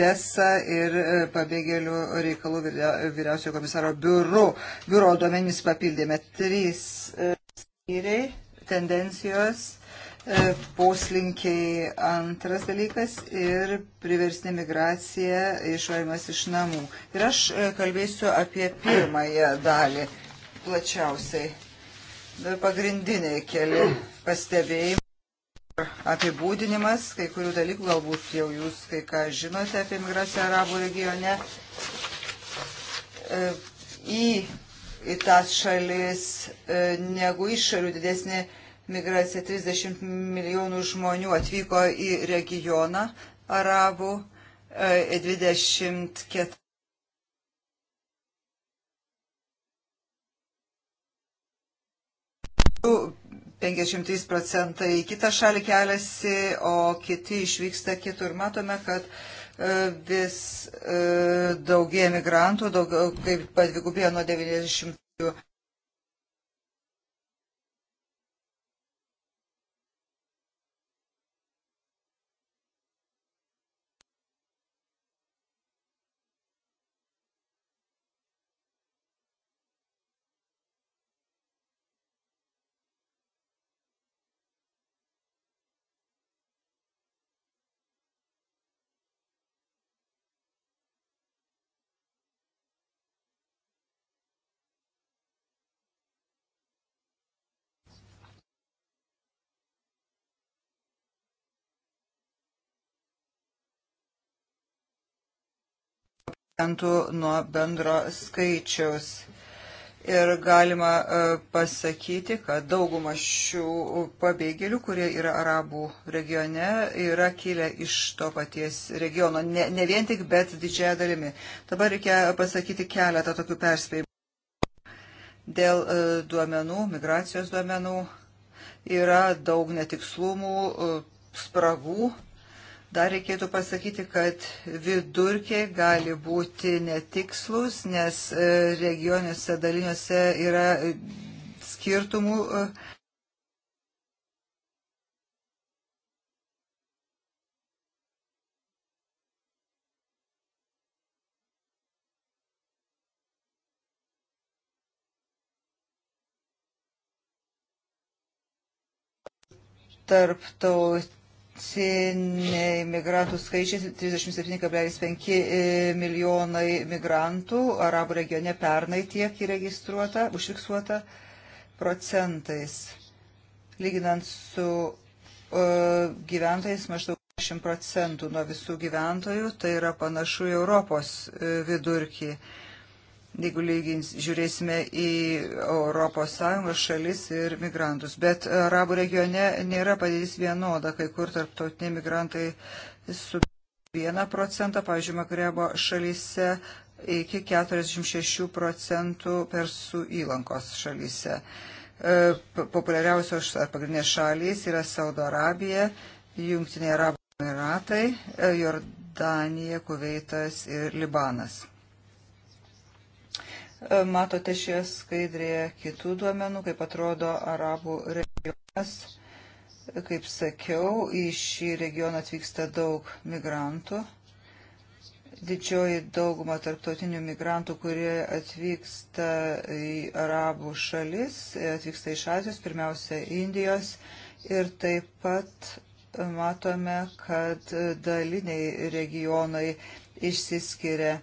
DESA ir e, pabėgėlių reikalų vyriausiojo komisaro biuru. Biuro duomenys papildėme trys e, skyriai, tendencijos, e, poslinkiai antras dalykas ir priversnė migracija išvarimas iš namų. Ir aš kalbėsiu apie pirmąją dalį plačiausiai. Pagrindiniai keli pastebėjimai apibūdinimas, kai kurių dalykų galbūt jau jūs kai ką žinote apie migraciją arabų regione. E, į, į tas šalis e, negu iš šalių didesnė migracija 30 milijonų žmonių atvyko į regioną arabų 24. E, 53 procentai į kitą šalį keliasi, o kiti išvyksta kitur. Matome, kad e, vis e, daugie emigrantų, daugiau e, kaip padvigubėjo nuo 90 procentų nuo bendro skaičiaus. Ir galima e, pasakyti, kad dauguma šių pabėgėlių, kurie yra arabų regione, yra kilę iš to paties regiono. Ne, ne vien tik, bet didžiaja dalimi. Dabar reikia pasakyti keletą tokių perspėjimų. Dėl e, duomenų, migracijos duomenų yra daug netikslumų, e, spragų Dar reikėtų pasakyti, kad vidurkiai gali būti netikslus, nes e, regioniuose daliniuose yra e, skirtumų. E. Tarptaut Metiniai migrantų skaičiai 37,5 milijonai migrantų arabų regione pernai tiek įregistruota, užfiksuota procentais. Lyginant su uh, gyventojais maždaug 10 procentų nuo visų gyventojų, tai yra panašu į Europos e, vidurkį. Uh, jeigu lygins, žiūrėsime į ES šalis ir migrantus. Bet arabų regione nėra padėtis vienoda, kai kur tarptautiniai migrantai su 1 procentą, pavyzdžiui, Makrebo šalyse iki 46 procentų persų įlankos šalyse. E, populiariausios ar pagrindinės šalys yra Saudo Arabija, Jungtiniai Arabų Emiratai, e, Jordanija, Kuveitas ir Libanas. Matote šioje skaidrėje kitų duomenų, kaip atrodo arabų regionas. Kaip sakiau, į šį regioną atvyksta daug migrantų. Didžioji dauguma tarptautinių migrantų, kurie atvyksta į arabų šalis, atvyksta iš Azijos, pirmiausia Indijos. Ir taip pat matome, kad daliniai regionai išsiskiria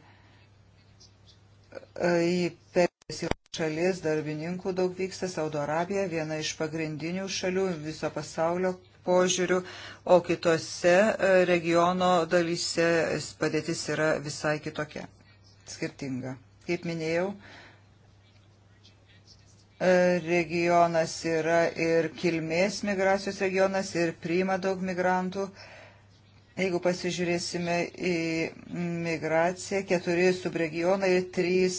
į Persijos šalis darbininkų daug vyksta, Saudo Arabija viena iš pagrindinių šalių viso pasaulio požiūrių, o kitose e, regiono dalyse padėtis yra visai kitokia, skirtinga. Kaip minėjau, e, regionas yra ir kilmės migracijos regionas ir priima daug migrantų. Jeigu pasižiūrėsime į migraciją, keturi subregionai ir trys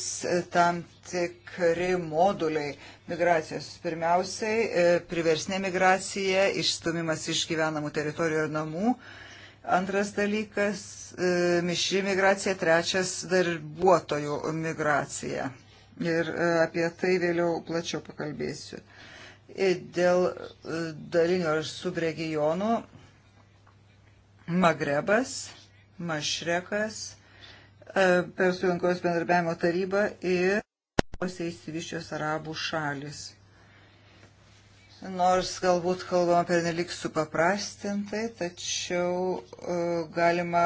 tam tikri moduliai migracijos. Pirmiausiai, e, priversnė migracija, išstumimas iš gyvenamų teritorijų ir namų. Antras dalykas, e, mišri migracija. Trečias, darbuotojų migracija. Ir e, apie tai vėliau plačiau pakalbėsiu. Dėl dalinių ar subregionų Magrebas, Mašrekas, e, Persų įlankos bendarbiavimo taryba ir labiausiai įsivyščios arabų šalis. Nors galbūt kalbama per nelik supaprastintai, tačiau uh, galima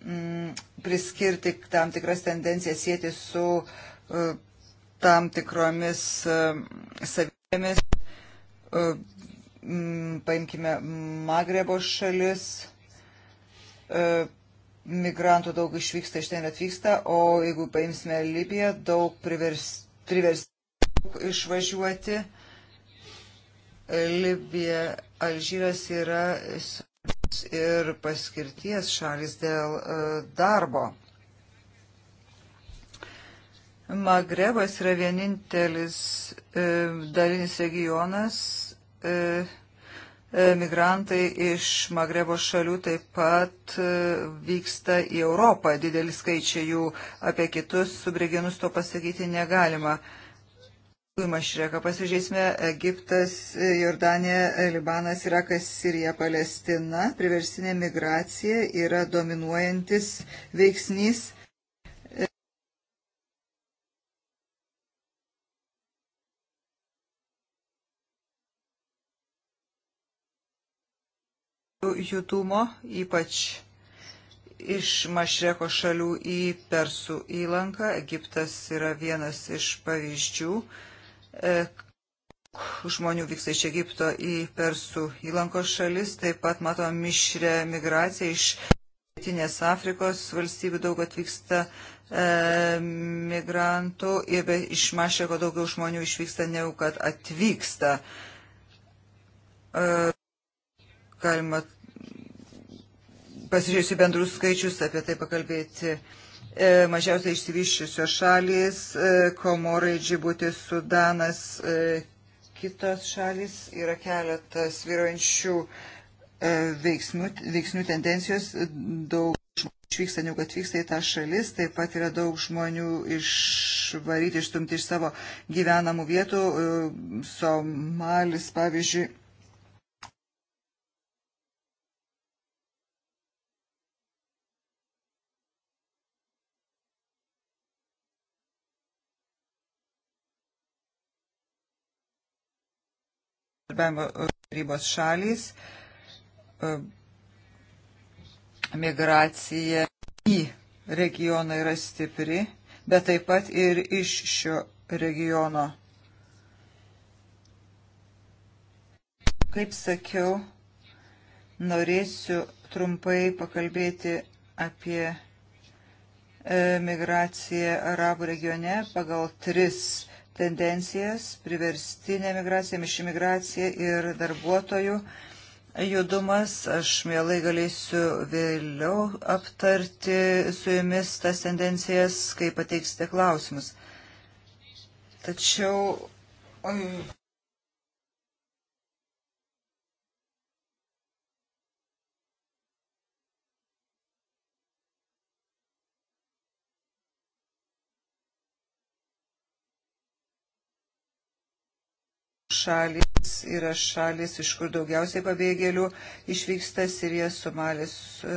mm, priskirti tam tikras tendencijas sėti su uh, tam tikromis uh, savybėmis. Uh, Mm, paimkime Magrebo šalis, e, migrantų daug išvyksta, iš ten atvyksta, o jeigu paimsime Libiją, daug priversti privers, išvažiuoti. E, Libija, Alžyras yra ir paskirties šalis dėl e, darbo. Magrebas yra vienintelis dalinis regionas E, e, migrantai iš Magrebo šalių taip pat e, vyksta į Europą. Didelis skaičiai jų apie kitus subreginus to pasakyti negalima. Mašreka pasižiūrėsime Egiptas, Jordanija, Libanas, Irakas, Sirija, Palestina. Priversinė migracija yra dominuojantis veiksnys judumo, ypač iš Mašreko šalių į Persų įlanką. Egiptas yra vienas iš pavyzdžių. E, žmonių vyksta iš Egipto į Persų įlankos šalis. Taip pat matome mišrę migraciją iš Pietinės Afrikos valstybių daug atvyksta e, migrantų ir be, iš Mašreko daugiau žmonių išvyksta negu kad atvyksta. E, galima pasižiūrėsiu bendrus skaičius, apie tai pakalbėti. E, mažiausiai išsivyščiusios šalys, e, Komorai, Džibutis, Sudanas, e, kitos šalys yra keletas vyruojančių e, veiksnių, veiksnių tendencijos. Daug žmonių išvyksta, negu atvyksta į tą šalis. Taip pat yra daug žmonių išvaryti, išstumti iš savo gyvenamų vietų. E, Somalis, pavyzdžiui, bendradarbiavimo e, tarybos šalys e, migracija į regioną yra stipri, bet taip pat ir iš šio regiono. Kaip sakiau, norėsiu trumpai pakalbėti apie e, migraciją Arabų regione pagal tris tendencijas, priverstinė migracija, miši migracija ir darbuotojų judumas. Aš mielai galėsiu vėliau aptarti su jumis tas tendencijas, kai pateiksite klausimus. Tačiau šalis yra šalis, iš kur daugiausiai pabėgėlių išvyksta Sirija, Somalis, e,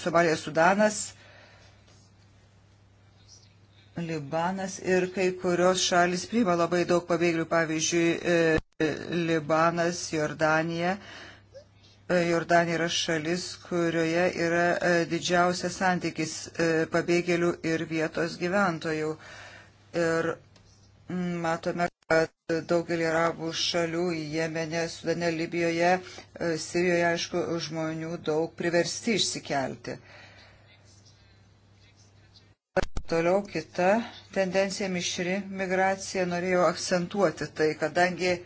Somalija, Sudanas, Libanas ir kai kurios šalis priima labai daug pabėgėlių, pavyzdžiui, e, e, Libanas, Jordanija. Jordanija yra šalis, kurioje yra didžiausias santykis pabėgėlių ir vietos gyventojų. Ir mm, matome, kad daugelį arabų šalių į Jemenę, Sudane, Libijoje, e, Sirijoje, aišku, žmonių daug priversti išsikelti. Toliau kita tendencija mišri migracija norėjau akcentuoti tai, kadangi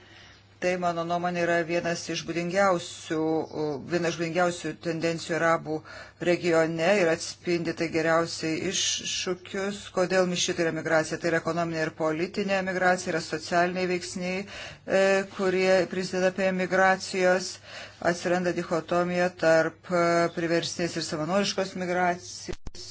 Tai, mano nuomonė, yra vienas iš būdingiausių, vienas iš būdingiausių tendencijų arabų regione ir atspindi tai geriausiai iššūkius, kodėl mišri tai yra migracija. Tai yra ekonominė ir politinė migracija, yra socialiniai veiksniai, e, kurie prisideda prie migracijos. Atsiranda dichotomija tarp e, priversnės ir savanoriškos migracijos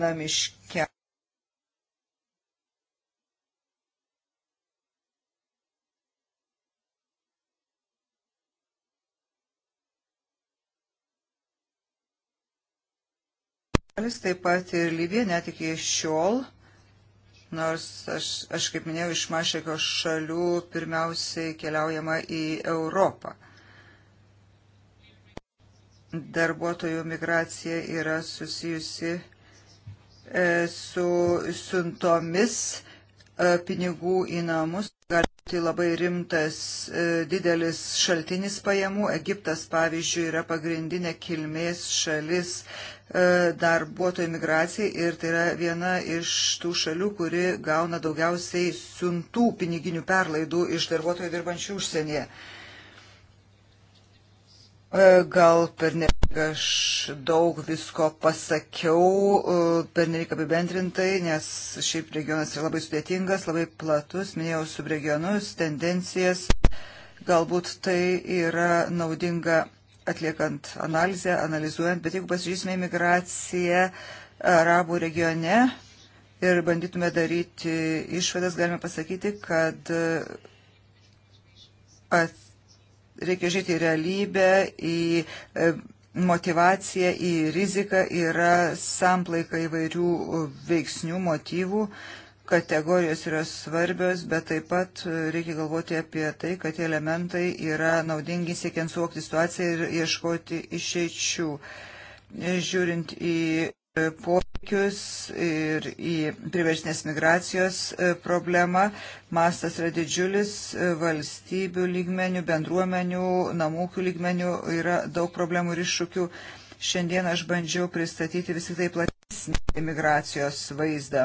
namiškia. Taip pat ir Libija net iki šiol, nors aš, aš kaip minėjau, iš Mašeko šalių pirmiausiai keliaujama į Europą darbuotojų migracija yra susijusi E, su siuntomis e, pinigų į namus gali būti labai rimtas e, didelis šaltinis pajamų. Egiptas, pavyzdžiui, yra pagrindinė kilmės šalis darbuotojų migracijai ir tai yra viena iš tų šalių, kuri gauna daugiausiai siuntų piniginių perlaidų iš darbuotojų dirbančių užsienyje. E, gal per nelik aš daug visko pasakiau, e, per nelik apibendrintai, nes šiaip regionas yra labai sudėtingas, labai platus, minėjau subregionus, tendencijas, galbūt tai yra naudinga atliekant analizę, analizuojant, bet jeigu pasižiūrėsime imigraciją arabų regione ir bandytume daryti išvadas, galime pasakyti, kad e, atsitikti reikia žiūrėti į realybę, į e, motivaciją, į riziką, yra samplaika įvairių veiksnių, motyvų, kategorijos yra svarbios, bet taip pat reikia galvoti apie tai, kad tie elementai yra naudingi siekiant suvokti situaciją ir ieškoti išeičių. Žiūrint į E, poreikius ir į priversnės migracijos e, problemą. Mastas yra didžiulis e, valstybių lygmenių, bendruomenių, namūkių lygmenių yra daug problemų ir iššūkių. Šiandien aš bandžiau pristatyti vis tik tai platesnį migracijos vaizdą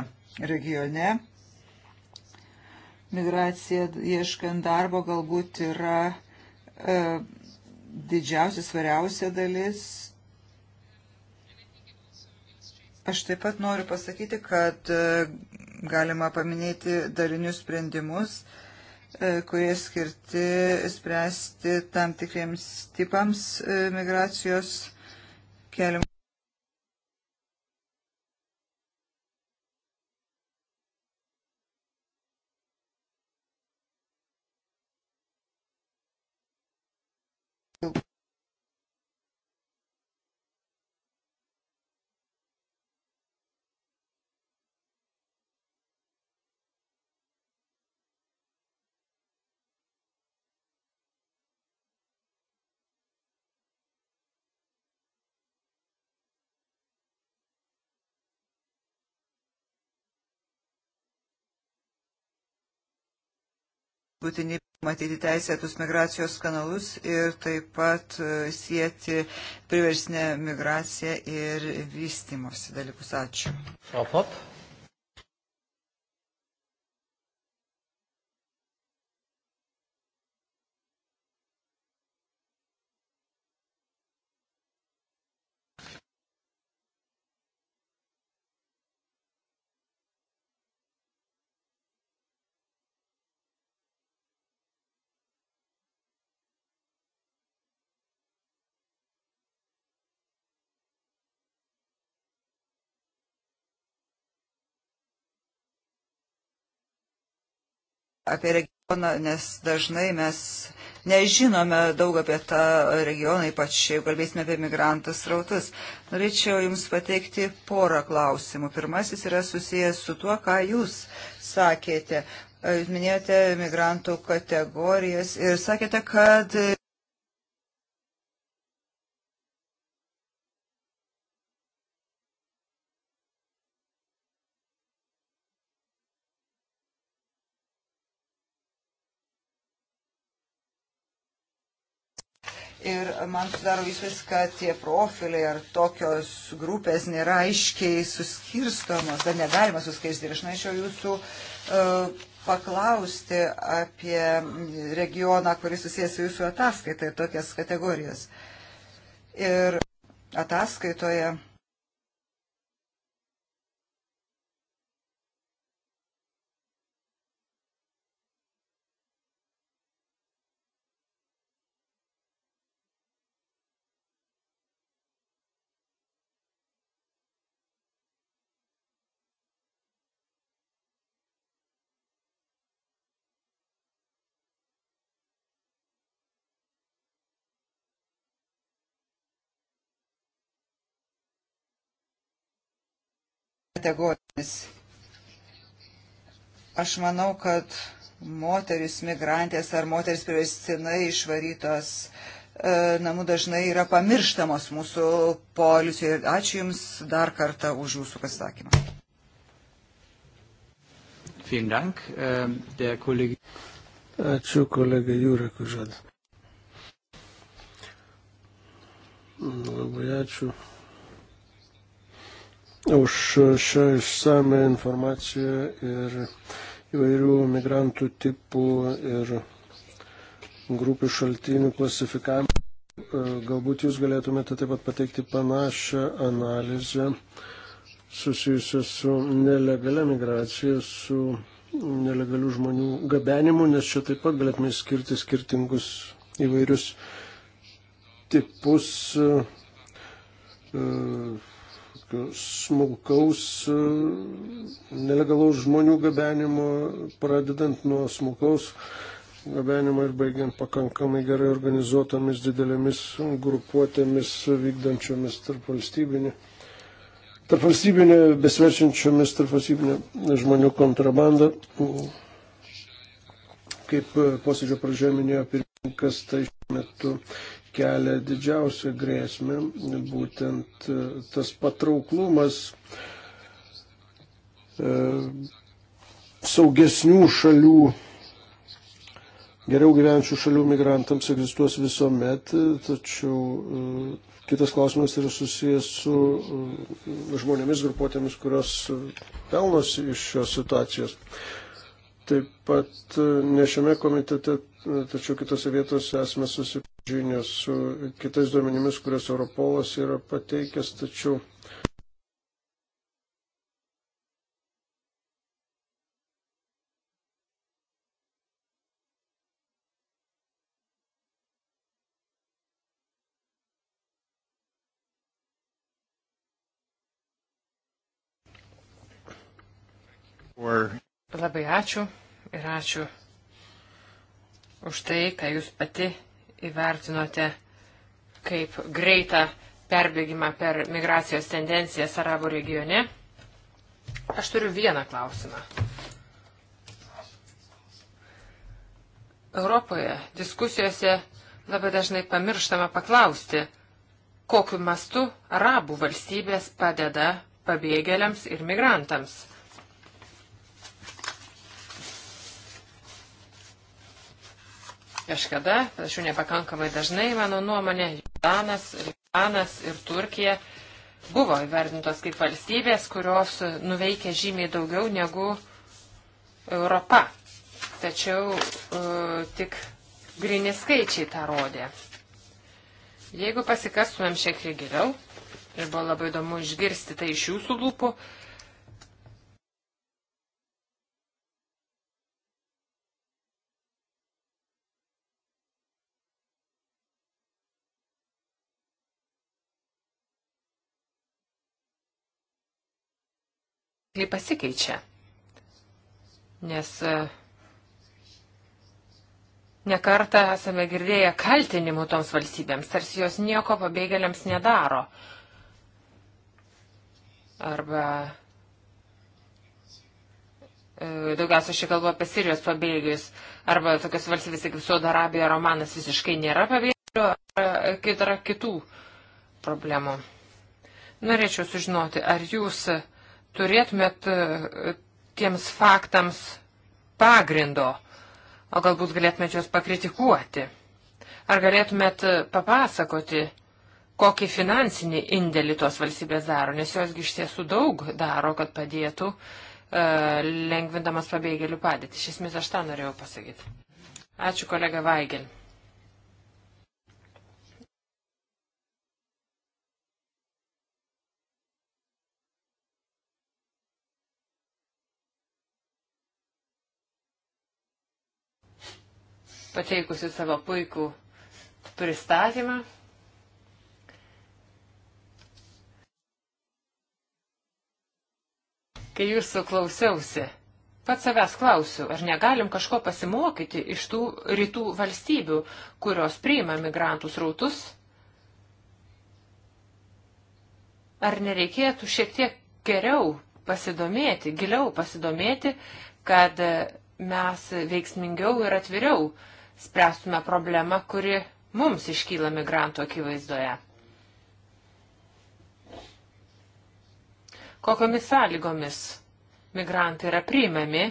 regione. Migracija ieškant darbo galbūt yra e, didžiausia, svariausia dalis Aš taip pat noriu pasakyti, kad e, galima paminėti darinius sprendimus, e, kurie skirti spręsti tam tikriems tipams e, migracijos keliamų. būtini matyti teisėtus migracijos kanalus ir taip pat e, sieti priversinę migraciją ir vystimosi dalykus. Ačiū. Frau Pop. apie regioną, nes dažnai mes nežinome daug apie tą regioną, ypač jeigu kalbėsime apie migrantus rautus. Norėčiau Jums pateikti porą klausimų. Pirmasis yra susijęs su tuo, ką Jūs sakėte. Jūs minėjote migrantų kategorijas ir sakėte, kad man sudaro įspūdis, kad tie profiliai ar tokios grupės nėra aiškiai suskirstomos, dar negalima suskirstyti. Ir aš norėčiau jūsų uh, paklausti apie regioną, kuris susijęs su jūsų ataskaita ir tokias kategorijas. Ir ataskaitoje kategorijomis. Aš manau, kad moteris migrantės ar moteris priverstinai išvarytos e, namų dažnai yra pamirštamos mūsų policijoje. Ačiū Jums dar kartą už Jūsų pasakymą. Äh, ačiū kolegai Jūrekui žodį. Labai ačiū už šią išsame informaciją ir įvairių migrantų tipų ir grupių šaltinių klasifikavimą. Galbūt jūs galėtumėte taip pat pateikti panašią analizę susijusią su nelegalia migracija, su nelegalių žmonių gabenimu, nes čia taip pat galėtume skirti skirtingus įvairius tipus. Uh, tokio smulkaus e, nelegalaus žmonių gabenimo, pradedant nuo smulkaus gabenimo ir baigiant pakankamai gerai organizuotomis didelėmis grupuotėmis vykdančiomis tarp valstybinį. Tarp valstybinė, besverčiančiomis tarp valstybinė žmonių kontrabanda, kaip posėdžio pradžioje minėjo pirmininkas, tai šiuo metu uh, kelia didžiausią grėsmę, būtent e, tas patrauklumas e, saugesnių šalių, geriau gyvenčių šalių migrantams egzistuos visuomet, e, tačiau kitas klausimas yra susijęs su žmonėmis grupuotėmis, kurios pelnosi iš šios situacijos. Taip pat ne šiame komitete tačiau kitose vietose esame susipažinę su kitais duomenimis, kurias Europolas yra pateikęs, tačiau. Labai ačiū ir ačiū už tai, ką jūs pati įvertinote kaip greitą perbėgimą per migracijos tendencijas Arabų regione. Aš turiu vieną klausimą. Europoje diskusijose labai dažnai pamirštama paklausti, kokiu mastu arabų valstybės padeda pabėgėliams ir migrantams. kažkada, tačiau nepakankamai dažnai, mano nuomonė, Jordanas, Libanas ir Turkija buvo įvardintos kaip valstybės, kurios nuveikė žymiai daugiau negu Europa. Tačiau uh, tik grini skaičiai tą rodė. Jeigu pasikastumėm šiek tiek giliau, ir buvo labai įdomu išgirsti tai iš jūsų lūpų, uh, ženkliai pasikeičia. Nes e, nekartą esame girdėję kaltinimų toms valstybėms, tarsi jos nieko pabėgėliams nedaro. Arba e, daugiausia šį kalbu apie Sirijos pabėgėjus, arba tokios valstybės kaip Saudo Arabija, Romanas visiškai nėra pabėgėlių, ar yra e, kitų problemų. Norėčiau sužinoti, ar jūs uh, turėtumėt e, tiems faktams pagrindo, o galbūt galėtumėt juos pakritikuoti. Ar galėtumėt e, papasakoti, kokį finansinį indėlį tos valstybės daro, nes josgi iš tiesų daug daro, kad padėtų e, lengvindamas pabėgėlių padėtį. Iš esmės aš tą norėjau pasakyti. Ačiū kolega Vaigel. pateikusi savo puikų pristatymą. Kai jūsų klausiausi, pats savęs klausiu, ar negalim kažko pasimokyti iš tų rytų valstybių, kurios priima migrantus rautus? Ar nereikėtų šiek tiek geriau pasidomėti, giliau pasidomėti, kad mes veiksmingiau ir atviriau uh, spręstume problemą, kuri mums iškyla migrantų akivaizdoje. Kokiomis sąlygomis migrantai yra priimami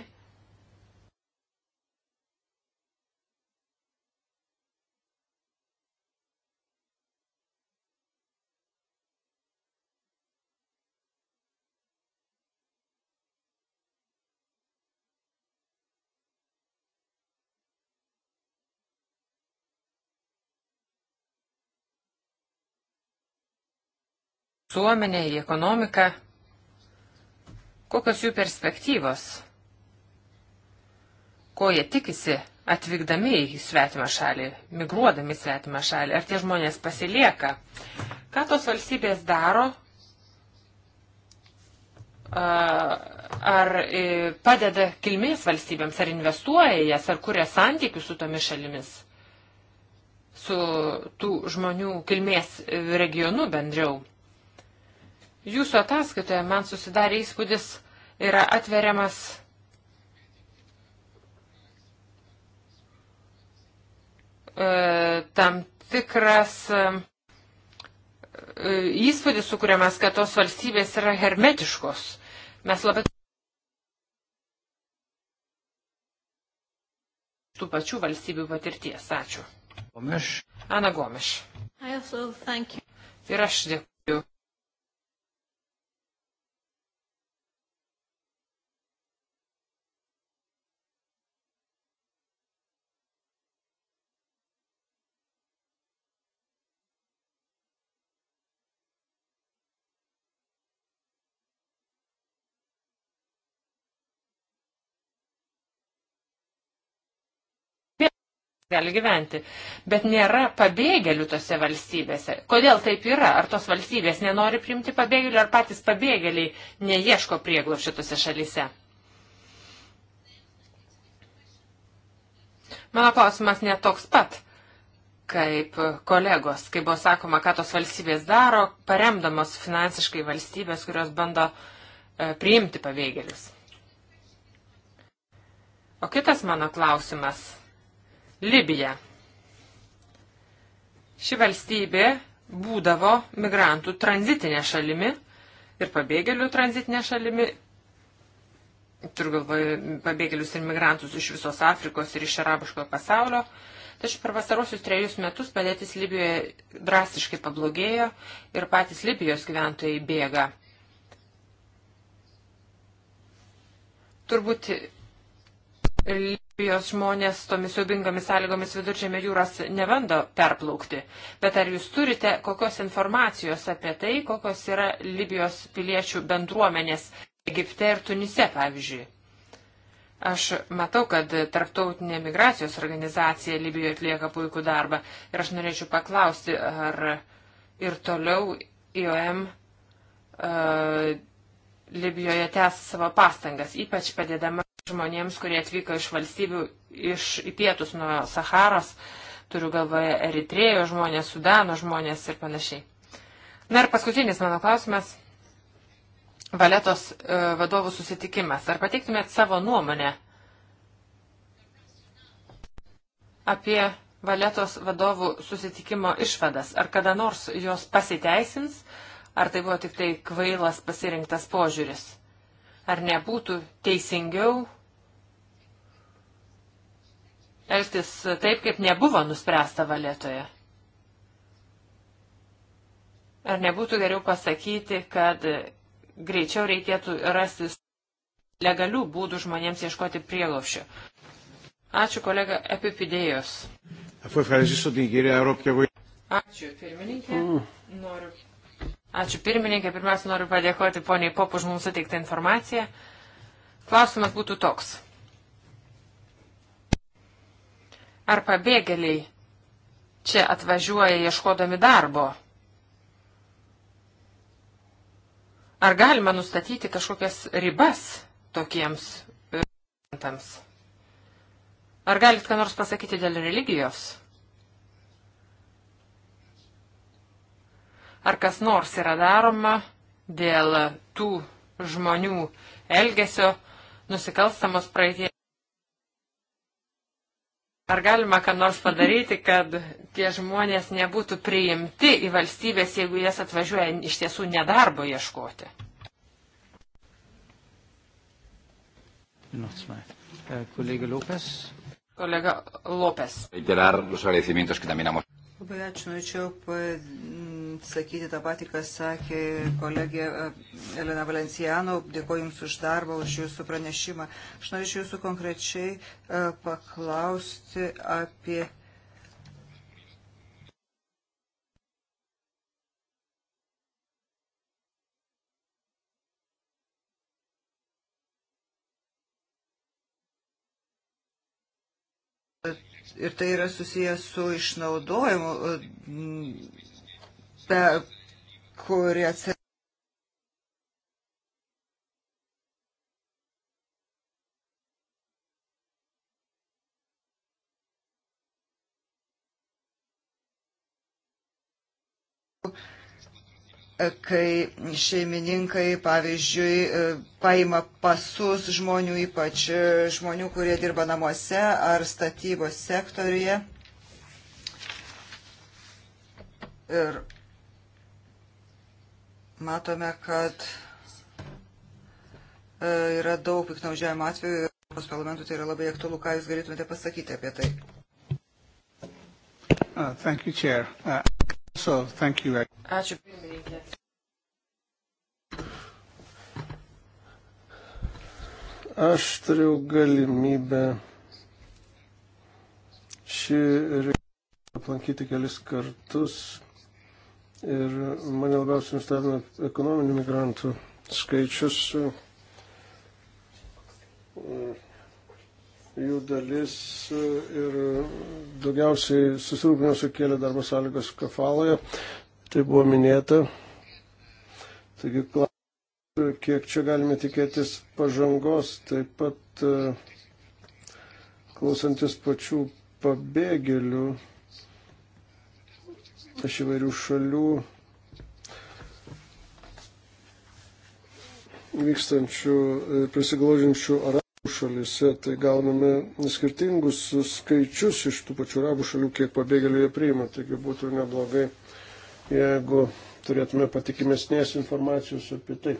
visuomenę, į ekonomiką. Kokios jų perspektyvos? Ko jie tikisi atvykdami į svetimą šalį, migruodami į svetimą šalį? Ar tie žmonės pasilieka? Ką tos valstybės daro? Ar e, padeda kilmės valstybėms, ar investuoja jas, ar kuria santykius su tomis šalimis? su tų žmonių kilmės regionu bendriau. Jūsų ataskaitoje man susidarė įspūdis yra atveriamas e, tam tikras e, įspūdis sukūriamas, kad tos valstybės yra hermetiškos. Mes labai tų pačių valstybių patirties. Ačiū. Gomiš. Ana Gomiš. Ir aš dėkuoju. gali gyventi. Bet nėra pabėgėlių tose valstybėse. Kodėl taip yra? Ar tos valstybės nenori priimti pabėgėlių, ar patys pabėgėliai neieško prieglobščio tose šalyse? Mano klausimas netoks pat kaip kolegos, kai buvo sakoma, ką tos valstybės daro, paremdamos finansiškai valstybės, kurios bando e, priimti pabėgėlius. O kitas mano klausimas Libija. Ši valstybė būdavo migrantų tranzitinė šalimi ir pabėgėlių tranzitinė šalimi. Turiu galvoje pabėgėlius ir migrantus iš visos Afrikos ir iš arabiškojo pasaulio. Tačiau per vasarosius trejus metus padėtis Libijoje drastiškai pablogėjo ir patys Libijos gyventojai bėga. Turbūt Libijos žmonės tomis siubingomis sąlygomis viduržėmė jūros nebando perplaukti. Bet ar jūs turite kokios informacijos apie tai, kokios yra Libijos piliečių bendruomenės Egipte ir Tunise, pavyzdžiui? Aš matau, kad Tarptautinė migracijos organizacija Libijoje atlieka puikų darbą ir aš norėčiau paklausti, ar ir toliau IOM uh, e, Libijoje tęs savo pastangas, ypač padėdama žmonėms, kurie atvyko iš valstybių iš į pietus nuo Saharos, turiu galvoje Eritrėjo žmonės, Sudano žmonės ir panašiai. Na ir paskutinis mano klausimas. Valetos e, vadovų susitikimas. Ar pateiktumėt savo nuomonę apie Valetos vadovų susitikimo išvadas? Ar kada nors jos pasiteisins, ar tai buvo tik tai kvailas pasirinktas požiūris? Ar nebūtų teisingiau elgtis taip, kaip nebuvo nuspręsta valėtoje? Ar nebūtų geriau pasakyti, kad greičiau reikėtų rasti legalių būdų žmonėms ieškoti prieglopščio? Ačiū kolega Epipidėjos. Ačiū pirmininkė. Noriu Ačiū pirmininkė. Pirmiausia, noriu padėkoti poniai Pop už mums suteiktą informaciją. Klausimas būtų toks. Ar pabėgėliai čia atvažiuoja ieškodami darbo? Ar galima nustatyti kažkokias ribas tokiems migrantams? E, Ar galit ką nors pasakyti dėl religijos? Ar kas nors yra daroma dėl tų žmonių elgesio nusikalstamos praeitie? Ar galima ką nors padaryti, kad tie žmonės nebūtų priimti į valstybės, jeigu jas atvažiuoja iš tiesų nedarbo ieškoti? Uh, Kolega Lopes. Kolega Lopes. Labai ačiū, norėčiau sakyti tą patį, ką sakė kolegė e, Elena Valenciano. Dėkuoju Jums už darbą, už Jūsų pranešimą. Aš norėčiau Jūsų konkrečiai e, paklausti apie. Ir tai yra susijęs su išnaudojimu e, kuri atsirado. kai šeimininkai, pavyzdžiui, paima pasus žmonių, ypač žmonių, kurie dirba namuose ar statybos sektoriuje. Ir matome, kad e, yra daug piknaudžiavimo atveju ir Europos parlamentui tai yra labai aktualu. Ką Jūs galėtumėte pasakyti apie tai? Uh, thank you, Chair. Uh, so, thank you. Ačiū, pirmininkė. Aš turėjau galimybę šį aplankyti kelis kartus Ir mane labiausiai nustebino ekonominių migrantų skaičius. Jų dalis ir daugiausiai susirūpinimo sukėlė darbo sąlygos kafaloje. Tai buvo minėta. Taigi, kiek čia galime tikėtis pažangos, taip pat e, klausantis pačių pabėgėlių iš įvairių šalių vykstančių e, prisiglaudžiančių arabų šalyse, tai gauname skirtingus skaičius iš tų pačių arabų šalių, kiek pabėgėlių jie priima. Taigi būtų neblogai, jeigu turėtume patikimesnės informacijos apie tai.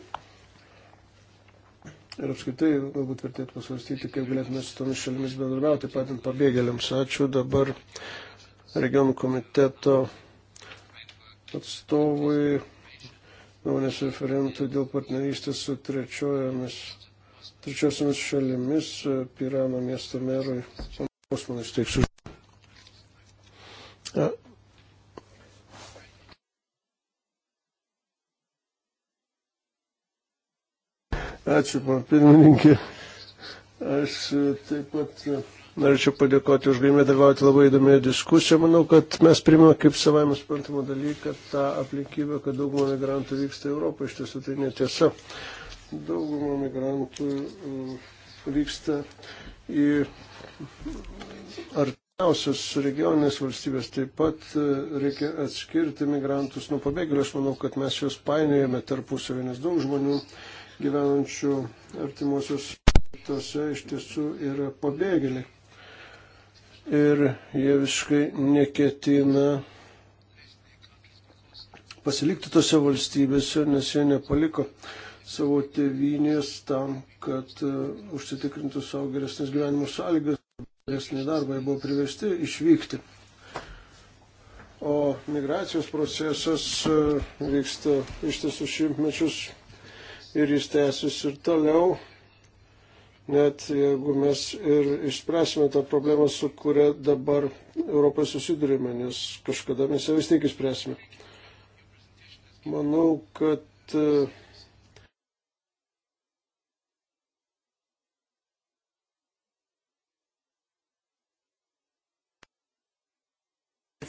Ir apskritai, galbūt vertėtų pasvarstyti, kaip galėtume su tomis šalimis bendrauti, patent pabėgėliams. Ačiū dabar regionų komiteto atstovui nuomonės referentui dėl partnerystės su trečiojomis, trečiosiomis šalimis, Pirano miesto merui. Osmanas teiksiu. Ačiū, man pirmininkė. Aš taip pat. Norėčiau padėkoti už galimybę dalyvauti labai įdomioje diskusijoje. Manau, kad mes primame kaip savame suprantamą dalyką tą aplinkybę, kad dauguma migrantų vyksta į Europą. Iš tiesų tai netiesa. Dauguma migrantų mm, vyksta į artimiausias regioninės valstybės. Taip pat e, reikia atskirti migrantus nuo pabėgėlių. Aš manau, kad mes juos painėjame tarpusavį, nes daug žmonių gyvenančių artimuosius tose iš tiesų yra pabėgėliai ir jie visiškai neketina pasilikti tose valstybėse, nes jie nepaliko savo tėvynės tam, kad e, užsitikrintų savo geresnės gyvenimo sąlygas, geresnį darbą, jie buvo priversti išvykti. O migracijos procesas e, vyksta iš tiesų šimtmečius ir jis tęsis ir toliau net jeigu mes ir išspręsime tą problemą, su kuria dabar Europoje susidurime, nes kažkada mes ją vis tiek išspręsime. Manau, kad e,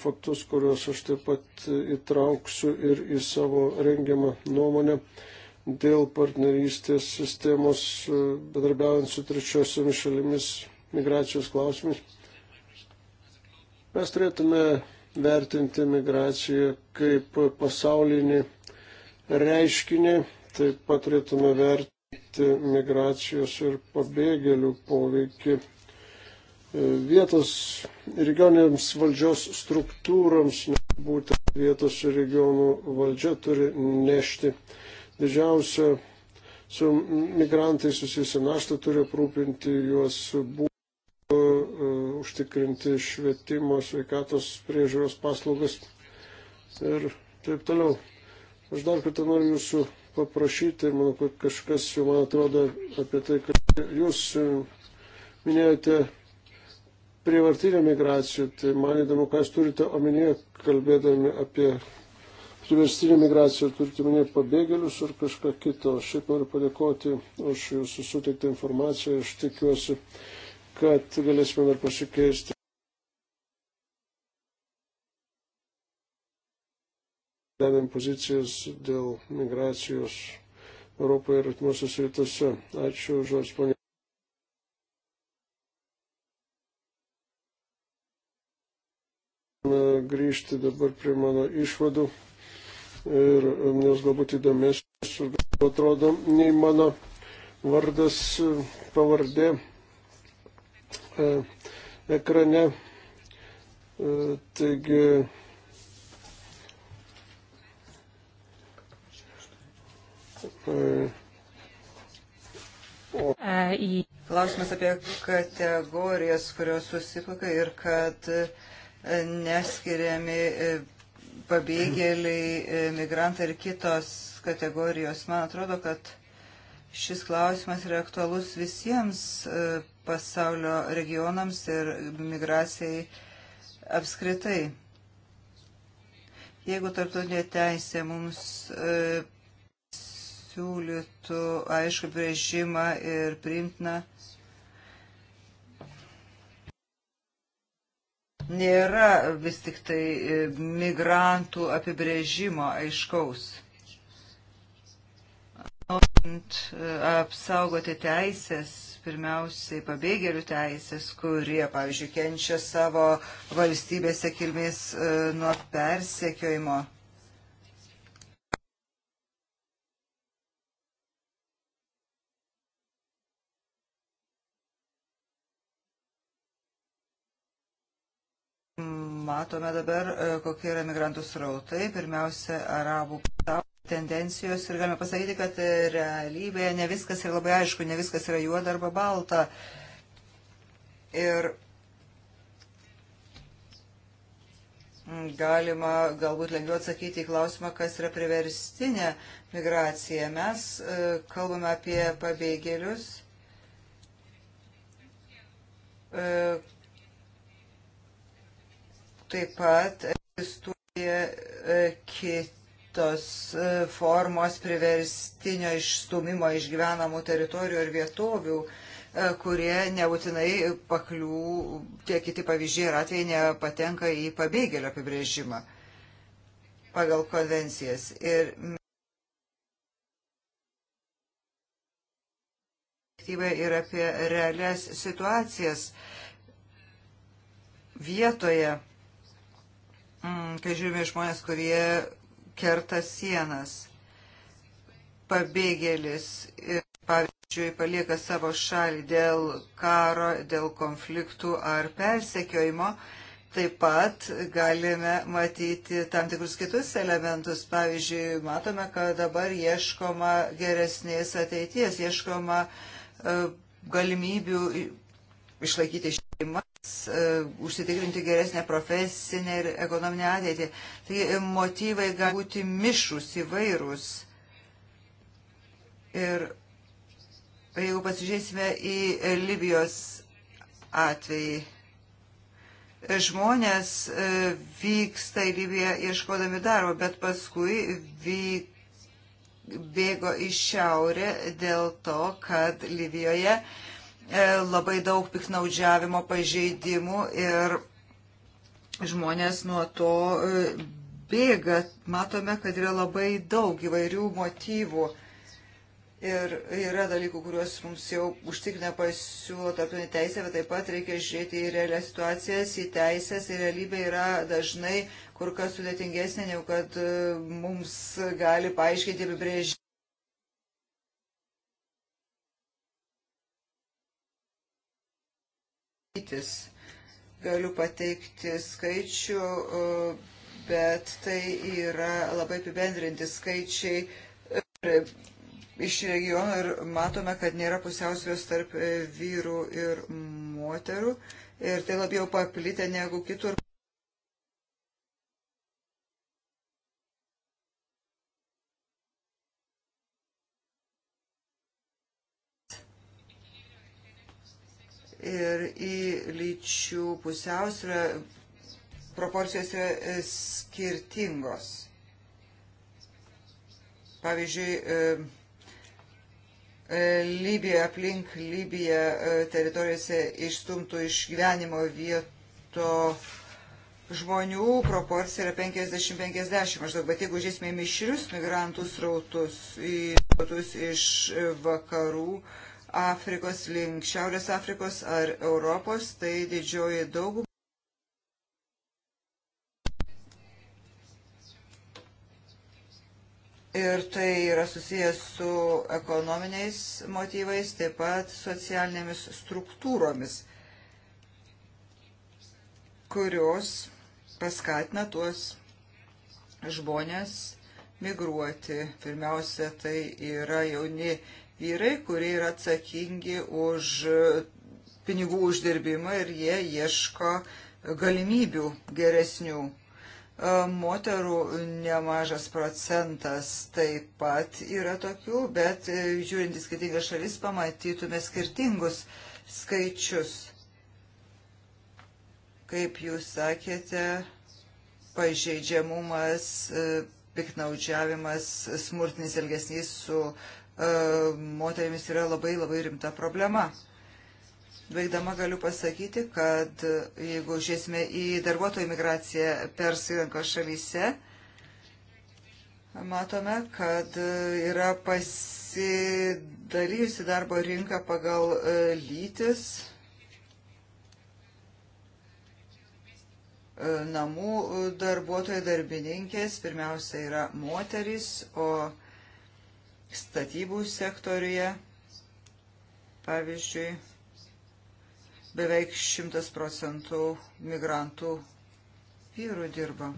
faktus, kuriuos aš taip pat įtrauksiu ir į savo rengiamą nuomonę dėl partnerystės sistemos e, bedarbiaujant su trečiosiomis šalimis migracijos klausimais. Mes turėtume vertinti migraciją kaip pasaulinį reiškinį, taip pat turėtume vertinti migracijos ir pabėgėlių poveikį e, vietos regioniams valdžios struktūrams, būtent vietos regionų valdžia turi nešti didžiausią su migrantais susijusią naštą turi aprūpinti juos būtų, e, užtikrinti švietimo, sveikatos priežiūros paslaugas ir taip toliau. Aš dar kartą noriu jūsų paprašyti ir manau, kad kažkas jau man atrodo apie tai, kad jūs e, minėjote prievartinę migraciją, tai man įdomu, ką jūs turite omenyje, kalbėdami apie priverstinė migracija, turite minėti pabėgėlius ar kažką kito. Šiaip noriu padėkoti už jūsų suteiktą informaciją. Aš tikiuosi, kad galėsime dar pasikeisti. Dedėm pozicijas dėl migracijos Europoje ir atmosios rytuose. Ačiū už žodžius. grįžti dabar prie mano išvadų ir jos e, galbūt įdomesnės, atrodo, nei mano vardas, e, pavardė e, ekrane. Taigi, Klausimas apie kategorijas, kurios susiplaka ir kad neskiriami pabėgėliai, e, migrantai ir kitos kategorijos. Man atrodo, kad šis klausimas yra aktualus visiems e, pasaulio regionams ir migracijai apskritai. Jeigu tarptautinė teisė mums e, siūlytų aišku brėžimą ir primtiną nėra vis tik tai e, migrantų apibrėžimo aiškaus. Norint e, apsaugoti teisės, pirmiausiai pabėgėlių teisės, kurie, pavyzdžiui, kenčia savo valstybėse kilmės e, nuo persekiojimo matome dabar, e, kokie yra migrantų srautai, pirmiausia, arabų tendencijos ir galime pasakyti, kad realybėje ne viskas yra labai aišku, ne viskas yra juoda arba balta. Ir galima galbūt lengviau atsakyti į klausimą, kas yra priverstinė migracija. Mes e, kalbame apie pabėgėlius, e, Taip pat egzistuoja e, kitos e, formos priverstinio išstumimo iš gyvenamų teritorijų ir vietovių, e, kurie nebūtinai paklių, tie kiti pavyzdžiai ir atvejai nepatenka į pabėgėlio apibrėžimą pagal konvencijas. Ir ir apie realias situacijas vietoje Mm, kai žiūrime žmonės, kurie kerta sienas, pabėgėlis, pavyzdžiui, palieka savo šalį dėl karo, dėl konfliktų ar persekiojimo, taip pat galime matyti tam tikrus kitus elementus. Pavyzdžiui, matome, kad dabar ieškoma geresnės ateities, ieškoma e, galimybių išlaikyti E, užsitikrinti geresnę profesinę ir ekonominę ateitį. Tai motyvai gali būti mišrus įvairūs. Ir jeigu pasižiūrėsime į Libijos atvejį, žmonės e, vyksta į Libiją ieškodami darbo, bet paskui vyk bėgo į šiaurę dėl to, kad Libijoje uh, E, labai daug piknaudžiavimo pažeidimų ir žmonės nuo to e, bėga. Matome, kad yra labai daug įvairių motyvų. Ir yra dalykų, kuriuos mums jau užtikrina pasiūlo tarptautinė teisė, bet taip pat reikia žiūrėti į realią situacijas, į teisės, ir realybė yra dažnai kur kas sudėtingesnė, negu kad e, mums gali paaiškinti apibrėžti. Rytis galiu pateikti skaičių, bet tai yra labai apibendrinti skaičiai iš regiono ir matome, kad nėra pusiausvės tarp vyrų ir moterų ir tai labiau paplitę negu kitur. ir į lyčių pusiausvyrą proporcijos yra e, skirtingos. Pavyzdžiui, e, e, Libija, aplink Libiją teritorijose išstumtų iš gyvenimo vieto žmonių proporcija yra 50-50 maždaug, bet jeigu žiūrėsime mišrius migrantų srautus į iš vakarų, Afrikos link Šiaurės Afrikos ar Europos, tai didžioji dauguma. Ir tai yra susijęs su ekonominiais motyvais, taip pat socialinėmis struktūromis, kurios paskatina tuos žmonės migruoti. Pirmiausia, tai yra jauni vyrai, kurie yra atsakingi už pinigų uždirbimą ir jie ieško galimybių geresnių. E, moterų nemažas procentas taip pat yra tokių, bet e, žiūrint į skirtingas šalis pamatytume skirtingus skaičius. Kaip jūs sakėte, pažeidžiamumas, e, piknaudžiavimas, smurtinis elgesys su E, moterimis yra labai labai rimta problema. Baigdama galiu pasakyti, kad jeigu žiūrėsime į darbuotojų migraciją Persų įlankos šalyse, matome, kad yra pasidalyjusi darbo rinka pagal e, lytis e, namų darbuotojai darbininkės, pirmiausia yra moteris, o statybų sektoriuje, pavyzdžiui, beveik 100 procentų migrantų vyrų dirba.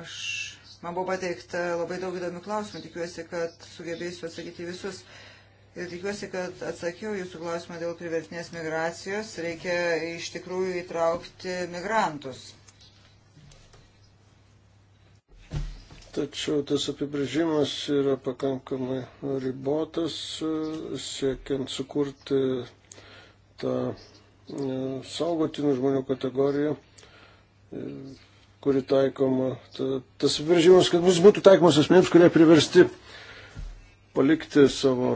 Aš, man buvo pateikta labai daug įdomių klausimų, tikiuosi, kad sugebėsiu atsakyti visus. Ir tikiuosi, kad atsakiau jūsų klausimą dėl privertinės migracijos. Reikia iš tikrųjų įtraukti migrantus. Tačiau tas apibrėžimas yra pakankamai ribotas, e, siekiant sukurti tą e, saugotinų žmonių kategoriją, e, kuri taikoma. Ta, tas apibrėžimas, kad bus būtų taikomas asmenims, kurie priversti palikti savo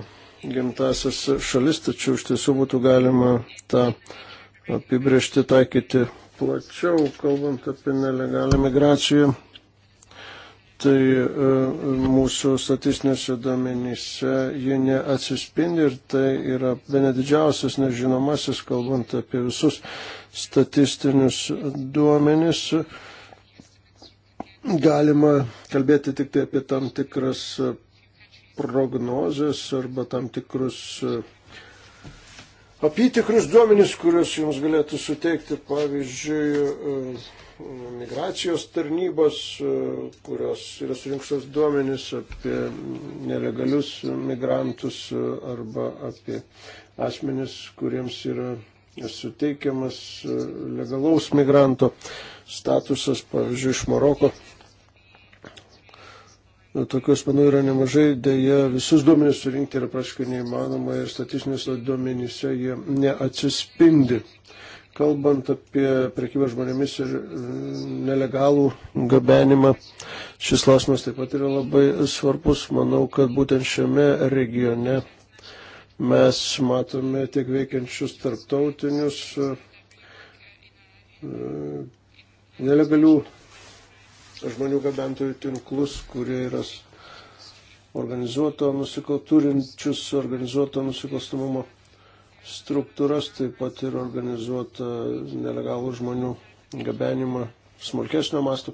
gimtasias šalis, tačiau iš tiesų būtų galima tą apibrėžti taikyti plačiau, kalbant apie nelegalią migraciją tai e, mūsų statistinėse duomenyse ji neatsispindi ir tai yra bene didžiausias nežinomasis, kalbant apie visus statistinius duomenys. Galima kalbėti tik tai apie tam tikras prognozes arba tam tikrus e, apytikrus duomenys, kuriuos jums galėtų suteikti, pavyzdžiui, e, migracijos tarnybos, e, kurios yra surinktos duomenys apie nelegalius migrantus e, arba apie asmenis, kuriems yra suteikiamas e, legalaus migranto statusas, pavyzdžiui, iš Maroko. Tokių asmenų yra nemažai, dėja visus duomenys surinkti yra praškai neįmanoma ir statistinėse duomenyse jie neatsispindi. Kalbant apie prekybą žmonėmis ir e, nelegalų gabenimą, šis klausimas taip pat yra labai svarbus. Manau, kad būtent šiame regione mes matome tiek veikiančius tarptautinius e, nelegalių žmonių gabentojų tinklus, kurie yra organizuoto nusikal, turinčius organizuoto nusikalstamumo struktūras, taip pat ir organizuotą nelegalų žmonių gabenimą smulkesnio masto.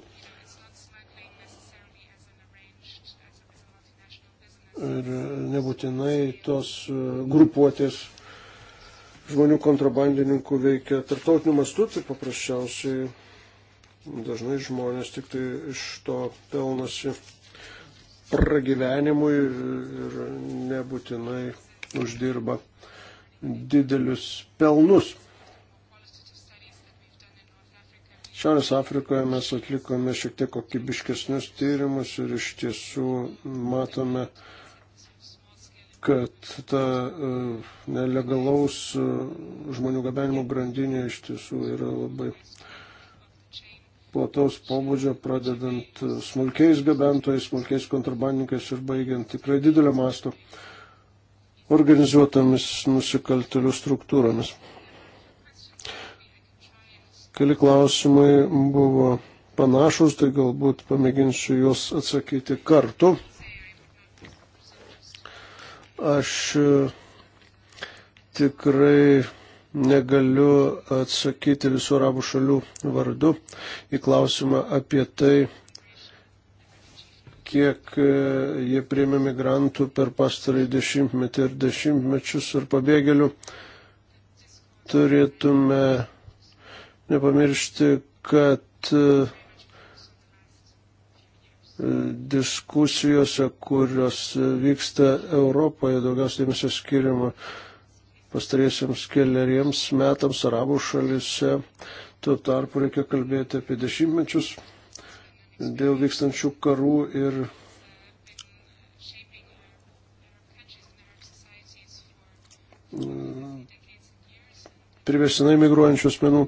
Ir nebūtinai tos e, grupuotės žmonių kontrabandininkų veikia tarptautiniu mastu, tai paprasčiausiai dažnai žmonės tik tai iš to pelnosi pragyvenimui ir nebūtinai uždirba didelius pelnus. Šiaurės Afrikoje mes atlikome šiek tiek kokybiškesnius tyrimus ir iš tiesų matome, kad ta e, nelegalaus e, žmonių gabenimo grandinė iš tiesų yra labai plataus pobūdžio, pradedant smulkiais gabentojais, smulkiais kontrabandininkais ir baigiant tikrai didelio masto organizuotomis nusikaltelių struktūromis. Keli klausimai buvo panašus, tai galbūt pamėginsiu juos atsakyti kartu. Aš e, tikrai negaliu atsakyti visų arabų šalių vardu į klausimą apie tai, kiek e, jie priėmė migrantų per pastarąjį dešimtmetį ir dešimtmečius ir pabėgėlių, turėtume nepamiršti, kad e, diskusijose, kurios vyksta Europoje, daugiausiai dėmesio skiriama pastarėsiams keliariems metams arabų šalise, tuo tarpu reikia kalbėti apie dešimtmečius dėl vykstančių karų ir priversinai migruojančių asmenų,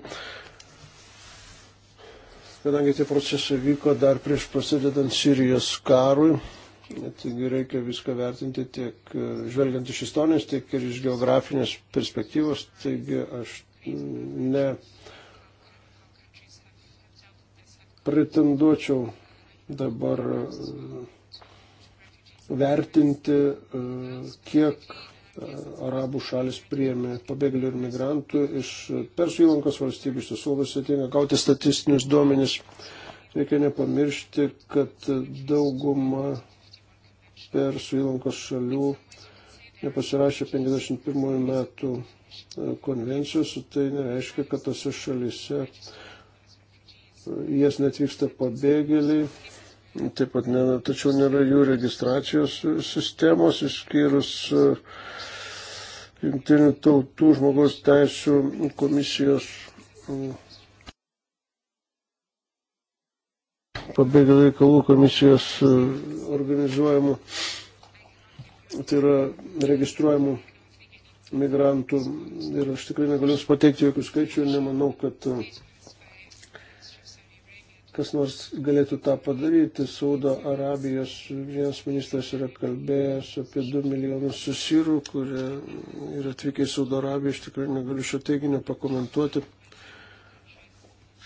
kadangi tie procesai vyko dar prieš prasidedant Sirijos karui. Taigi reikia viską vertinti tiek žvelgiant iš istorijos, tiek ir iš geografinės perspektyvos. Taigi aš ne pretenduočiau dabar e, vertinti, e, kiek e, arabų šalis priėmė pabėgėlių ir migrantų iš Persų įlankos valstybių. Iš tiesų labai sudėtinga gauti statistinius duomenis. Reikia nepamiršti, kad dauguma Persų įlankos šalių nepasirašė 51 metų konvencijos, tai nereiškia, kad tose šalise jas netvyksta pabėgėliai, taip pat ne, tačiau nėra jų registracijos sistemos, išskyrus e, Junktinių tautų žmogaus teisų komisijos e, pabėgėlių reikalų komisijos e, organizuojamų, tai yra registruojamų migrantų ir aš tikrai negaliu pateikti jokių skaičių ir nemanau, kad kas nors galėtų tą padaryti. Saudo Arabijos vienas ministras yra kalbėjęs apie 2 milijonus susirų, kurie yra atvykę į Saudo Arabiją. Iš tikrųjų negaliu šio teiginio pakomentuoti.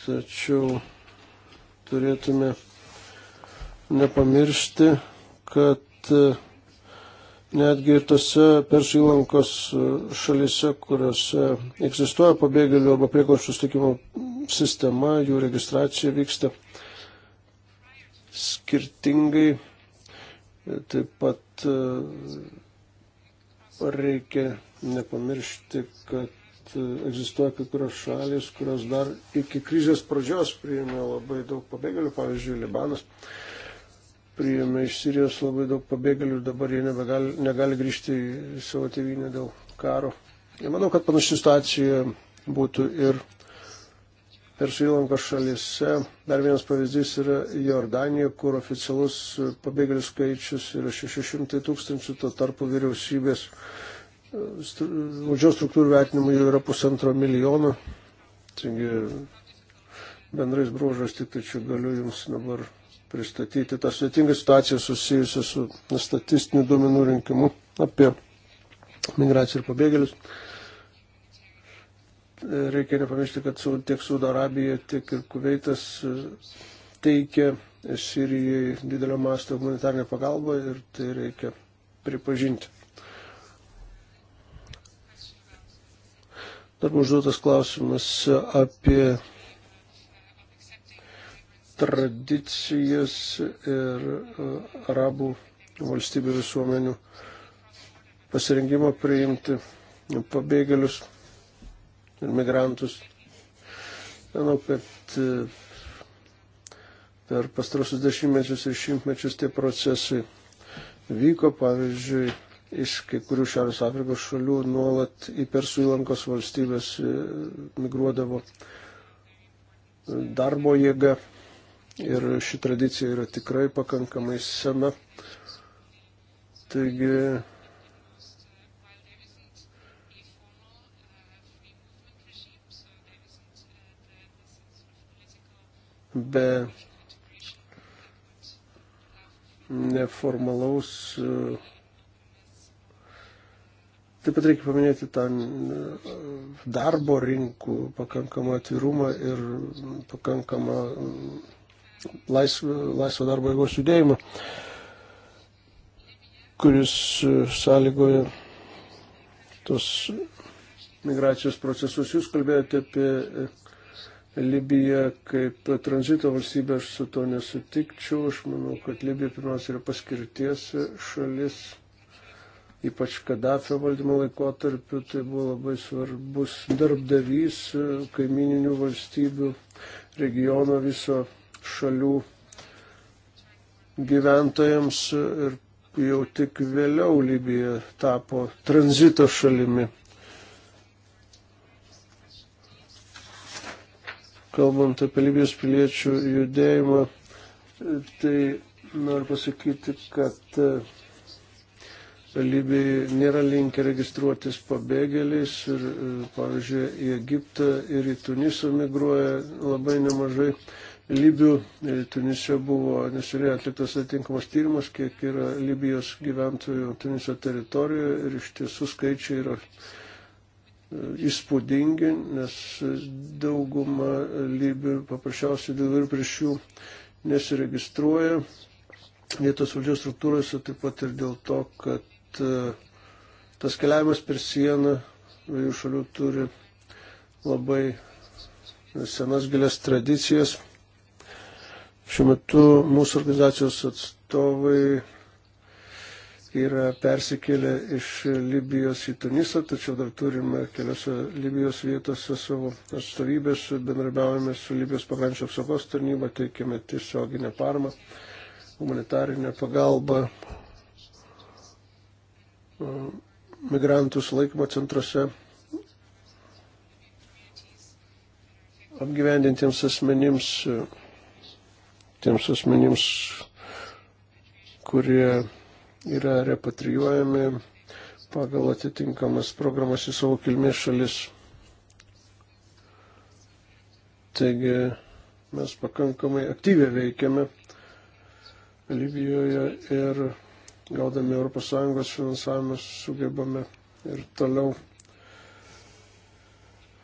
Tačiau turėtume nepamiršti, kad netgi ir tose Persų įlankos e, šalise, kuriuose egzistuoja pabėgėlių arba prieglobščių sutikimo sistema, jų registracija vyksta skirtingai. Taip pat e, reikia nepamiršti, kad e, egzistuoja kai kurios šalis, kurios dar iki krizės pradžios priėmė labai daug pabėgėlių, pavyzdžiui, Libanas priėmė iš Sirijos labai daug pabėgėlių ir dabar jie nebegali, negali grįžti į savo tėvynę dėl karo. Ir manau, kad panaši situacija būtų ir Persų įlankos šalise. Dar vienas pavyzdys yra Jordanija, kur oficialus pabėgėlių skaičius yra 600 tūkstančių, tuo tarpu vyriausybės e, valdžios struktūrų vertinimų jau yra pusantro milijono. Taigi bendrais bruožas tik tačiau galiu Jums dabar pristatyti tą svetingą situaciją susijusią su statistiniu duomenų rinkimu apie migraciją ir pabėgėlius. Reikia nepamiršti, kad su, tiek Saudo Arabija, tiek ir Kuveitas e, teikia Sirijai didelio masto humanitarnę pagalbą ir tai reikia pripažinti. Dar užduotas klausimas apie tradicijas ir e, arabų valstybių visuomenių pasirengimą priimti pabėgėlius ir migrantus. Manau, kad e, per pastarosius dešimtmečius ir šimtmečius tie procesai vyko, pavyzdžiui, iš kai kurių Šiaurės Afrikos šalių nuolat į Persų įlankos valstybės e, migruodavo darbo jėga ir ši tradicija yra tikrai pakankamai sena. Taigi be neformalaus. Taip pat reikia paminėti tą e, darbo rinkų pakankamą atvirumą ir pakankamą laisvo darbo jėgos judėjimo, kuris e, sąlygoja tos migracijos procesus. Jūs kalbėjote apie e, Libiją kaip tranzito valstybę, aš su to nesutikčiau. Aš manau, kad Libija pirmiausia yra paskirties šalis, ypač Kadafio valdymo laikotarpiu. Tai buvo labai svarbus darbdavys e, kaimininių valstybių regiono viso šalių gyventojams ir jau tik vėliau Libija tapo tranzito šalimi. Kalbant apie Libijos piliečių judėjimą, tai noriu pasakyti, kad e, Libijai nėra linkę registruotis pabėgėliais ir, e, pavyzdžiui, į Egiptą ir į Tunisą migruoja labai nemažai Libių. E, Tunise buvo nesuriai atliktas atitinkamas tyrimas, kiek yra Libijos gyventojų Tuniso teritorijoje ir iš tiesų skaičiai yra e, įspūdingi, nes dauguma Libių paprasčiausiai dėl ir prieš jų nesiregistruoja vietos valdžios struktūrose, taip pat ir dėl to, kad e, tas keliavimas per sieną jų šalių turi labai senas gilias tradicijas Šiuo metu mūsų organizacijos atstovai yra persikėlę iš Libijos į Tunisą, tačiau dar turime keliose Libijos vietose savo atstovybės, bendrabiaujame su Libijos pakrančio apsaugos tarnyba, teikiame tiesioginę paramą, humanitarinę pagalbą migrantų sulaikymo centruose apgyvendintiems asmenims tiems asmenims, kurie yra repatrijuojami pagal atitinkamas programas į savo kilmės šalis. Taigi mes pakankamai aktyviai veikiame Libijoje ir gaudami ES finansavimą sugebame ir toliau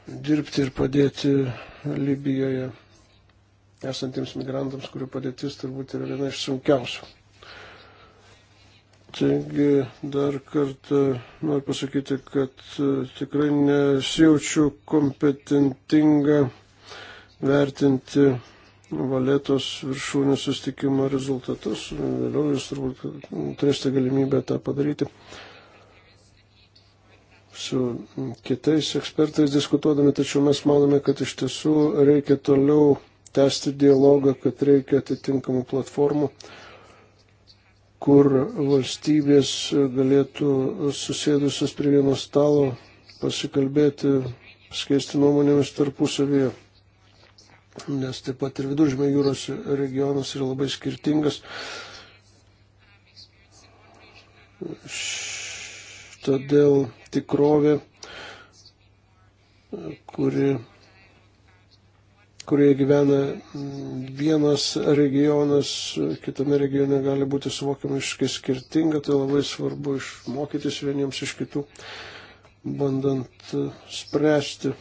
dirbti ir padėti Libijoje esantiems migrantams, kurių padėtis turbūt yra viena iš sunkiausių. Taigi dar kartą noriu pasakyti, kad e, tikrai nesijaučiu kompetentinga vertinti valėtos viršūnių sustikimo rezultatus. Vėliau jūs turbūt turėsite galimybę tą padaryti su kitais ekspertais diskutuodami, tačiau mes manome, kad iš tiesų reikia toliau tęsti dialogą, kad reikia atitinkamų platformų, kur valstybės galėtų susėdusios prie vieno stalo pasikalbėti, skeisti nuomonėmis tarpusavyje. Nes taip pat ir viduržmė jūros regionas yra labai skirtingas. Todėl tikrovė, kuri kurioje gyvena vienas regionas, kitame regione gali būti suvokiama iškai skirtinga, tai labai svarbu išmokytis vieniems iš kitų, bandant e, spręsti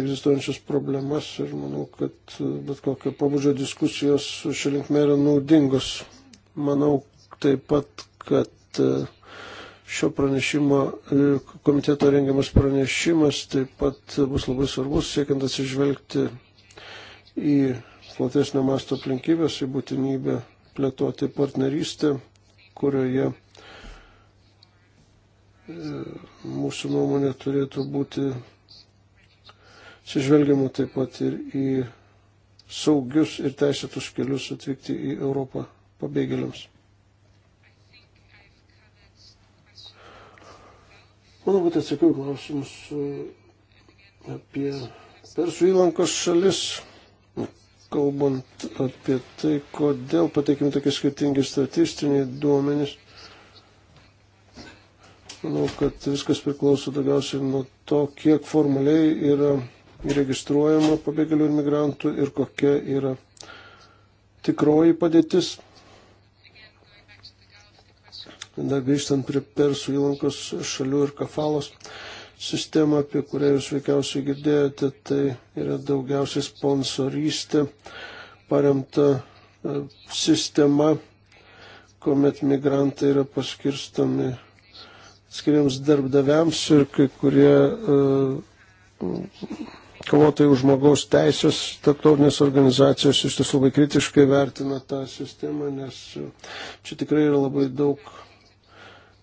egzistuojančias problemas ir manau, kad e, bet kokio pabudžio diskusijos šia linkme yra naudingos. Manau taip pat, kad e, šio pranešimo komiteto rengiamas pranešimas taip pat bus labai svarbus, siekiant atsižvelgti į platesnio masto aplinkybės, į būtinybę plėtoti partnerystę, kurioje e, mūsų nuomonė turėtų būti sižvelgiama taip pat ir į saugius ir teisėtus kelius atvykti į Europą pabėgėliams. Manau, kad atsakiau klausimus e, apie Persų įlankos šalis kalbant apie tai, kodėl pateikimi tokie skirtingi statistiniai duomenys. Manau, kad viskas priklauso daugiausiai nuo to, kiek formaliai yra registruojama pabėgėlių ir migrantų ir kokia yra tikroji padėtis. Dar grįžtant prie Persų įlankos šalių ir kafalos sistemą, apie kurią jūs veikiausiai girdėjote, tai yra daugiausiai sponsorystė paremta e, sistema, kuomet migrantai yra paskirstomi atskiriams darbdaviams ir kai kurie uh, kovotojai už žmogaus teisės, tarptautinės organizacijos iš tiesų labai kritiškai vertina tą sistemą, nes čia tikrai yra labai daug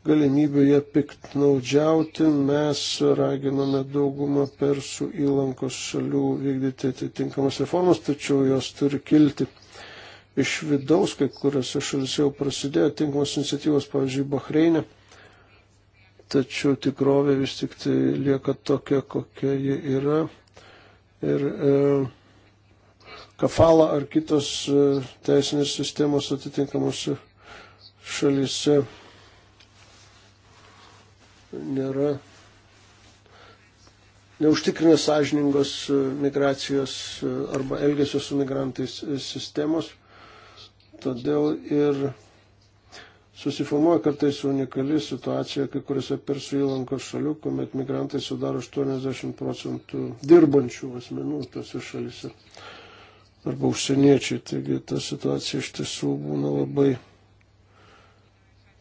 galimybių ją piktnaudžiauti, mes raginome daugumą persų įlankos šalių vykdyti atitinkamas reformas, tačiau jos turi kilti iš vidaus, kai kuriuose šalise jau prasidėjo tinkamos iniciatyvos, pavyzdžiui, Bahreinė. Tačiau tikrovė vis tik tai lieka tokia, kokia ji yra. Ir e, kafala ar kitos e, teisinės sistemos atitinkamos šalyse nėra, neužtikrina sąžiningos e, migracijos e, arba elgesio su migrantais e, sistemos. Todėl ir susiformuoja kartais unikali situacija kai kuriuose Persų įlankos šalių, kuomet migrantai sudaro 80 procentų dirbančių asmenų tose šalise arba užsieniečiai. Taigi ta situacija iš tiesų būna labai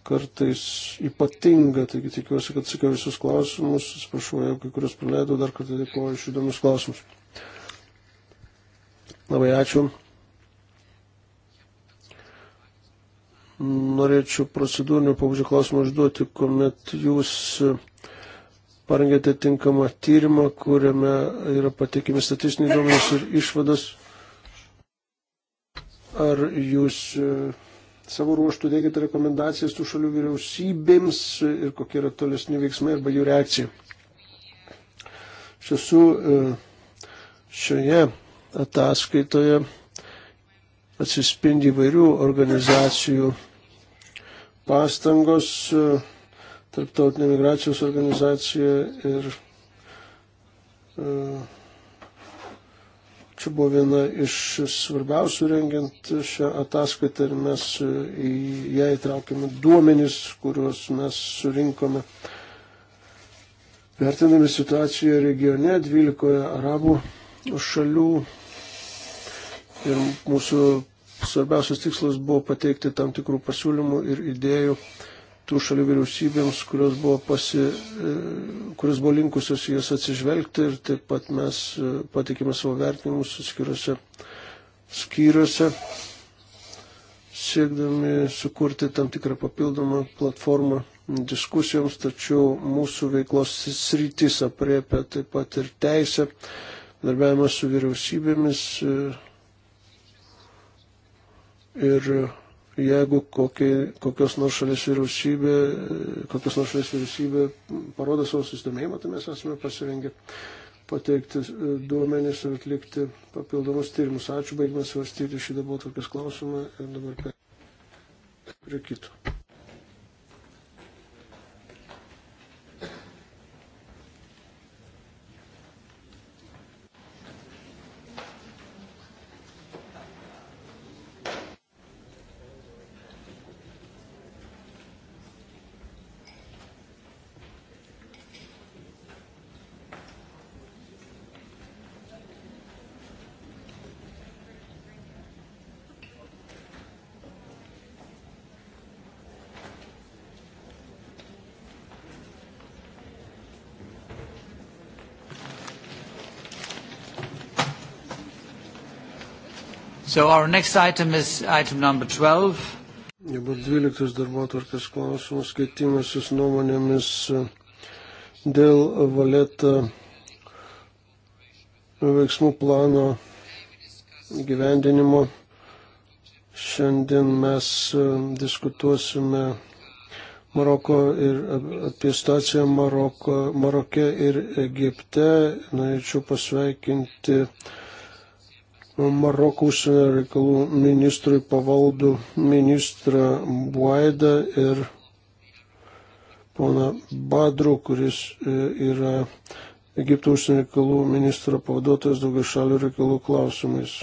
kartais ypatinga, taigi tikiuosi, kad sakiau visus klausimus, atsiprašau, jeigu kai kurios praleidau, dar kartą dėkuoju iš įdomius klausimus. Labai ačiū. Norėčiau procedūrinio pabudžio klausimą užduoti, kuomet jūs parengėte tinkamą tyrimą, kuriame yra patikimi statistiniai duomenys ir išvados. Ar jūs savo ruoštų teikite rekomendacijas tų šalių vyriausybėms ir kokie yra tolesni veiksmai arba jų reakcija. Iš tiesų, e, šioje ataskaitoje atsispindi įvairių organizacijų pastangos, e, tarptautinė migracijos organizacija ir uh, čia buvo viena iš svarbiausių rengiant šią ataskaitą ir mes į ją įtraukėme duomenys, kuriuos mes surinkome. Vertinami situaciją regione 12 arabų šalių ir mūsų svarbiausias tikslas buvo pateikti tam tikrų pasiūlymų ir idėjų tų šalių vyriausybėms, kurios buvo, pasi, e, kurios buvo linkusios į jas atsižvelgti ir taip pat mes e, patikime savo vertinimus atskiriuose skyriuose, siekdami sukurti tam tikrą papildomą platformą diskusijoms, tačiau mūsų veiklos sritis apriepia taip pat ir teisę, darbiavimą su vyriausybėmis e, ir jeigu kokie, kokios nors šalies vyriausybė, kokios nors šalies vyriausybė parodo savo susidomėjimą, tai mes esame pasirengę pateikti e, duomenys ir atlikti papildomus tyrimus. Ačiū, baigime svarstyti šį dabar tokias klausimą ir dabar prie, prie kito. So our next item is item number 12. Dabar 12 darbo tvarkės klausimas, keitimasis nuomonėmis e, dėl valeta veiksmų plano gyvendinimo. Šiandien mes e, diskutuosime Maroko ir apie staciją Maroko, Maroke ir Egipte. Norėčiau pasveikinti uh, Maroko užsienio reikalų ministrui pavaldų ministrą Buaidą ir pona Badru, kuris e, yra Egipto užsienio reikalų ministro pavaduotojas daugia šalių reikalų klausimais.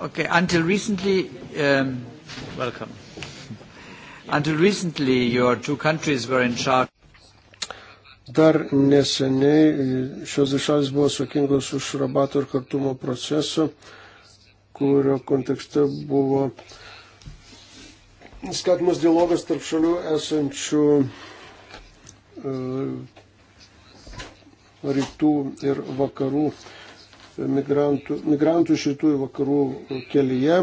Okay, until recently, um, welcome. Until recently, your two countries were in charge. Dar neseniai e, šios dvi šalis buvo atsakingos už rabato ir kartumo procesą, kurio kontekste buvo skatimas dialogas tarp šalių esančių e, rytų ir vakarų migrantų, migrantų iš rytų ir vakarų kelyje.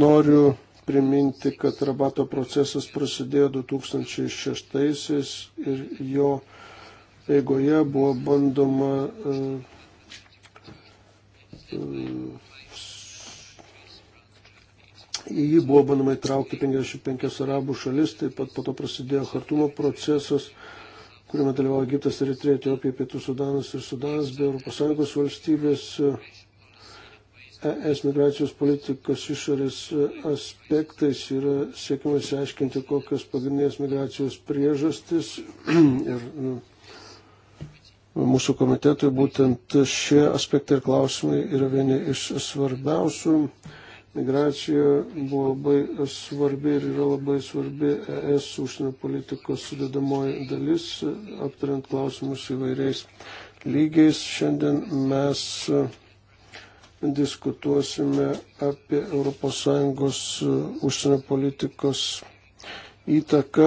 Noriu priminti, kad rabato procesas prasidėjo 2006-aisiais ir jo eigoje buvo bandoma e, e, į jį buvo bandoma įtraukti 55 arabų šalis, taip pat po to prasidėjo Hartumo procesas, kuriame dalyvavo Egiptas, Eritrėja, Etiopija, Pietų Sudanas ir Sudanas bei ES valstybės ES migracijos politikos išorės e, aspektais yra siekiama išsiaiškinti, kokios pagrindinės migracijos priežastis. ir nu, mūsų komitetui būtent šie aspektai ir klausimai yra vieni iš svarbiausių. Migracija buvo labai svarbi ir yra labai svarbi ES užsienio politikos sudėdamoji dalis, aptariant klausimus įvairiais lygiais. Šiandien mes diskutuosime apie ES e, užsienio politikos įtaką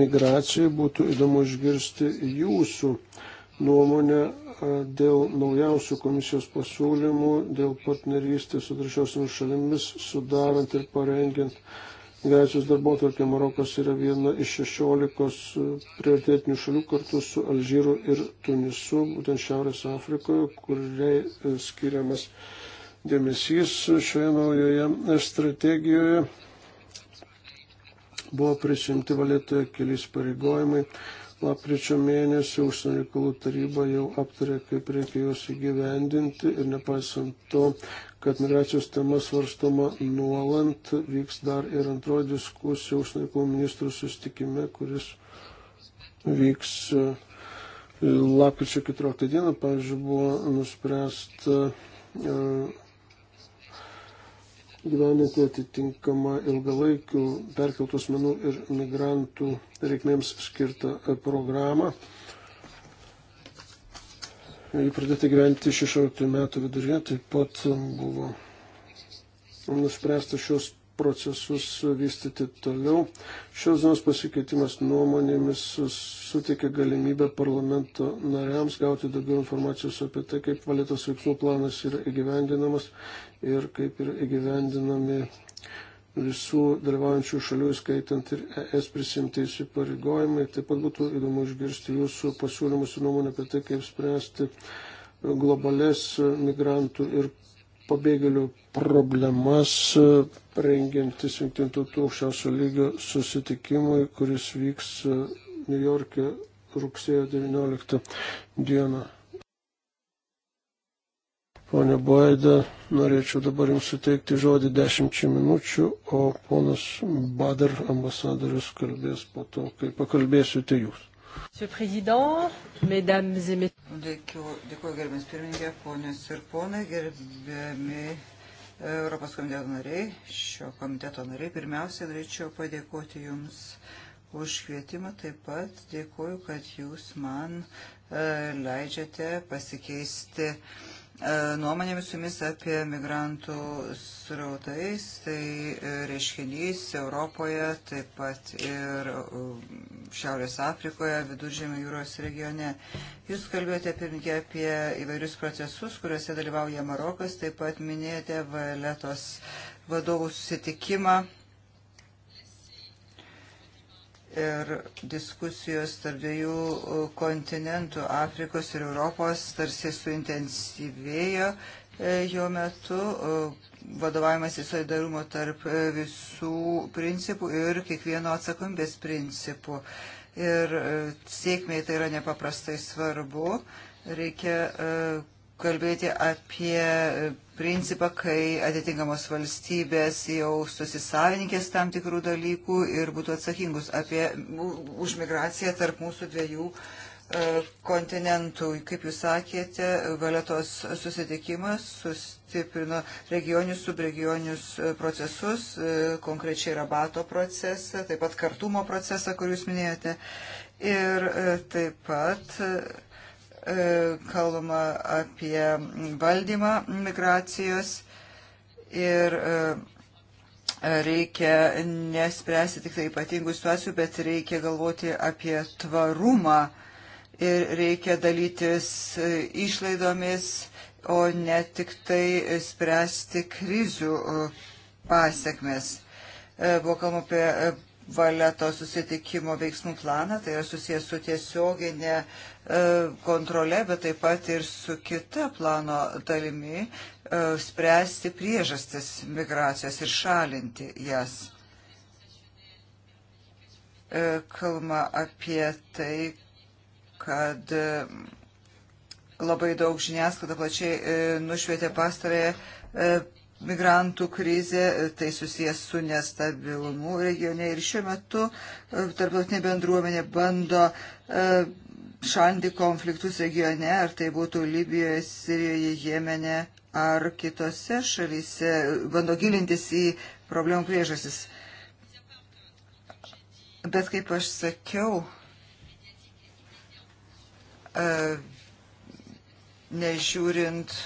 migracijai. Būtų įdomu išgirsti jūsų nuomonę e, dėl naujausių komisijos pasiūlymų, dėl partnerystės su trečiosiomis šalimis, sudarant ir parengiant Migracijos darbo tvarkė Marokas yra viena iš 16 e, prioritetinių šalių kartu su Alžyru ir Tunisu, būtent Šiaurės Afrikoje, kuriai e, skiriamas dėmesys šioje naujoje strategijoje. Buvo prisimti valėtoje keliais pareigojimai Lapkričio mėnesį užsienio reikalų taryba jau aptarė, kaip reikia juos įgyvendinti ir nepaisant to, kad migracijos tema svarstoma nuolant, vyks dar ir antroji diskusija užsienio reikalų ministrų sustikime, kuris vyks e, lapkričio 14 dieną. Pavyzdžiui, buvo nuspręsta e, gyveninti atitinkamą ilgalaikių perkeltų asmenų ir migrantų reikmėms skirtą e, programą. Jį pradėti gyventi 16 metų viduryje taip pat buvo nuspręsta šios procesus vystyti toliau. Šios dienos pasikeitimas nuomonėmis suteikia galimybę parlamento nariams gauti daugiau informacijos apie tai, kaip valytos veiksmų planas yra įgyvendinamas ir kaip ir įgyvendinami visų dalyvaujančių šalių, skaitant ir ES prisimti įsipareigojimai. Taip pat būtų įdomu išgirsti jūsų pasiūlymus ir nuomonę apie tai, kaip spręsti globales migrantų ir pabėgėlių problemas, rengiantis jungtinių tautų aukščiausio lygio susitikimui, kuris vyks New York'e rugsėjo 19 dieną. Pone Boeda, norėčiau dabar Jums suteikti žodį dešimčiai minučių, o ponas Badar ambasadorius kalbės po to, kai pakalbėsite Jūs. Dėkuoju, gerbiamas pirmininkė, ponios ir ponai, gerbiami e, Europos komiteto nariai, šio komiteto nariai. Pirmiausia, norėčiau padėkoti Jums už kvietimą, taip pat dėkuoju, kad Jūs man e, leidžiate pasikeisti uh, E, nuomonėmis su jumis apie migrantų srautais, tai e, reiškinys Europoje, taip pat ir e, Šiaurės Afrikoje, Viduržėmio jūros regione. Jūs kalbėjote pirmininkė apie įvairius procesus, kuriuose dalyvauja Marokas, taip pat minėjote Valetos vadovų susitikimą ir diskusijos tarp dviejų kontinentų Afrikos ir Europos tarsi suintensyvėjo e, jo metu vadovavimas į solidarumo tarp e, visų principų ir kiekvieno atsakomybės principų. Ir e, sėkmiai tai yra nepaprastai svarbu. Reikia kalbėti apie principą, kai atitinkamos valstybės jau susisavininkės tam tikrų dalykų ir būtų atsakingus apie, už migraciją tarp mūsų dviejų e, kontinentų. Kaip jūs sakėte, valetos susitikimas sustiprino regionius, subregioninius e, procesus, e, konkrečiai rabato procesą, taip pat kartumo procesą, kurį jūs minėjote. Ir taip pat E, kalbama apie valdymą migracijos ir e, reikia nespręsti tik tai ypatingų situacijų, bet reikia galvoti apie tvarumą ir reikia dalytis išlaidomis, o ne tik tai spręsti krizių e, pasiekmes. Buvo kalbama apie valeto susitikimo veiksmų planą, tai yra susijęs su tiesioginė e, kontrole, bet taip pat ir su kita plano dalimi e, spręsti priežastis migracijos ir šalinti jas. E, Kalma apie tai, kad labai daug žiniasklaida plačiai nušvietė pastarąją migrantų krizė, tai susijęs su nestabilumu regione ir šiuo metu e, tarptautinė bendruomenė bando e, šalinti konfliktus regione, ar tai būtų Libijoje, Sirijoje, Jemene ar kitose šalyse, bando gilintis į problemų priežasis. Bet kaip aš sakiau, e, nežiūrint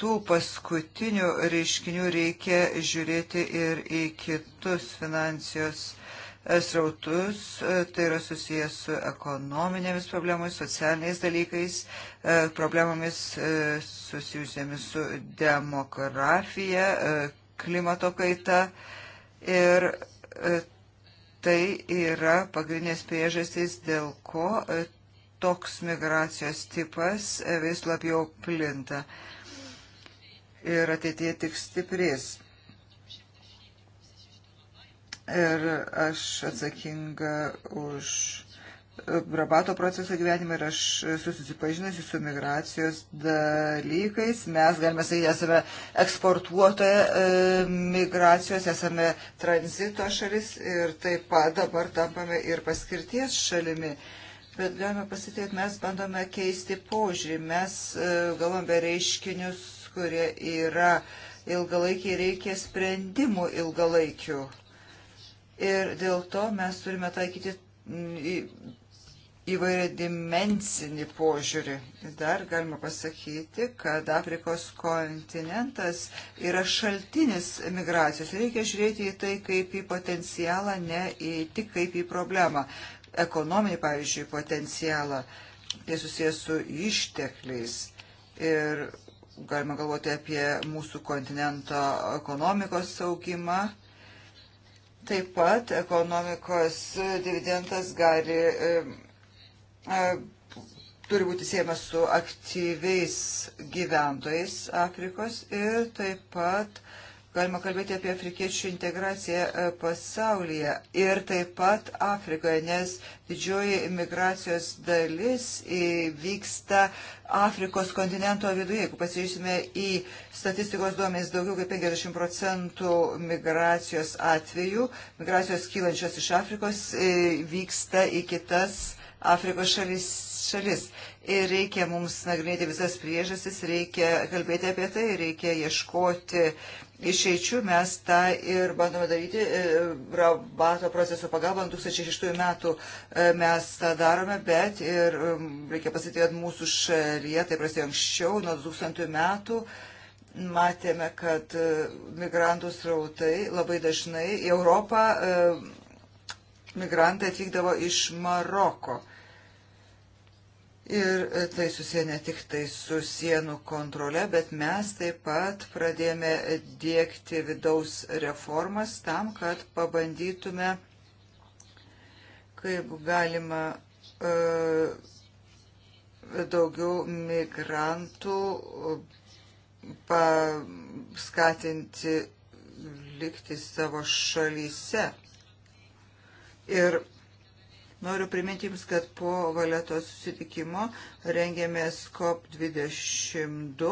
tų paskutinių reiškinių reikia žiūrėti ir į kitus finansijos e, srautus, e, tai yra susijęs su ekonominėmis problemomis, socialiniais dalykais, e, problemomis susijusiamis su demografija, klimato kaita ir tai yra pagrindinės priežastys, dėl ko toks migracijos tipas vis labiau plinta ir ateitie tik stiprės. Ir aš atsakinga už Rabato proceso gyvenimą ir aš susipažinusi su migracijos dalykais. Mes galime sakyti, esame eksportuotoje e, migracijos, esame tranzito šalis ir taip pat dabar tampame ir paskirties šalimi. Bet galime pasitėti, mes bandome keisti požiūrį, mes e, galvome reiškinius kurie yra ilgalaikiai, reikia sprendimų ilgalaikių. Ir dėl to mes turime taikyti mm, įvairia dimensinį požiūrį. Dar galima pasakyti, kad Afrikos kontinentas yra šaltinis migracijos. Reikia žiūrėti į tai kaip į potencialą, ne į, tik kaip į problemą. Ekonominį, pavyzdžiui, potencialą. Tai susijęs su ištekliais. Ir galima galvoti apie mūsų kontinento ekonomikos saugimą. Taip pat ekonomikos dividendas gali, e, e, turi būti siejamas su aktyviais gyventojais Afrikos ir taip pat uh, Galima kalbėti apie afrikiečių integraciją e, pasaulyje ir taip pat Afrikoje, nes didžioji migracijos dalis vyksta Afrikos kontinento viduje. Jeigu pasižiūrėsime į statistikos duomenys, daugiau kaip 50 procentų migracijos atvejų, migracijos kylančios iš Afrikos, e, vyksta į kitas Afrikos šalis. šalis. Ir reikia mums nagrinėti visas priežastis, reikia kalbėti apie tai, reikia ieškoti išeičių mes tą ir bandome daryti. E, rabato proceso pagalba 2006 metų e, mes tą darome, bet ir um, reikia pasakyti, kad mūsų šalyje tai prasidėjo anksčiau, nuo 2000 metų. Matėme, kad e, migrantų srautai labai dažnai į Europą migrantai atvykdavo iš Maroko. Ir e, tai susiję ne tik tai su sienų kontrole, bet mes taip pat pradėjome dėkti vidaus reformas tam, kad pabandytume, kaip galima e, daugiau migrantų paskatinti likti savo šalyse. Ir Noriu priminti Jums, kad po valetos susitikimo rengėmės COP22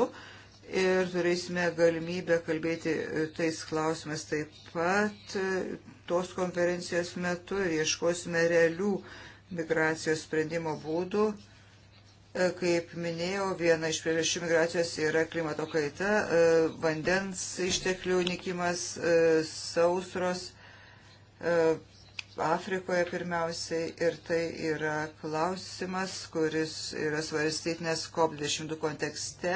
ir turėsime galimybę kalbėti tais klausimais taip pat tos konferencijos metu ir ieškosime realių migracijos sprendimo būdų. Kaip minėjau, viena iš priežasčių migracijos yra klimato kaita, vandens išteklių nikimas, sausros Afrikoje pirmiausiai ir tai yra klausimas, kuris yra svarstytinės COP22 kontekste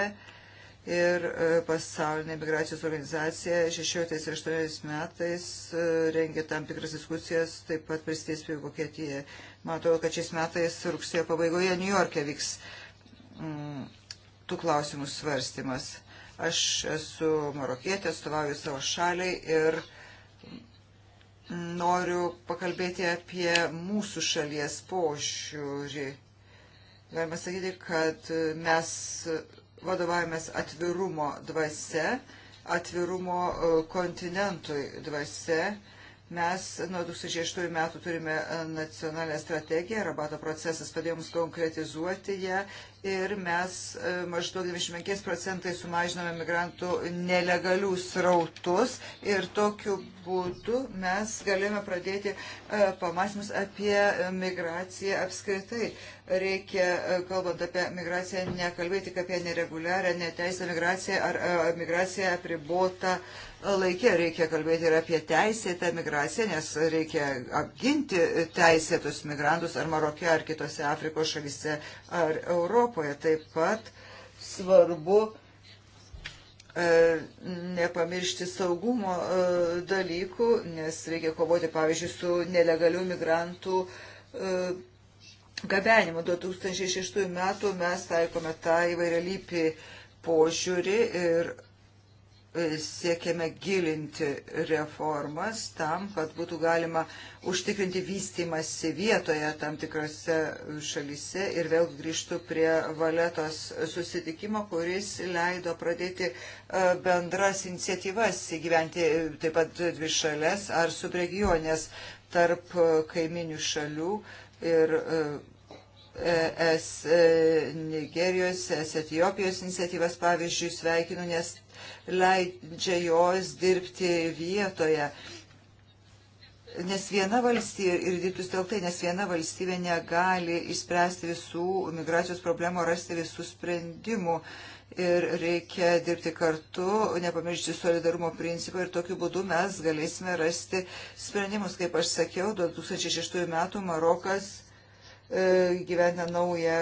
ir e, pasaulinė migracijos organizacija 16 ir 18 metais e, rengė tam tikras diskusijas, taip pat prisidės prie Vokietija. Man atrodo, kad šiais metais rugsėjo pabaigoje New York'e vyks mm, tų klausimų svarstymas. Aš esu marokietė, atstovauju savo šaliai ir uh, noriu pakalbėti apie mūsų šalies pošiūrį. Galima sakyti, kad mes vadovavomės atvirumo dvasia, atvirumo e, kontinentui dvasia. Mes nuo 2006 metų turime nacionalinę strategiją, rabato procesas padėjo mums konkretizuoti ją ir mes e, maždaug 25 procentai sumažinome migrantų nelegalių srautus ir tokiu būdu mes galėjome pradėti e, pamastymus apie migraciją apskritai. Reikia, e, kalbant apie migraciją, nekalbėti tik apie nereguliarią, neteisę migraciją ar migraciją apribotą laikė. Reikia kalbėti ir apie teisėtą migraciją, nes reikia apginti teisėtus migrantus ar Marokė, ar kitose Afrikos šalise, ar Europoje. Europoje. Taip pat svarbu e, nepamiršti saugumo e, dalykų, nes reikia kovoti, pavyzdžiui, su nelegalių migrantų e, gabenimu. 2006 metų mes taikome tą įvairialypį požiūrį ir E, siekiame gilinti reformas tam, kad būtų galima užtikrinti vystimąsi vietoje tam tikrose šalyse. Ir vėl grįžtų prie valetos susitikimo, kuris leido pradėti e, bendras iniciatyvas įgyventi e, taip pat dvi šalės ar subregionės tarp kaiminių šalių. Ir ES Nigerijos, ES Etijopijos iniciatyvas, pavyzdžiui, sveikinu, nes leidžia jos dirbti vietoje. Nes viena valstybė, ir rytus teltai, nes viena valstybė negali išspręsti visų migracijos problemų, rasti visų sprendimų. Ir reikia dirbti kartu, nepamiršti solidarumo principą ir tokiu būdu mes galėsime rasti sprendimus. Kaip aš sakiau, 2006 metų Marokas e, gyvena naują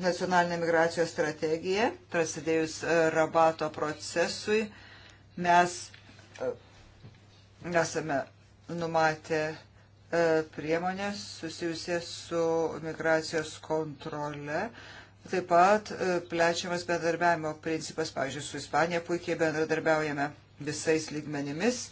nacionalinę migracijos strategiją, prasidėjus e, rabato procesui, mes e, esame numatę e, priemonės susijusias su migracijos kontrole. Taip pat plečiamas bendradarbiavimo principas, pavyzdžiui, su Ispanija puikiai bendradarbiaujame visais lygmenimis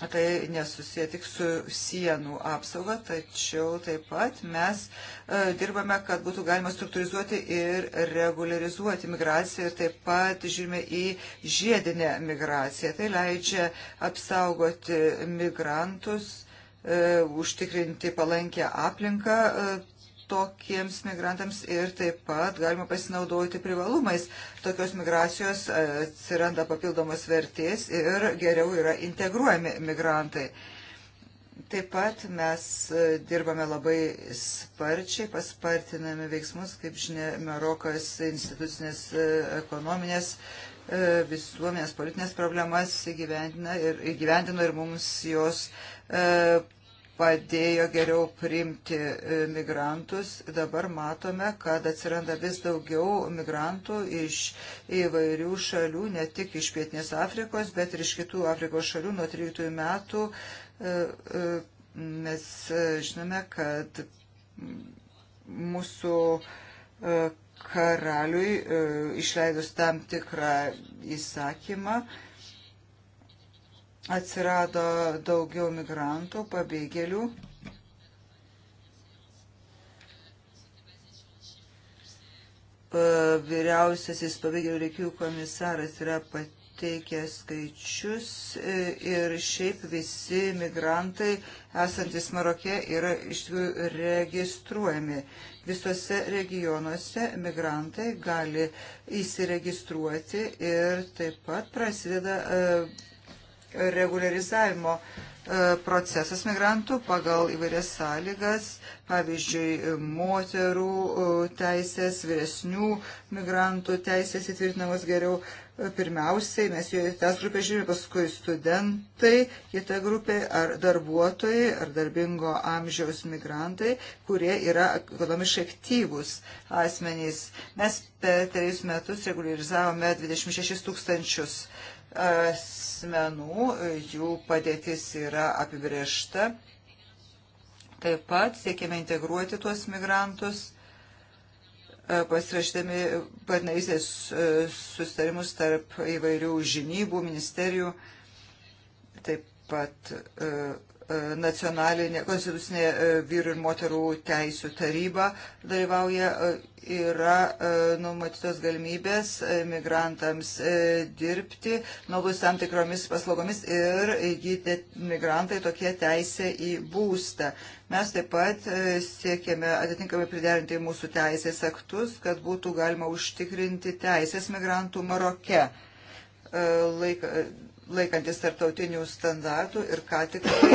Tai nesusiję tik su sienų apsauga, tačiau taip pat mes e, dirbame, kad būtų galima struktūrizuoti ir regularizuoti migraciją ir taip pat žiūrime į žiedinę migraciją. Tai leidžia apsaugoti migrantus, e, užtikrinti palankę aplinką. E, tokiems migrantams ir taip pat galima pasinaudoti privalumais. Tokios migracijos e, atsiranda papildomos vertės ir geriau yra integruojami migrantai. Taip pat mes e, dirbame labai sparčiai, paspartiname veiksmus, kaip žinia, Marokas institucinės e, ekonominės visuomenės politinės problemas įgyvendino ir, įgyvendino ir mums jos e, padėjo geriau priimti e, migrantus. Dabar matome, kad atsiranda vis daugiau migrantų iš įvairių šalių, ne tik iš Pietinės Afrikos, bet ir iš kitų Afrikos šalių nuo 13 metų. E, e, mes žinome, kad mūsų karaliui išleidus tam tikrą įsakymą, atsirado daugiau migrantų, pabėgėlių. Vyriausiasis pabėgėlių reikių komisaras yra pateikę skaičius e, ir šiaip visi migrantai esantis Marokė yra iš tikrųjų registruojami. Visose regionuose migrantai gali įsiregistruoti ir taip pat prasideda uh, reguliarizavimo e, procesas migrantų pagal įvairias sąlygas, pavyzdžiui, moterų e, teisės, vyresnių migrantų teisės įtvirtinamos geriau. E, pirmiausiai mes jų tas grupė žiūrime, paskui studentai, kita grupė ar darbuotojai, ar darbingo amžiaus migrantai, kurie yra ekonomiškai aktyvūs asmenys. Mes per trejus metus reguliarizavome 26 tūkstančius asmenų, jų padėtis yra apibriešta. Taip pat siekime integruoti tuos migrantus, e, pasirašydami partnerystės e, sustarimus tarp įvairių žinybų, ministerijų. Taip pat e, E, nacionalinė konstitucinė e, vyrų ir moterų teisų taryba dalyvauja, e, yra numatytos galimybės migrantams dirbti, naudus tam tikromis paslaugomis ir įgyti migrantai tokie teisė į būstą. Mes taip pat siekiame atitinkamai priderinti mūsų teisės aktus, kad būtų galima užtikrinti teisės migrantų Maroke. Laika, laikantis tarptautinių standartų ir ką tik tai e,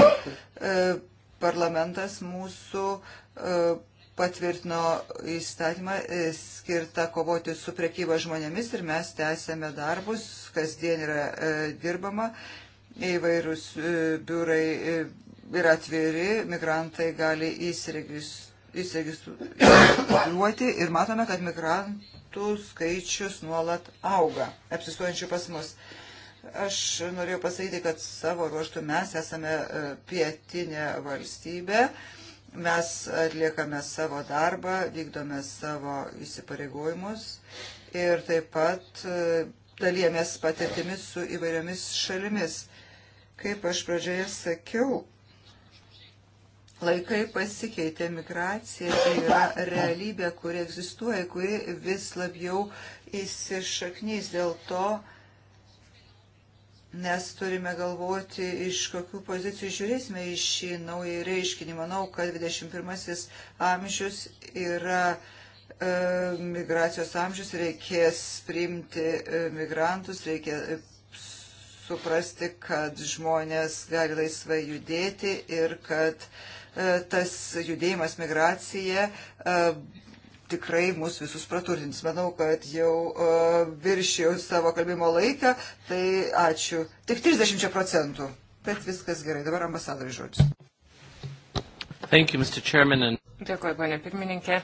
parlamentas mūsų e, patvirtino įstatymą e, skirtą kovoti su prekyba žmonėmis ir mes tęsėme darbus, kasdien yra dirbama, įvairūs biurai yra atviri, migrantai gali įsiregistruoti ir matome, kad migrantų skaičius nuolat auga, apsistuojančių pas mus. Aš norėjau pasakyti, kad savo ruoštų mes esame e, pietinė valstybė, mes atliekame savo darbą, vykdome savo įsipareigojimus ir taip pat e, dalėmės patirtimis su įvairiomis šalimis. Kaip aš pradžioje sakiau, laikai pasikeitė, migracija tai yra realybė, kuri egzistuoja, kuri vis labiau įsišaknys. Dėl to nes turime galvoti, iš kokių pozicijų žiūrėsime į šį naują reiškinį. Manau, kad 21 amžius yra e, migracijos amžius, reikės priimti e, migrantus, reikia e, suprasti, kad žmonės gali laisvai judėti ir kad e, tas judėjimas migracija e, tikrai mūsų visus praturtins. Manau, kad jau uh, e, viršėjau savo kalbimo laiką, tai ačiū. Tik 30 procentų, bet viskas gerai. Dabar ambasadoriai žodžius. Thank you, Mr. Chairman. And... Dėkuoju, ponė pirmininkė.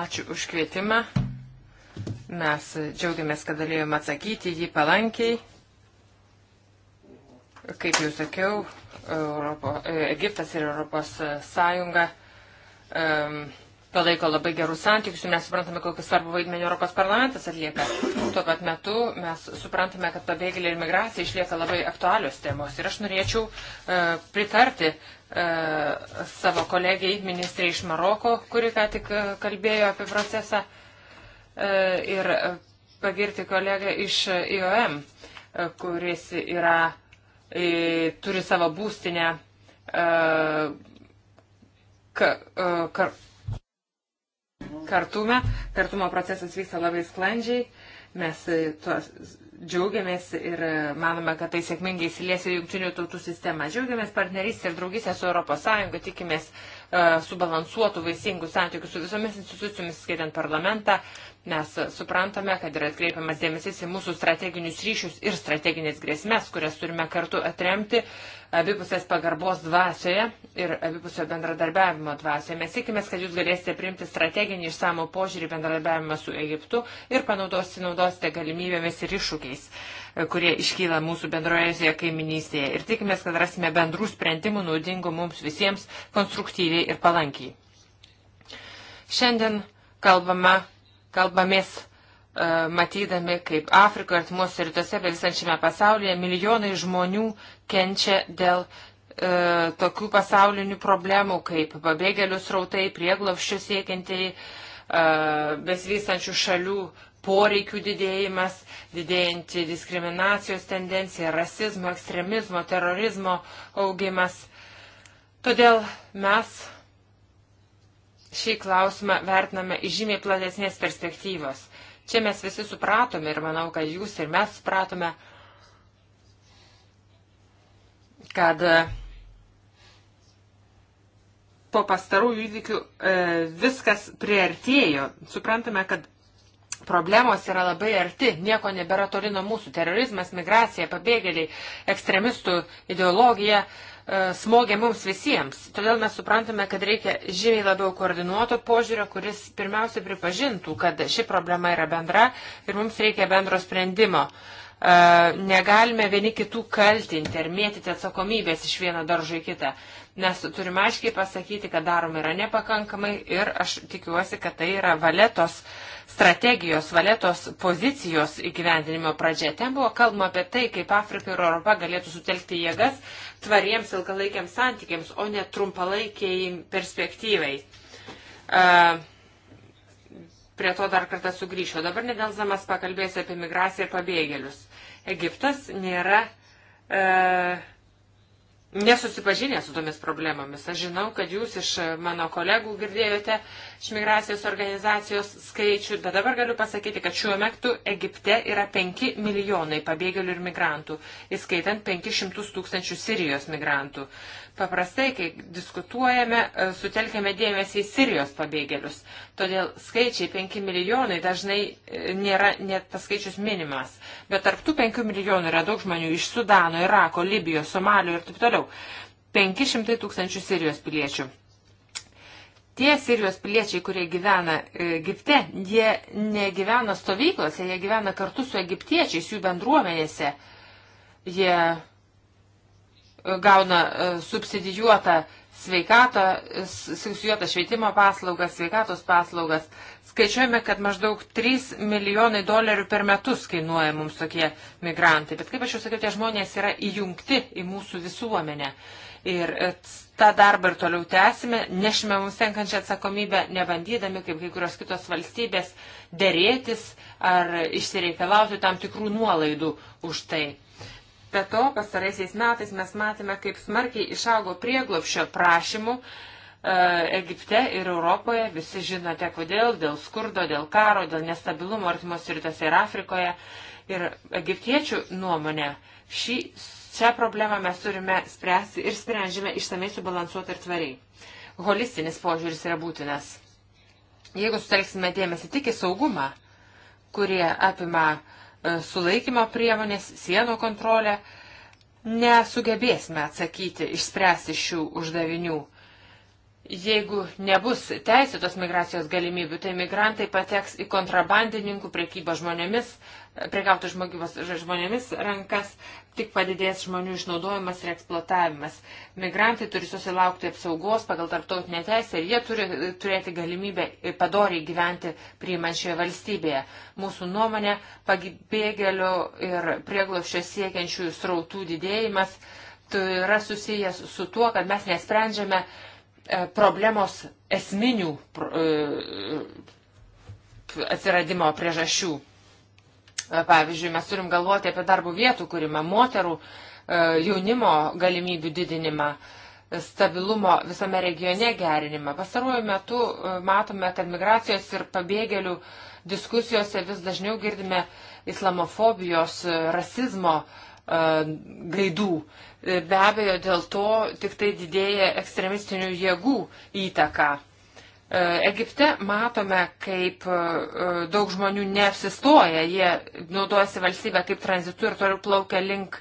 Ačiū už kvietimą. Mes džiaugiamės, kad galėjome atsakyti jį palankiai. Kaip jau sakiau, Europo, e, Egiptas ir Europos Sąjunga um, palaiko labai gerus santykius ir mes suprantame, kokį svarbų vaidmenį Europos parlamentas atlieka. Tuo pat metu mes suprantame, kad pabėgėliai ir migracija išlieka labai aktualios temos. Ir aš norėčiau uh, pritarti uh, savo kolegiai, ministrė iš Maroko, kuri ką tik uh, kalbėjo apie procesą, uh, ir uh, pagirti kolegą iš IOM, uh, kuris yra, uh, turi savo būstinę. Uh, ka, e, kar, kartume. Kartumo procesas vyksta labai sklandžiai. Mes e, tuos džiaugiamės ir e, manome, kad tai sėkmingai įsilies į jungtinių tautų sistemą. Džiaugiamės partnerystę ir draugystę su ES, tikimės uh, subalansuotų, vaisingų santykių su visomis institucijomis, skaitant parlamentą, uh, Mes suprantame, kad yra atkreipiamas dėmesys į mūsų strateginius ryšius ir strateginės grėsmės, kurias turime kartu atremti abipusės pagarbos dvasioje ir abipusio bendradarbiavimo dvasioje. Mes tikimės, kad jūs galėsite priimti strateginį išsamų požiūrį bendradarbiavimą su Egiptu ir panaudosite galimybėmis ir iššūkiais, e, kurie iškyla mūsų bendrojoje kaiminystėje. Ir tikimės, kad rasime bendrų sprendimų naudingų mums visiems konstruktyviai ir palankiai. Šiandien kalbama kalbamės e, matydami, kaip Afrikoje, artimuose rytuose, bet visančiame pasaulyje milijonai žmonių kenčia dėl e, tokių pasaulinių problemų, kaip pabėgėlių srautai, prieglopščių siekiantieji, e, besvystančių šalių poreikių didėjimas, didėjanti diskriminacijos tendencija, rasizmo, ekstremizmo, terorizmo augimas. Todėl mes šį klausimą vertiname iš žymiai platesnės perspektyvos. Čia mes visi supratome ir manau, kad jūs ir mes supratome, kad e, po pastarų įvykių e, viskas priartėjo. Suprantame, kad problemos yra labai arti, nieko nebėra toli nuo mūsų. Terorizmas, migracija, pabėgėliai, ekstremistų ideologija. E, E, smogia mums visiems. Todėl mes suprantame, kad reikia žymiai labiau koordinuoto požiūrio, kuris pirmiausia pripažintų, kad ši problema yra bendra ir mums reikia bendro sprendimo. E, negalime vieni kitų kaltinti ir mėtyti atsakomybės iš vieno daržo į kitą, nes turime aiškiai pasakyti, kad darom yra nepakankamai ir aš tikiuosi, kad tai yra valetos strategijos, valetos pozicijos įgyvendinimo pradžia. Ten buvo kalbama apie tai, kaip Afrika ir Europa galėtų sutelkti jėgas tvariems ilgalaikiams santykiams, o ne trumpalaikiai perspektyvai. Uh, prie to dar kartą sugrįšiu. Dabar nedelzamas pakalbėsiu apie migraciją ir pabėgėlius. Egiptas nėra e, nesusipažinę su tomis problemomis. Aš žinau, kad jūs iš mano kolegų girdėjote iš migracijos organizacijos skaičių, bet dabar galiu pasakyti, kad šiuo metu Egipte yra 5 milijonai pabėgėlių ir migrantų, įskaitant 500 tūkstančių Sirijos migrantų. Paprastai, kai diskutuojame, e, sutelkiame dėmesį į Sirijos pabėgėlius. Todėl skaičiai 5 milijonai dažnai e, nėra net tas skaičius minimas. Bet tarptų 5 milijonų yra daug žmonių iš Sudano, Irako, Libijos, Somalio ir taip toliau. 500 tūkstančių Sirijos piliečių tie Sirijos piliečiai, kurie gyvena e, Egipte, jie negyvena stovyklose, jie gyvena kartu su egiptiečiais, jų bendruomenėse. Jie gauna e, subsidijuotą sveikatą, subsidijuotą švietimo paslaugas, sveikatos paslaugas. Skaičiuojame, kad maždaug 3 milijonai dolerių per metus kainuoja mums tokie migrantai. Bet kaip aš jau sakiau, tie žmonės yra įjungti į mūsų visuomenę. Ir e, tą darbą ir toliau tęsime, nešime mums tenkančią atsakomybę, nebandydami, kaip kai kurios kitos valstybės, dėrėtis ar išsireikalauti tam tikrų nuolaidų už tai. Be to, pastaraisiais metais mes matėme, kaip smarkiai išaugo prieglopšio prašymų e, Egipte ir Europoje. Visi žinote, kodėl - dėl skurdo, dėl karo, dėl nestabilumo artimos rytuose ir Afrikoje. Ir egiptiečių nuomonė, šį, šią problemą mes turime spręsti ir sprendžiame išsamei subalansuotai ir tvariai. Holistinis požiūris yra būtinas. Jeigu sutelksime dėmesį tik į saugumą, kurie apima E, sulaikymo priemonės, sienų kontrolę, nesugebėsime atsakyti, išspręsti šių uždavinių. Jeigu nebus teisėtos migracijos galimybių, tai migrantai pateks į kontrabandininkų priekybą žmonėmis priekauti žmonėmis rankas, tik padidės žmonių išnaudojimas ir eksploatavimas. Migrantai turi susilaukti apsaugos pagal tarptautinę teisę ir jie turi turėti galimybę padoriai gyventi priimančioje valstybėje. Mūsų nuomonė, pabėgėlių ir prieglopščio siekiančių srautų didėjimas tai yra susijęs su tuo, kad mes nesprendžiame e, problemos esminių e, atsiradimo priežasčių. E, pavyzdžiui, mes turim galvoti apie darbo vietų kūrimą, moterų e, jaunimo galimybių didinimą, stabilumo visame regione gerinimą. Pastaruoju metu e, matome, kad migracijos ir pabėgėlių diskusijose vis dažniau girdime islamofobijos, rasizmo gaidų. Be abejo, dėl to tik tai didėja ekstremistinių jėgų įtaka. E, Egipte matome, kaip e, daug žmonių neapsistoja, jie naudojasi valstybę kaip tranzitu ir toliau plaukia link e,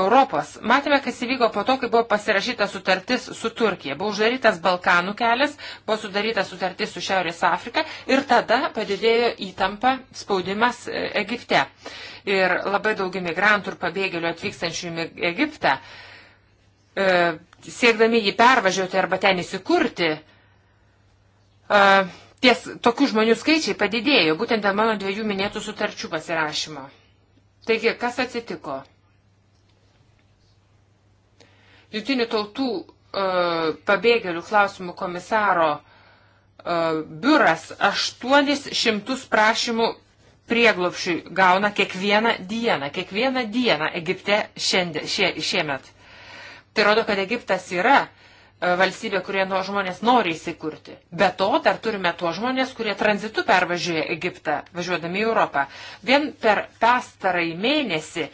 Europos. Matėme, kas įvyko po to, kai buvo pasirašyta sutartis su Turkija. Buvo uždarytas Balkanų kelias, buvo sudaryta sutartis su Šiaurės Afrika ir tada padidėjo įtampa, spaudimas Egipte. Ir labai daug imigrantų ir pabėgėlių atvykstančių į Egiptą, siekdami jį pervažiuoti arba ten įsikurti, ties tokių žmonių skaičiai padidėjo būtent dėl mano dviejų minėtų sutarčių pasirašymo. Taigi, kas atsitiko? Jungtinių tautų e, pabėgėlių klausimų komisaro e, biuras 800 prašymų prieglopšiui gauna kiekvieną dieną, kiekvieną dieną Egipte šiandien, šie, šiemet. Tai rodo, kad Egiptas yra E, valstybė, kurie nuo žmonės nori įsikurti. Be to, dar turime tuos žmonės, kurie tranzitu pervažiuoja Egiptą, važiuodami į Europą. Vien per pastarąjį mėnesį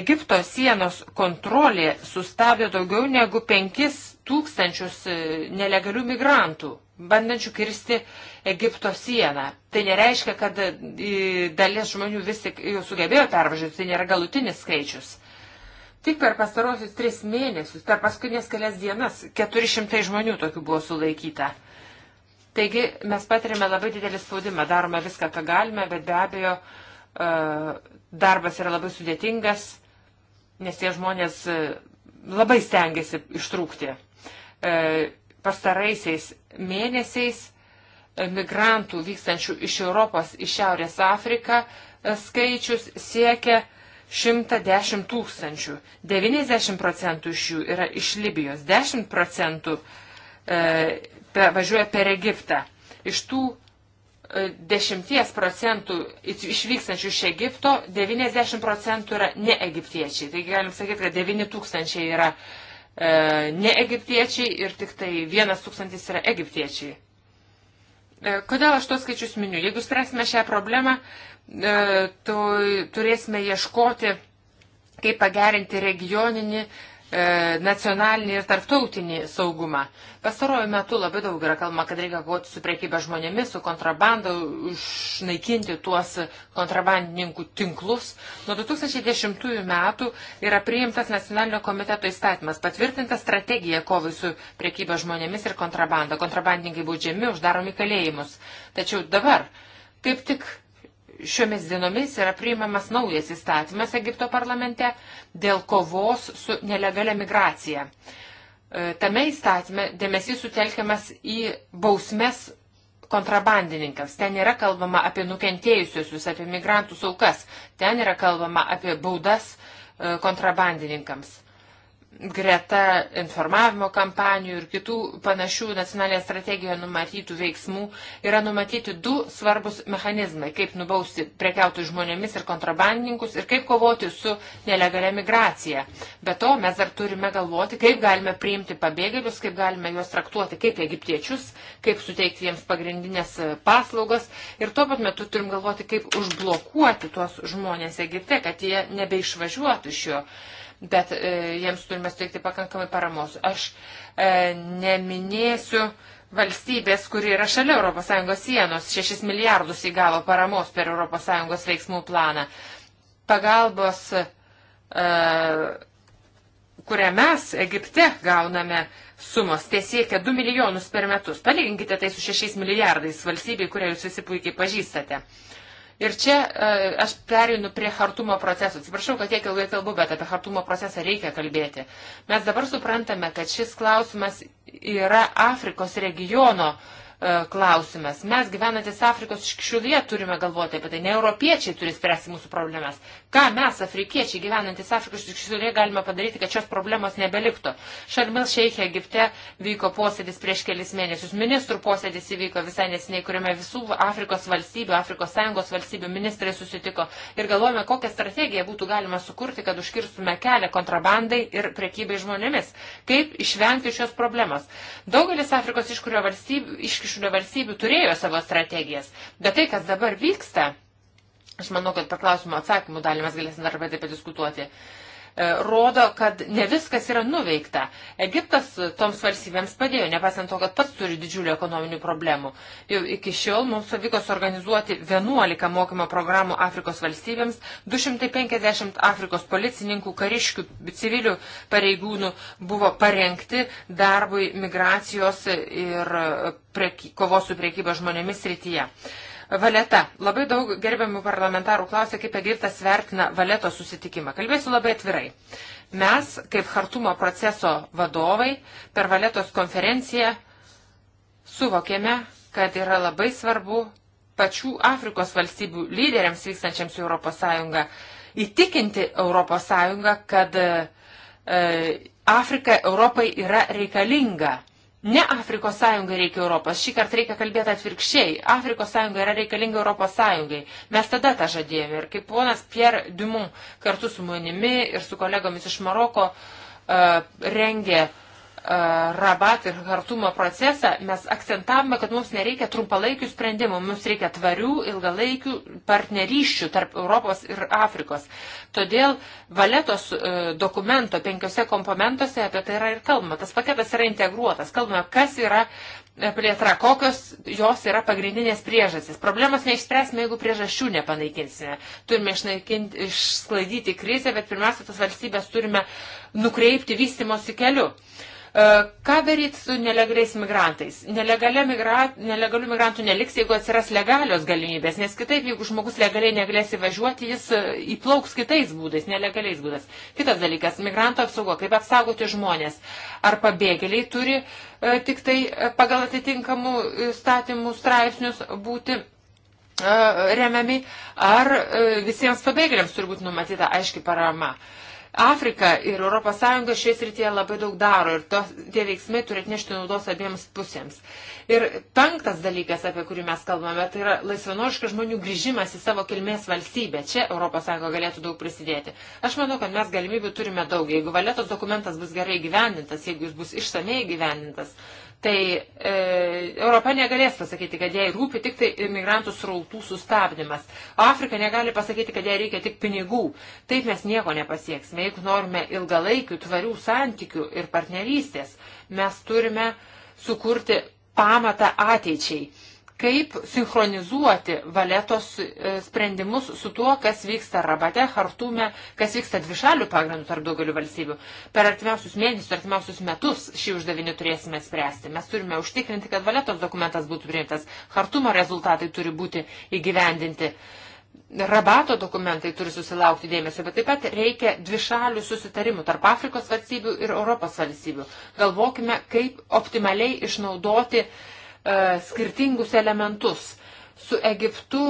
Egipto sienos kontrolė sustabdė daugiau negu 5 tūkstančius e, nelegalių migrantų, bandančių kirsti Egipto sieną. Tai nereiškia, kad e, dalis žmonių vis tik jau sugebėjo pervažiuoti, tai nėra galutinis skaičius. Tik per pastarosius tris mėnesius, per paskutinės kelias dienas, 400 žmonių tokių buvo sulaikyta. Taigi mes patiriame labai didelį spaudimą, darome viską, ką galime, bet be abejo e, darbas yra labai sudėtingas, nes tie žmonės e, labai stengiasi ištrūkti. E, pastaraisiais mėnesiais migrantų vykstančių iš Europos į Šiaurės Afriką skaičius siekia 110 tūkstančių. 90 procentų iš jų yra iš Libijos, 10 procentų e, pe, važiuoja per Egiptą. Iš tų e, 10 procentų išvykstančių iš Egipto, 90 procentų yra ne egiptiečiai. Taigi galim sakyti, kad 9 tūkstančiai yra e, ne egiptiečiai ir tik tai 1 tūkstantis yra egiptiečiai. E, kodėl aš tos skaičius miniu? Jeigu spręsime šią problemą, E, tu, turėsime ieškoti, kaip pagerinti regioninį, e, nacionalinį ir tarptautinį saugumą. Pastaruoju metu labai daug yra kalbama, kad reikia kovoti su priekyba žmonėmis, su kontrabanda, išnaikinti tuos kontrabandininkų tinklus. Nuo 2010 metų yra priimtas nacionalinio komiteto įstatymas, patvirtinta strategija kovai su priekyba žmonėmis ir kontrabanda. Kontrabandininkai baudžiami, uždaromi kalėjimus. Tačiau dabar kaip tik šiomis dienomis yra priimamas naujas įstatymas Egipto parlamente dėl kovos su nelegalia migracija. E, tame įstatyme dėmesys sutelkiamas į bausmes kontrabandininkams. Ten yra kalbama apie nukentėjusius, apie migrantų saukas. Ten yra kalbama apie baudas e, kontrabandininkams greta informavimo kampanijų ir kitų panašių nacionalinėje strategijoje numatytų veiksmų yra numatyti du svarbus mechanizmai, kaip nubausti prekiautų žmonėmis ir kontrabandininkus ir kaip kovoti su nelegalia migracija. Be to, mes dar turime galvoti, kaip galime priimti pabėgėlius, kaip galime juos traktuoti kaip egiptiečius, kaip suteikti jiems pagrindinės paslaugas ir tuo pat metu turim galvoti, kaip užblokuoti tuos žmonės Egipte, kad jie nebeišvažiuotų iš jo bet e, jiems turime suteikti pakankamai paramos. Aš e, neminėsiu valstybės, kuri yra šalia ES sienos, 6 milijardus įgavo paramos per ES veiksmų planą. Pagalbos, e, kurią mes Egipte gauname, sumos tie siekia 2 milijonus per metus. Palyginkite tai su 6 milijardais valstybei, kurią jūs visi puikiai pažįstate. Ir čia e, aš perinu prie hartumo proceso. Atsiprašau, kad tiek ilgai kalbu, bet apie hartumo procesą reikia kalbėti. Mes dabar suprantame, kad šis klausimas yra Afrikos regiono e, klausimas. Mes gyvenantis Afrikos škščiulėje turime galvoti apie tai, ne europiečiai turi spręsti mūsų problemas. Ką mes, afrikiečiai, gyvenantis Afrikos šiaurėje, galime padaryti, kad šios problemos nebeliktų? Šarmel Šeikė Egipte vyko posėdis prieš kelis mėnesius. Ministrų posėdis įvyko visai nesiniai, kuriame visų Afrikos valstybių, Afrikos sąjungos valstybių ministrai susitiko ir galvojame, kokią strategiją būtų galima sukurti, kad užkirstume kelią kontrabandai ir prekybai žmonėmis. Kaip išvengti šios problemos? Daugelis Afrikos iškurio valstybių, iškišulio valstybių turėjo savo strategijas, bet tai, kas dabar vyksta, Aš manau, kad per klausimų atsakymų dalį mes galėsim dar apie tai padiskutuoti e, rodo, kad ne viskas yra nuveikta. Egiptas e, toms valstybėms padėjo, nepasiant to, kad pats turi didžiulių ekonominių problemų. Jau iki šiol mums pavyko suorganizuoti 11 mokymo programų Afrikos valstybėms, 250 Afrikos policininkų, kariškių, civilių pareigūnų buvo parengti darbui migracijos ir e, prieky, kovos su priekyba žmonėmis rytyje. Valeta. Labai daug gerbiamų parlamentarų klausė, kaip Egiptas vertina Valeto susitikimą. Kalbėsiu labai atvirai. Mes, kaip Hartumo proceso vadovai, per Valetos konferenciją suvokėme, kad yra labai svarbu pačių Afrikos valstybių lyderiams vykstančiams į ES įtikinti ES, kad e, Afrika Europai yra reikalinga Ne Afrikos sąjungai reikia Europos, šį kartą reikia kalbėti atvirkščiai. Afrikos sąjunga yra reikalinga Europos sąjungai. Mes tada tą žadėjome ir kaip ponas Pierre Dumont kartu su manimi ir su kolegomis iš Maroko uh, rengė uh, E, Rabat ir Hartumo procesą, mes akcentavome, kad mums nereikia trumpalaikių sprendimų, mums reikia tvarių, ilgalaikių partnerysčių tarp Europos ir Afrikos. Todėl valetos e, dokumento penkiose komponentuose apie tai yra ir kalbama. Tas paketas yra integruotas. Kalbame, kas yra plėtra, kokios jos yra pagrindinės priežastys. Problemas neišspręsime, jeigu priežasčių nepanaikinsime. Turime išsklaidyti krizę, bet pirmiausia, tas valstybės turime nukreipti vystimosi keliu. Uh, E, ką daryti su nelegaliais migrantais? Migra... Nelegalių migrantų neliks, jeigu atsiras legalios galimybės, nes kitaip, jeigu žmogus legaliai negalės įvažiuoti, jis e, įplauks kitais būdais, nelegaliais būdais. Kitas dalykas - migrantų apsauga, kaip apsaugoti žmonės. Ar pabėgėliai turi e, tik tai pagal atitinkamų statymų straipsnius būti remiami, ar visiems pabėgėliams turi būti numatyta aiški parama. Uh, Afrika ir ES šioje srityje labai daug daro ir to, tie veiksmai turi atnešti naudos abiems pusėms. Ir penktas dalykas, apie kurį mes kalbame, tai yra laisvanoriškas žmonių grįžimas į savo kilmės valstybę. Čia ES galėtų daug prisidėti. Aš manau, kad mes galimybių turime daug. Jeigu valetos dokumentas bus gerai gyvendintas, jeigu jis bus išsamei gyvendintas, tai e, Europa negalės pasakyti, kad jai rūpi tik tai imigrantų srautų sustabdymas. Afrika negali pasakyti, kad jai reikia tik pinigų. Taip mes nieko nepasieksime. Jeigu norime ilgalaikių, tvarių santykių ir partnerystės, mes turime sukurti pamatą ateičiai kaip sinchronizuoti valetos e, sprendimus su tuo, kas vyksta rabate, hartume, kas vyksta dvišalių pagrindų tarp daugelių valstybių. Per artimiausius mėnesius, artimiausius metus šį uždavinį turėsime spręsti. Mes turime užtikrinti, kad valetos dokumentas būtų priimtas, hartumo rezultatai turi būti įgyvendinti. Rabato dokumentai turi susilaukti dėmesio, bet taip pat reikia dvišalių susitarimų tarp Afrikos valstybių ir Europos valstybių. Galvokime, kaip optimaliai išnaudoti uh, E, skirtingus elementus Su Egiptu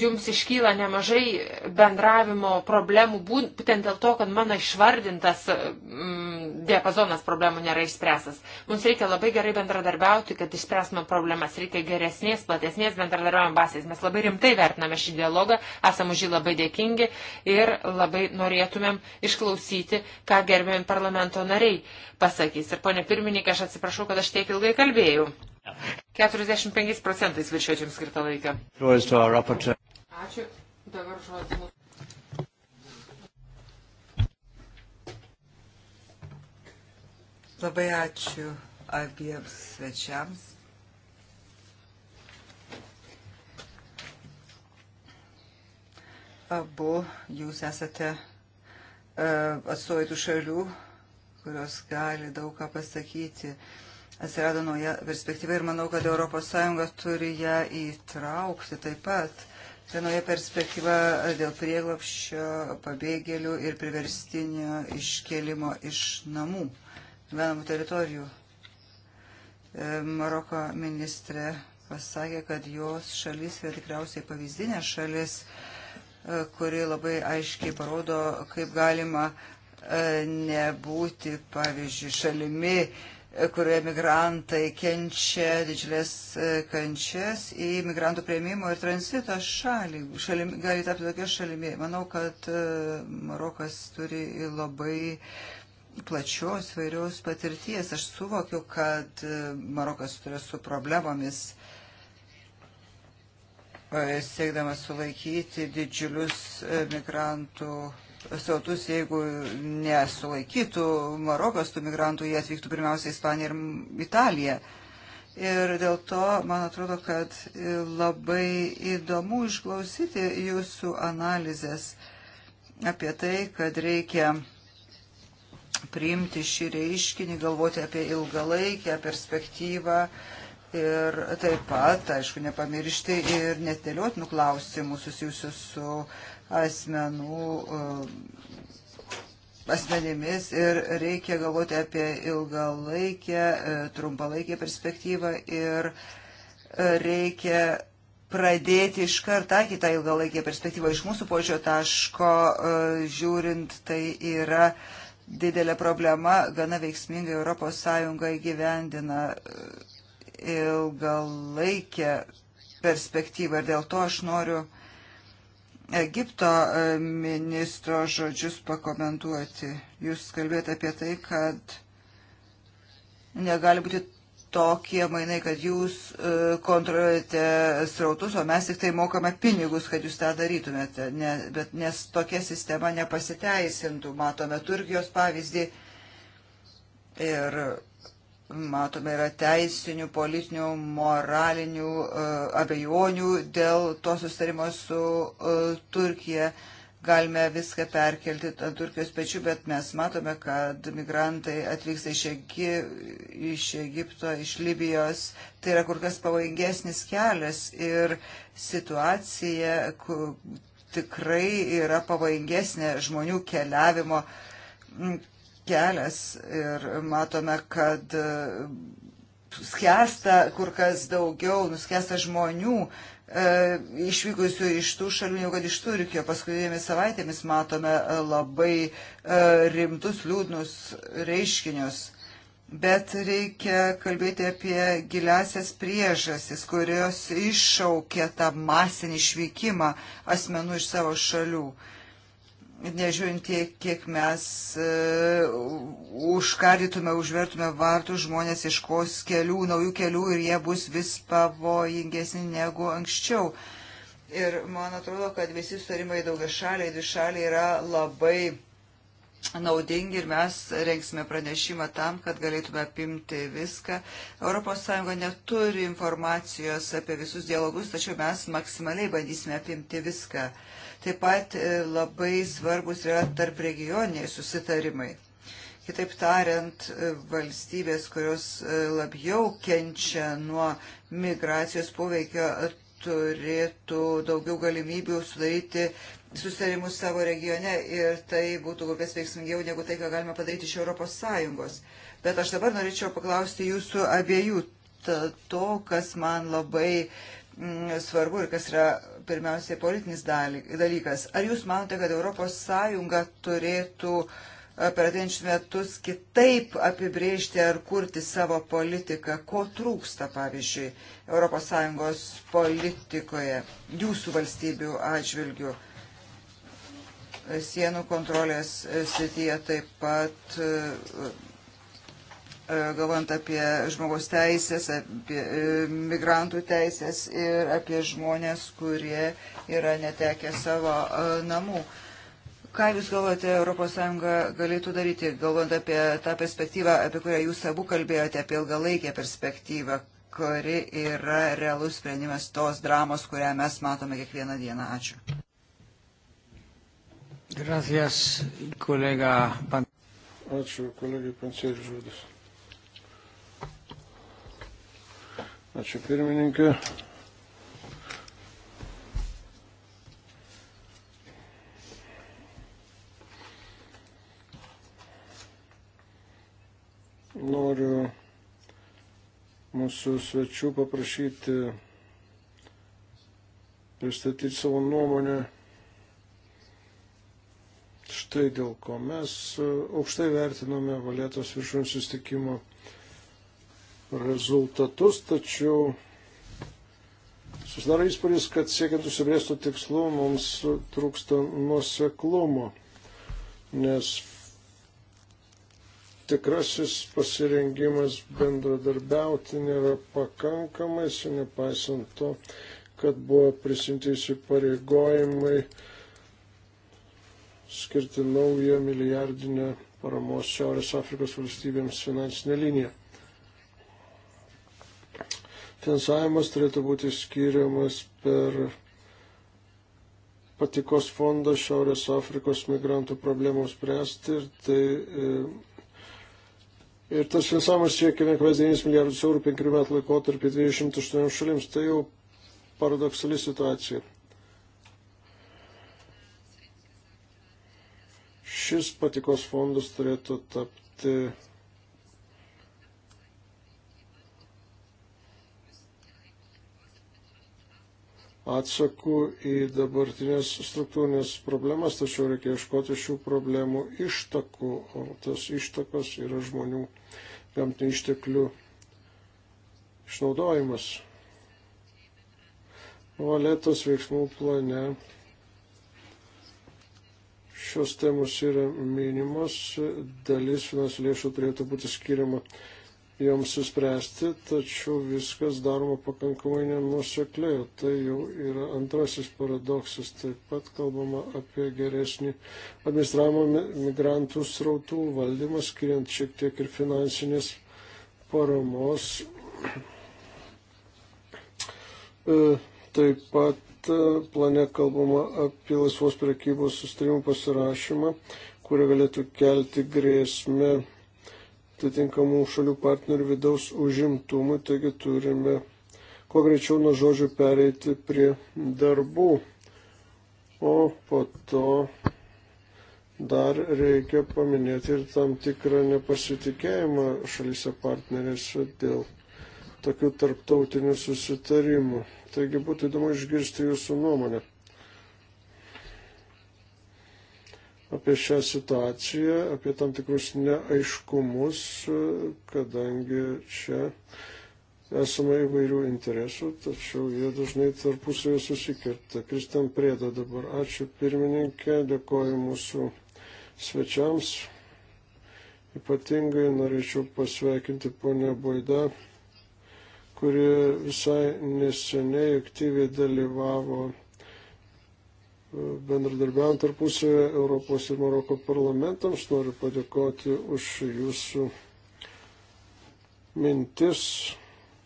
jums iškyla nemažai bendravimo problemų, būtent dėl to, kad mano išvardintas mm, diapazonas problemų nėra išspręsas. Mums reikia labai gerai bendradarbiauti, kad išspręsime problemas. Reikia geresnės, platesnės bendradarbiavimo bazės. Mes labai rimtai vertiname šį dialogą, esam už jį labai dėkingi ir labai norėtumėm išklausyti, ką gerbėjim parlamento nariai pasakys. Ir ponė pirmininkė, aš atsiprašau, kad aš tiek ilgai kalbėjau. 45 procentais viršėčiam skirtą laiką. Ačiū. Dabar žodis. Labai ačiū abiems svečiams. Abu jūs esate e, atstovai tų šalių, kurios gali daug ką pasakyti. Uh, atsirado nauja perspektyva ir manau, kad ES turi ją įtraukti taip pat. Tai nauja perspektyva dėl prieglapščio, pabėgėlių ir priverstinio iškelimo iš namų, gyvenamų teritorijų. E, Maroko ministrė pasakė, kad jos šalis yra tikriausiai pavyzdinė šalis, e, kuri labai aiškiai parodo, kaip galima e, nebūti, pavyzdžiui, šalimi, kurioje migrantai kenčia didžiulės e, kančias į migrantų prieimimo ir tranzito šalį. Šalim, gali tapti tokia šalimi. Manau, kad e, Marokas turi labai plačios, vairiaus patirties. Aš suvokiu, kad e, Marokas turi su problemomis siekdamas sulaikyti didžiulius migrantų srautus, jeigu nesulaikytų Marokas tų migrantų, jie atvyktų pirmiausia Ispaniją ir Italiją. Ir dėl to, man atrodo, kad labai įdomu išklausyti jūsų analizės apie tai, kad reikia priimti šį reiškinį, galvoti apie ilgalaikę perspektyvą ir taip pat, aišku, nepamiršti ir netėliotinų klausimų susijusių su uh, asmenų e, asmenimis ir reikia galvoti apie ilgalaikę, e, trumpalaikę perspektyvą ir e, reikia pradėti iš karto kitą ilgalaikę perspektyvą. Iš mūsų požiūrio taško žiūrint, tai yra didelė problema, gana veiksmingai ES įgyvendina ilgalaikę perspektyvą ir dėl to aš noriu uh, Egipto e, ministro žodžius pakomentuoti. Jūs kalbėjote apie tai, kad negali būti tokie mainai, kad jūs e, kontroliuojate srautus, o mes tik tai mokame pinigus, kad jūs tą darytumėte, ne, bet, nes tokia sistema nepasiteisintų. Matome Turkijos pavyzdį ir matome, yra teisinių, politinių, moralinių e, abejonių dėl to sustarimo su e, Turkija. Galime viską perkelti ant Turkijos pečių, bet mes matome, kad migrantai atvyksta iš, Egi, iš Egipto, iš Libijos. Tai yra kur kas pavojingesnis kelias ir situacija tikrai yra pavojingesnė žmonių keliavimo kelias ir matome, kad e, skęsta kur kas daugiau, nuskęsta žmonių, e, išvykusių iš tų šalių, jau kad iš Turkijo. Paskutinėmis savaitėmis matome e, labai rimtus, liūdnus reiškinius. Bet reikia kalbėti apie giliasias priežastis, kurios iššaukia tą masinį išvykimą asmenų iš savo šalių. Uh, nežiūrint tiek, kiek mes uh, užkardytume, užvertume vartų, žmonės iškos kelių, naujų kelių ir jie bus vis pavojingesni negu anksčiau. Ir man atrodo, kad visi sutarimai daugia šaliai, dvi šaliai yra labai naudingi ir mes rengsime pranešimą tam, kad galėtume apimti viską. ES neturi informacijos apie visus dialogus, tačiau mes maksimaliai bandysime apimti viską. Taip pat e, labai svarbus yra tarp regioniniai susitarimai. Kitaip tariant, e, valstybės, kurios e, labiau kenčia nuo migracijos poveikio, turėtų daugiau galimybių sudaryti susitarimus savo regione ir tai būtų kur kas veiksmingiau negu tai, ką galima padaryti iš Europos Sąjungos. Bet aš dabar norėčiau paklausti jūsų abiejų to, kas man labai mm, svarbu ir kas yra pirmiausiai politinis dalykas. Ar jūs manote, kad Europos Sąjunga turėtų e, per atėjančius metus kitaip apibrėžti ar kurti savo politiką, ko trūksta, pavyzdžiui, ES politikoje, jūsų valstybių atžvilgių? sienų kontrolės srityje taip pat, e, e, galvant apie žmogaus teisės, apie e, migrantų teisės ir apie žmonės, kurie yra netekę savo namų. Ką Jūs galvojate, ES galėtų daryti, galvant apie tą perspektyvą, apie kurią Jūs abu kalbėjote, apie ilgalaikę perspektyvą, kuri yra realus sprendimas tos dramos, kurią mes matome kiekvieną dieną. Ačiū. Gracias, kolega Pan. Ačiū, kolegai Pansėdžiu žodis. Ačiū pirmininkė. Noriu mūsų svečių paprašyti pristatyti savo nuomonę Štai dėl ko mes e, aukštai vertiname Valėtos viršūnų sustikimo rezultatus, tačiau susidaro įspūdis, kad siekiant užsibrėžtų tikslų mums trūksta nuoseklumo, nes tikrasis pasirengimas bendradarbiauti nėra pakankamais, nepaisant to, kad buvo prisimti įsipareigojimai skirti naują milijardinę paramos Šiaurės Afrikos valstybėms finansinę liniją. Finansavimas turėtų būti skiriamas per patikos fondą Šiaurės Afrikos migrantų problemams spręsti ir tai e, Ir tas finansavimas siekia 1,9 milijardus eurų 5 metų laikotarpį 28 šalims. Tai jau paradoksali situacija. Šis patikos fondas turėtų tapti atsakų į dabartinės struktūrinės problemas, tačiau reikia iškoti šių problemų ištakų, o tas ištakos yra žmonių gamtinių išteklių išnaudojimas. Valetos veiksmų plane šios temos yra minimos, dalis finansų lėšų turėtų būti skiriama joms suspręsti, tačiau viskas daroma pakankamai nenusekliai. Tai jau yra antrasis paradoksas. Taip pat kalbama apie geresnį administravimą migrantų srautų valdymą, skiriant šiek tiek ir finansinės paramos. E, taip pat plane kalbama apie laisvos prekybos sustarimų pasirašymą, kurie galėtų kelti grėsmę atitinkamų šalių partnerių vidaus užimtumui, taigi turime kuo greičiau nuo žodžių pereiti prie darbų. O po to dar reikia paminėti ir tam tikrą nepasitikėjimą šalyse partnerėse dėl tokių tarptautinių susitarimų. Taigi būtų įdomu išgirsti jūsų nuomonę apie šią situaciją, apie tam tikrus neaiškumus, kadangi čia esame įvairių interesų, tačiau jie dažnai tarpusavėje susikerta. Kristam Prėda dabar. Ačiū pirmininkė, dėkoju mūsų svečiams. Ypatingai norėčiau pasveikinti ponę Boidą kuri visai neseniai aktyviai dalyvavo e, bendradarbiavant tarpusavę Europos ir Maroko parlamentams. Noriu padėkoti už jūsų mintis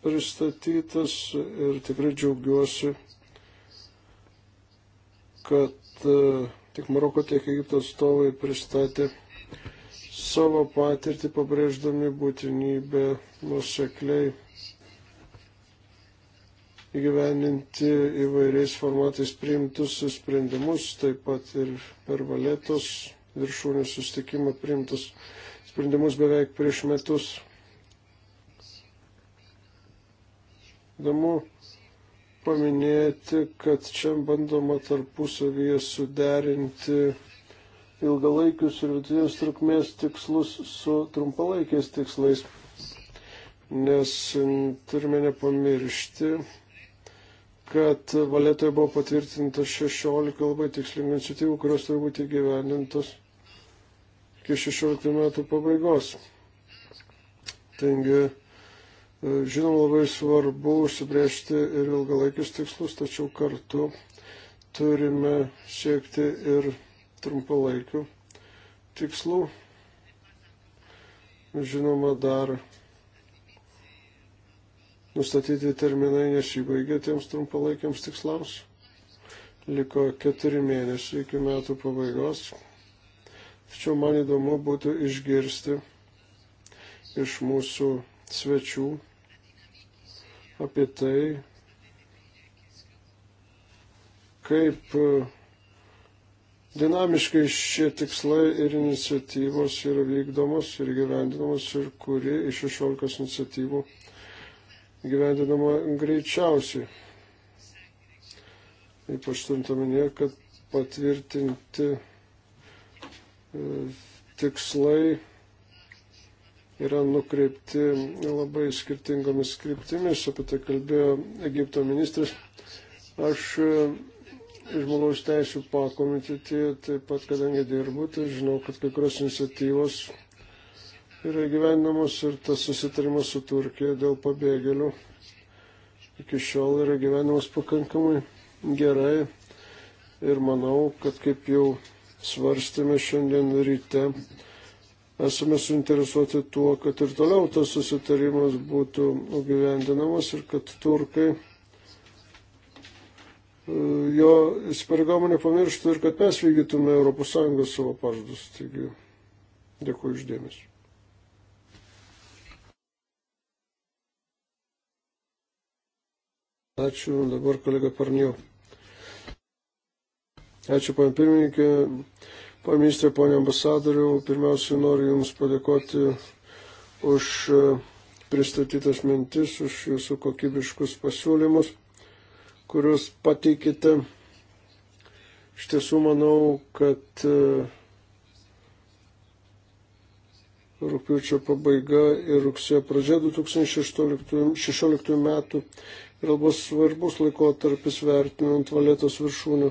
pristatytas ir tikrai džiaugiuosi, kad e, tiek Maroko, tiek Egipto atstovai pristatė savo patirtį, pabrėždami būtinybę nusekliai įgyveninti įvairiais formatais priimtus sprendimus, taip pat ir per valėtos viršūnių sustikimą priimtus sprendimus beveik prieš metus. Įdomu paminėti, kad čia bandoma tarpusavyje suderinti ilgalaikius ir vidutinės trukmės tikslus su trumpalaikiais tikslais, nes turime nepamiršti, kad valetoje buvo patvirtinta 16 labai tikslingų iniciatyvų, kurios turi būti įgyvendintos iki 16 metų pabaigos. Taigi, e, žinoma, labai svarbu užsibriežti ir ilgalaikius tikslus, tačiau kartu turime siekti ir trumpalaikių tikslų. Žinoma, dar nustatyti terminai, nes jį baigė tiems trumpalaikiams tikslams. Liko keturi mėnesiai iki metų pabaigos. Tačiau man įdomu būtų išgirsti iš mūsų svečių apie tai, kaip e, dinamiškai šie tikslai ir iniciatyvos yra vykdomos ir gyvendinamos ir kuri iš 16 iniciatyvų gyvendinama greičiausiai. Ypač turintaminė, kad patvirtinti e, tikslai yra nukreipti labai skirtingomis kryptimis, apie tai kalbėjo Egipto ministras. Aš e, žmogaus teisų pakomitetį, taip pat kadangi dirbu, tai žinau, kad kai kurios iniciatyvos yra gyvenamos ir tas susitarimas su Turkija dėl pabėgėlių iki šiol yra gyvenamos pakankamai gerai. Ir manau, kad kaip jau svarstėme šiandien ryte, esame suinteresuoti tuo, kad ir toliau tas susitarimas būtų gyvendinamas ir kad turkai e, jo įsipareigomą nepamirštų ir kad mes vykdytume ES savo pažadus. Taigi, dėkuoju uždėmesi. Ačiū dabar kolega Parniu. Ačiū, pan pirmininkė, pan ministrė, pan ambasadoriu. Pirmiausiai noriu Jums padėkoti už e, pristatytas mintis, už Jūsų kokybiškus pasiūlymus, kuriuos pateikite. Iš tiesų manau, kad e, rūpiučio pabaiga ir rugsėjo pradžia 2016 metų ir labai svarbus laikotarpis vertinant valėtos viršūnių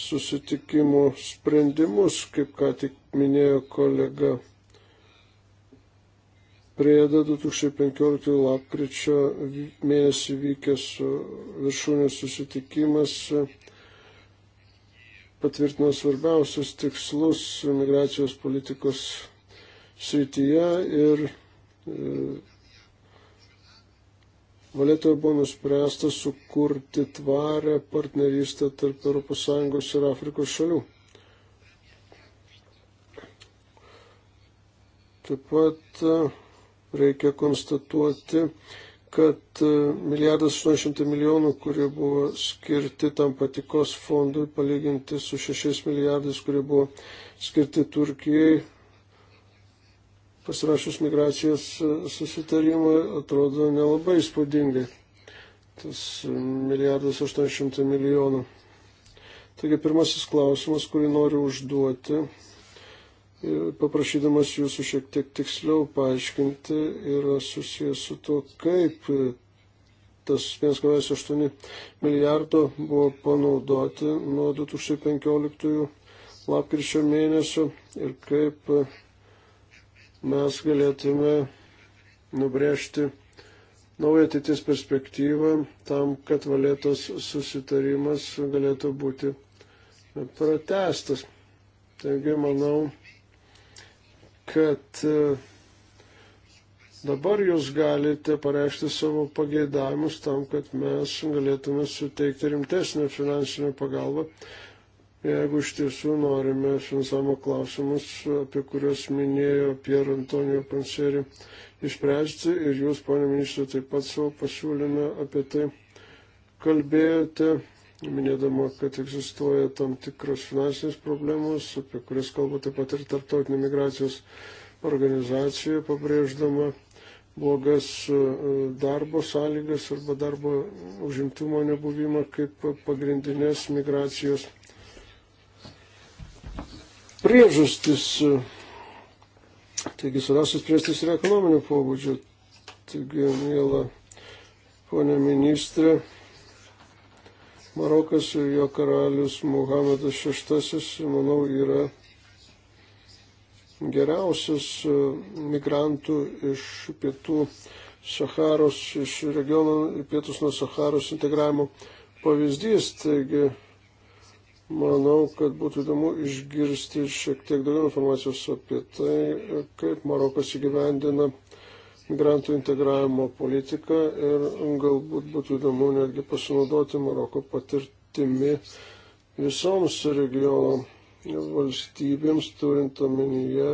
susitikimo sprendimus, kaip ką tik minėjo kolega. Prieda 2015 lapkričio mėnesį vykęs viršūnių susitikimas patvirtino svarbiausius tikslus migracijos politikos srityje ir e, Valėtoje buvo nuspręsta sukurti tvarę partnerystę tarp ES ir Afrikos šalių. Taip pat e, reikia konstatuoti, kad e, milijardas 800 milijonų, kurie buvo skirti tam patikos fondui, palyginti su 6 milijardais, kurie buvo skirti Turkijai, pasirašius migracijos e, susitarimą, atrodo nelabai įspūdingai. Tas milijardas 800 milijonų. Taigi pirmasis klausimas, kurį noriu užduoti, e, paprašydamas jūsų šiek tiek tiksliau paaiškinti, yra susijęs su to, kaip e, tas 1,8 milijardo buvo panaudoti nuo 2015 lapkričio mėnesio ir kaip mes galėtume nubrėžti naują ateities perspektyvą tam, kad valėtos susitarimas galėtų būti pratestas. Taigi manau, kad e, Dabar jūs galite pareikšti savo pageidavimus tam, kad mes galėtume suteikti rimtesnę finansinę pagalbą jeigu iš tiesų norime finansavimo klausimus, apie kuriuos minėjo Pier Antonijo Panseri, išspręsti ir jūs, ponė ministrė, taip pat savo pasiūlyme apie tai kalbėjote, minėdama, kad egzistuoja tam tikros finansinės problemos, apie kurias kalba taip pat ir tarptautinė migracijos organizacija, pabrėždama blogas e, darbo sąlygas arba darbo užimtumo nebuvimą kaip pagrindinės migracijos priežastis. E, taigi, svarbiausias priežastis yra ekonominio pobūdžio. Taigi, mėla ponė ministrė, Marokas ir jo karalius Muhamedas VI, manau, yra geriausias e, migrantų iš pietų Saharos, iš regiono pietus nuo Saharos integravimo pavyzdys. Taigi, Manau, kad būtų įdomu išgirsti šiek tiek daugiau informacijos apie tai, kaip Marokas įgyvendina migrantų integravimo politiką ir galbūt būtų įdomu netgi pasinaudoti Maroko patirtimi visoms regiono valstybėms, turint omenyje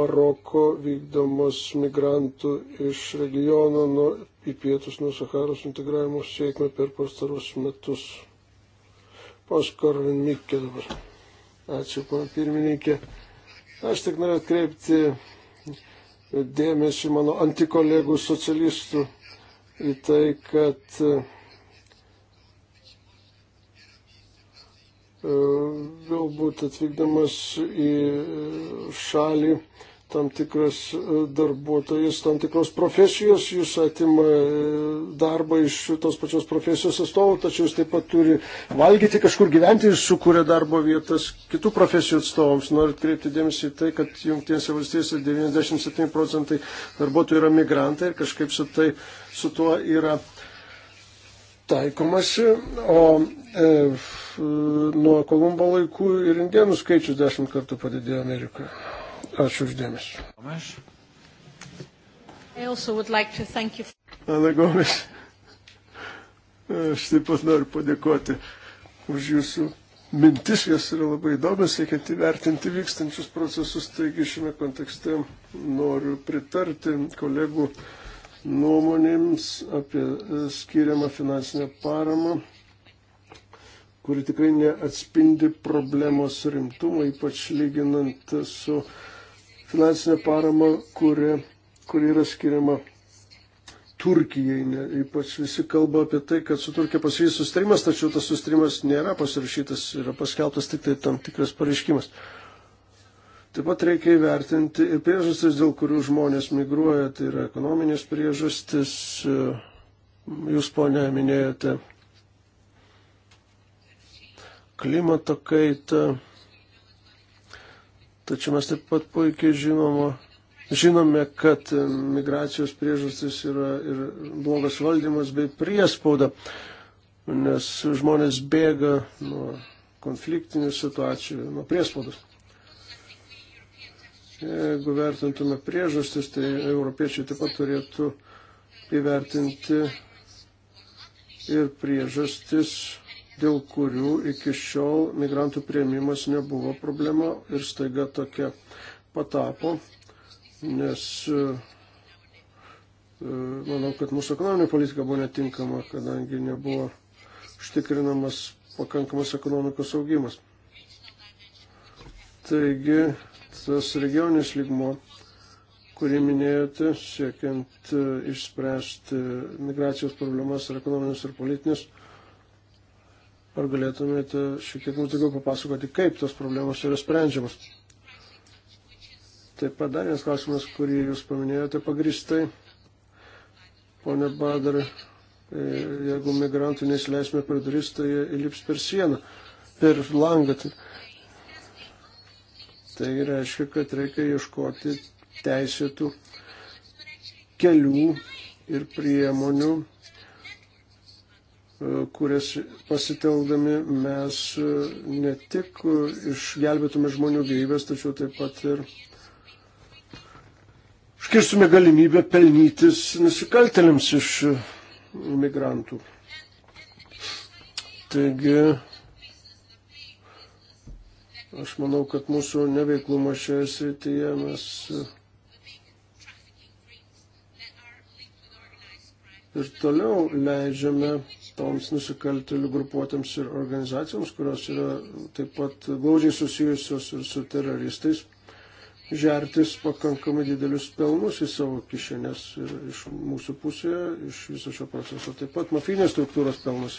Maroko vykdomas migrantų iš regiono nuo, į pietus nuo Saharos integravimo sėkmę per pastarus metus. Poskorvin Mikkė dabar. Ačiū, man pirmininkė. Aš tik noriu atkreipti dėmesį mano antikolegų socialistų į tai, kad galbūt e, atvykdamas į e, šalį tam tikras e, darbuotojas, tam tikros profesijos, jūs atima e, darbą iš tos pačios profesijos atstovų, tačiau jis taip pat turi valgyti, kažkur gyventi, jis sukuria darbo vietas kitų profesijų atstovams. Noriu atkreipti dėmesį į tai, kad Junktinėse valstijose 97 procentai darbuotojų yra migrantai ir kažkaip su, tai, su tuo yra taikomasi, o e, nuo Kolumbo laikų ir indėnų skaičius dešimt kartų padidėjo Amerikoje. Ačiū uždėmesi. Like Ana Gomes, aš taip pat noriu padėkoti už jūsų mintis, jos yra labai įdomios, siekiant įvertinti vykstančius procesus, taigi šiame kontekste noriu pritarti kolegų nuomonėms apie skiriamą finansinę paramą, kuri tikrai neatspindi problemos rimtumą, ypač lyginant su finansinę paramą, kuri, kuri yra skiriama Turkijai. Ne, ypač visi kalba apie tai, kad su Turkija pasivys sustarimas, tačiau tas sustarimas nėra pasirašytas, yra paskelbtas tik tai tam tikras pareiškimas. Taip pat reikia įvertinti ir priežastis, dėl kurių žmonės migruoja, tai yra ekonominės priežastis, e, jūs ponė minėjote klimato kaitą. Tačiau mes taip pat puikiai žinoma, žinome, kad migracijos priežastis yra ir blogas valdymas bei priespauda, nes žmonės bėga nuo konfliktinių situacijų, nuo priespaudos. Jeigu vertintume priežastis, tai europiečiai taip pat turėtų įvertinti ir priežastis dėl kurių iki šiol migrantų prieimimas nebuvo problema ir staiga tokia patapo, nes e, manau, kad mūsų ekonominė politika buvo netinkama, kadangi nebuvo užtikrinamas pakankamas ekonomikos augimas. Taigi, tas regioninis lygmo, kurį minėjote, siekiant e, išspręsti migracijos problemas ir ekonominės ir politinės, Ar galėtumėte šiek tiek mums daugiau papasakoti, kaip tos problemos yra sprendžiamas? Taip pat dar vienas klausimas, kurį jūs paminėjote pagristai, ponė Badar, e, jeigu migrantų nesileisime per duris, tai jie įlips per sieną, per langą. Tai reiškia, kad reikia ieškoti teisėtų kelių ir priemonių kurias pasiteldami mes e, ne tik e, išgelbėtume žmonių gyvybės, tačiau taip pat ir iškirstume galimybę pelnytis nusikaltelėms iš e, imigrantų. Taigi, aš manau, kad mūsų neveiklumo šioje srityje mes ir toliau leidžiame toms nusikaltelių grupuotėms ir organizacijoms, kurios yra taip pat glaudžiai susijusios ir su teroristais, žertis pakankamai didelius pelnus į savo kišenės ir iš mūsų pusėje, iš viso šio proceso taip pat mafinės struktūros pelnus.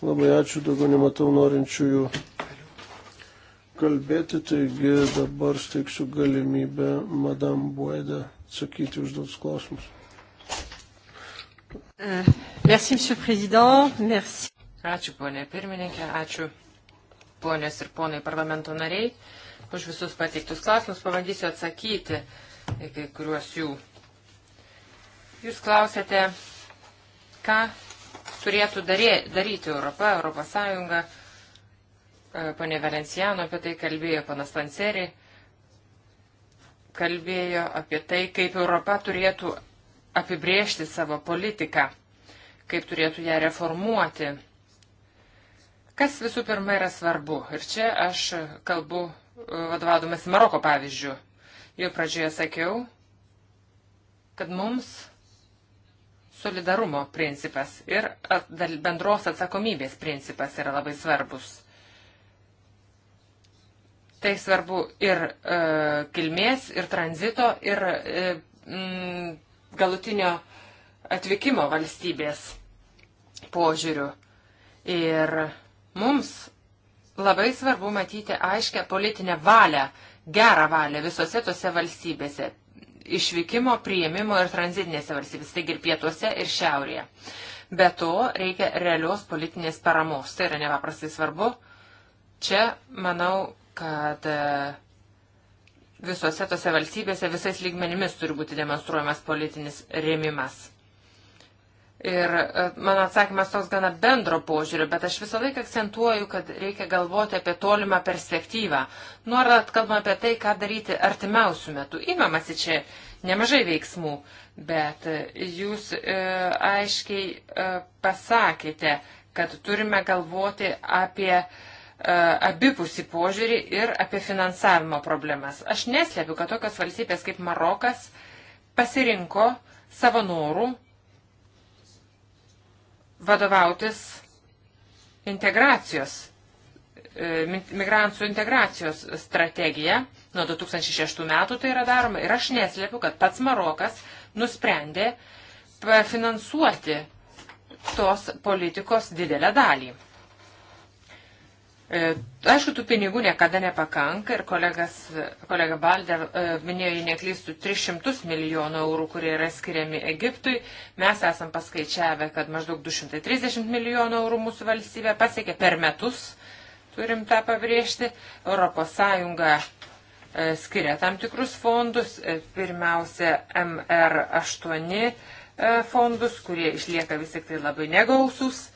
Labai ačiū, daugiau nematau norinčiųjų kalbėti, taigi dabar steiksiu galimybę Madame Buede atsakyti užduotus klausimus. Eh, merci, monsieur président. Merci. Ačiū, ponė pirmininkė, ačiū ponės ir ponai parlamento nariai už visus pateiktus klausimus. Pabandysiu atsakyti į kai kuriuos jų. Jūs klausėte, ką turėtų darė, daryti Europa, Europos Sąjunga. Eh, Pane Valenciano apie tai kalbėjo, panas Panseri kalbėjo apie tai, kaip Europa turėtų apibriežti savo politiką, kaip turėtų ją reformuoti. Kas visų pirma yra svarbu? Ir čia aš kalbu e, vadovaudamas Maroko pavyzdžių. Jau pradžioje sakiau, kad mums solidarumo principas ir bendros atsakomybės principas yra labai svarbus. Tai svarbu ir e, kilmės, ir tranzito, ir e, m, galutinio atvykimo valstybės požiūrių. Ir mums labai svarbu matyti aiškę politinę valią, gerą valią visose tose valstybėse išvykimo, priėmimo ir tranzitinėse valstybėse, taigi ir pietuose, ir šiaurėje. Be to reikia realios politinės paramos. Tai yra nepaprastai svarbu. Čia manau, kad visose tose valstybėse, visais lygmenimis turi būti demonstruojamas politinis rėmimas. Ir e, mano atsakymas toks gana bendro požiūrio, bet aš visą laiką akcentuoju, kad reikia galvoti apie tolimą perspektyvą. Nuorat kalbame apie tai, ką daryti artimiausių metų. Įmamasi čia nemažai veiksmų, bet e, jūs e, aiškiai e, pasakėte, kad turime galvoti apie e, E, abipusį požiūrį ir apie finansavimo problemas. Aš neslėpiu, kad tokios valstybės kaip Marokas pasirinko savo norų vadovautis integracijos, e, migrantų integracijos strategija. Nuo 2006 metų tai yra daroma ir aš neslėpiu, kad pats Marokas nusprendė finansuoti tos politikos didelę dalį. E, aišku, tų pinigų niekada nepakanka ir kolegas, kolega Balder e, minėjo, jei neklystų, 300 milijonų eurų, kurie yra skiriami Egiptui. Mes esam paskaičiavę, kad maždaug 230 milijonų eurų mūsų valstybė pasiekė per metus. Turim tą pabrėžti. Europos Sąjunga e, skiria tam tikrus fondus. Pirmiausia, MR8 fondus, kurie išlieka vis tik tai labai negausus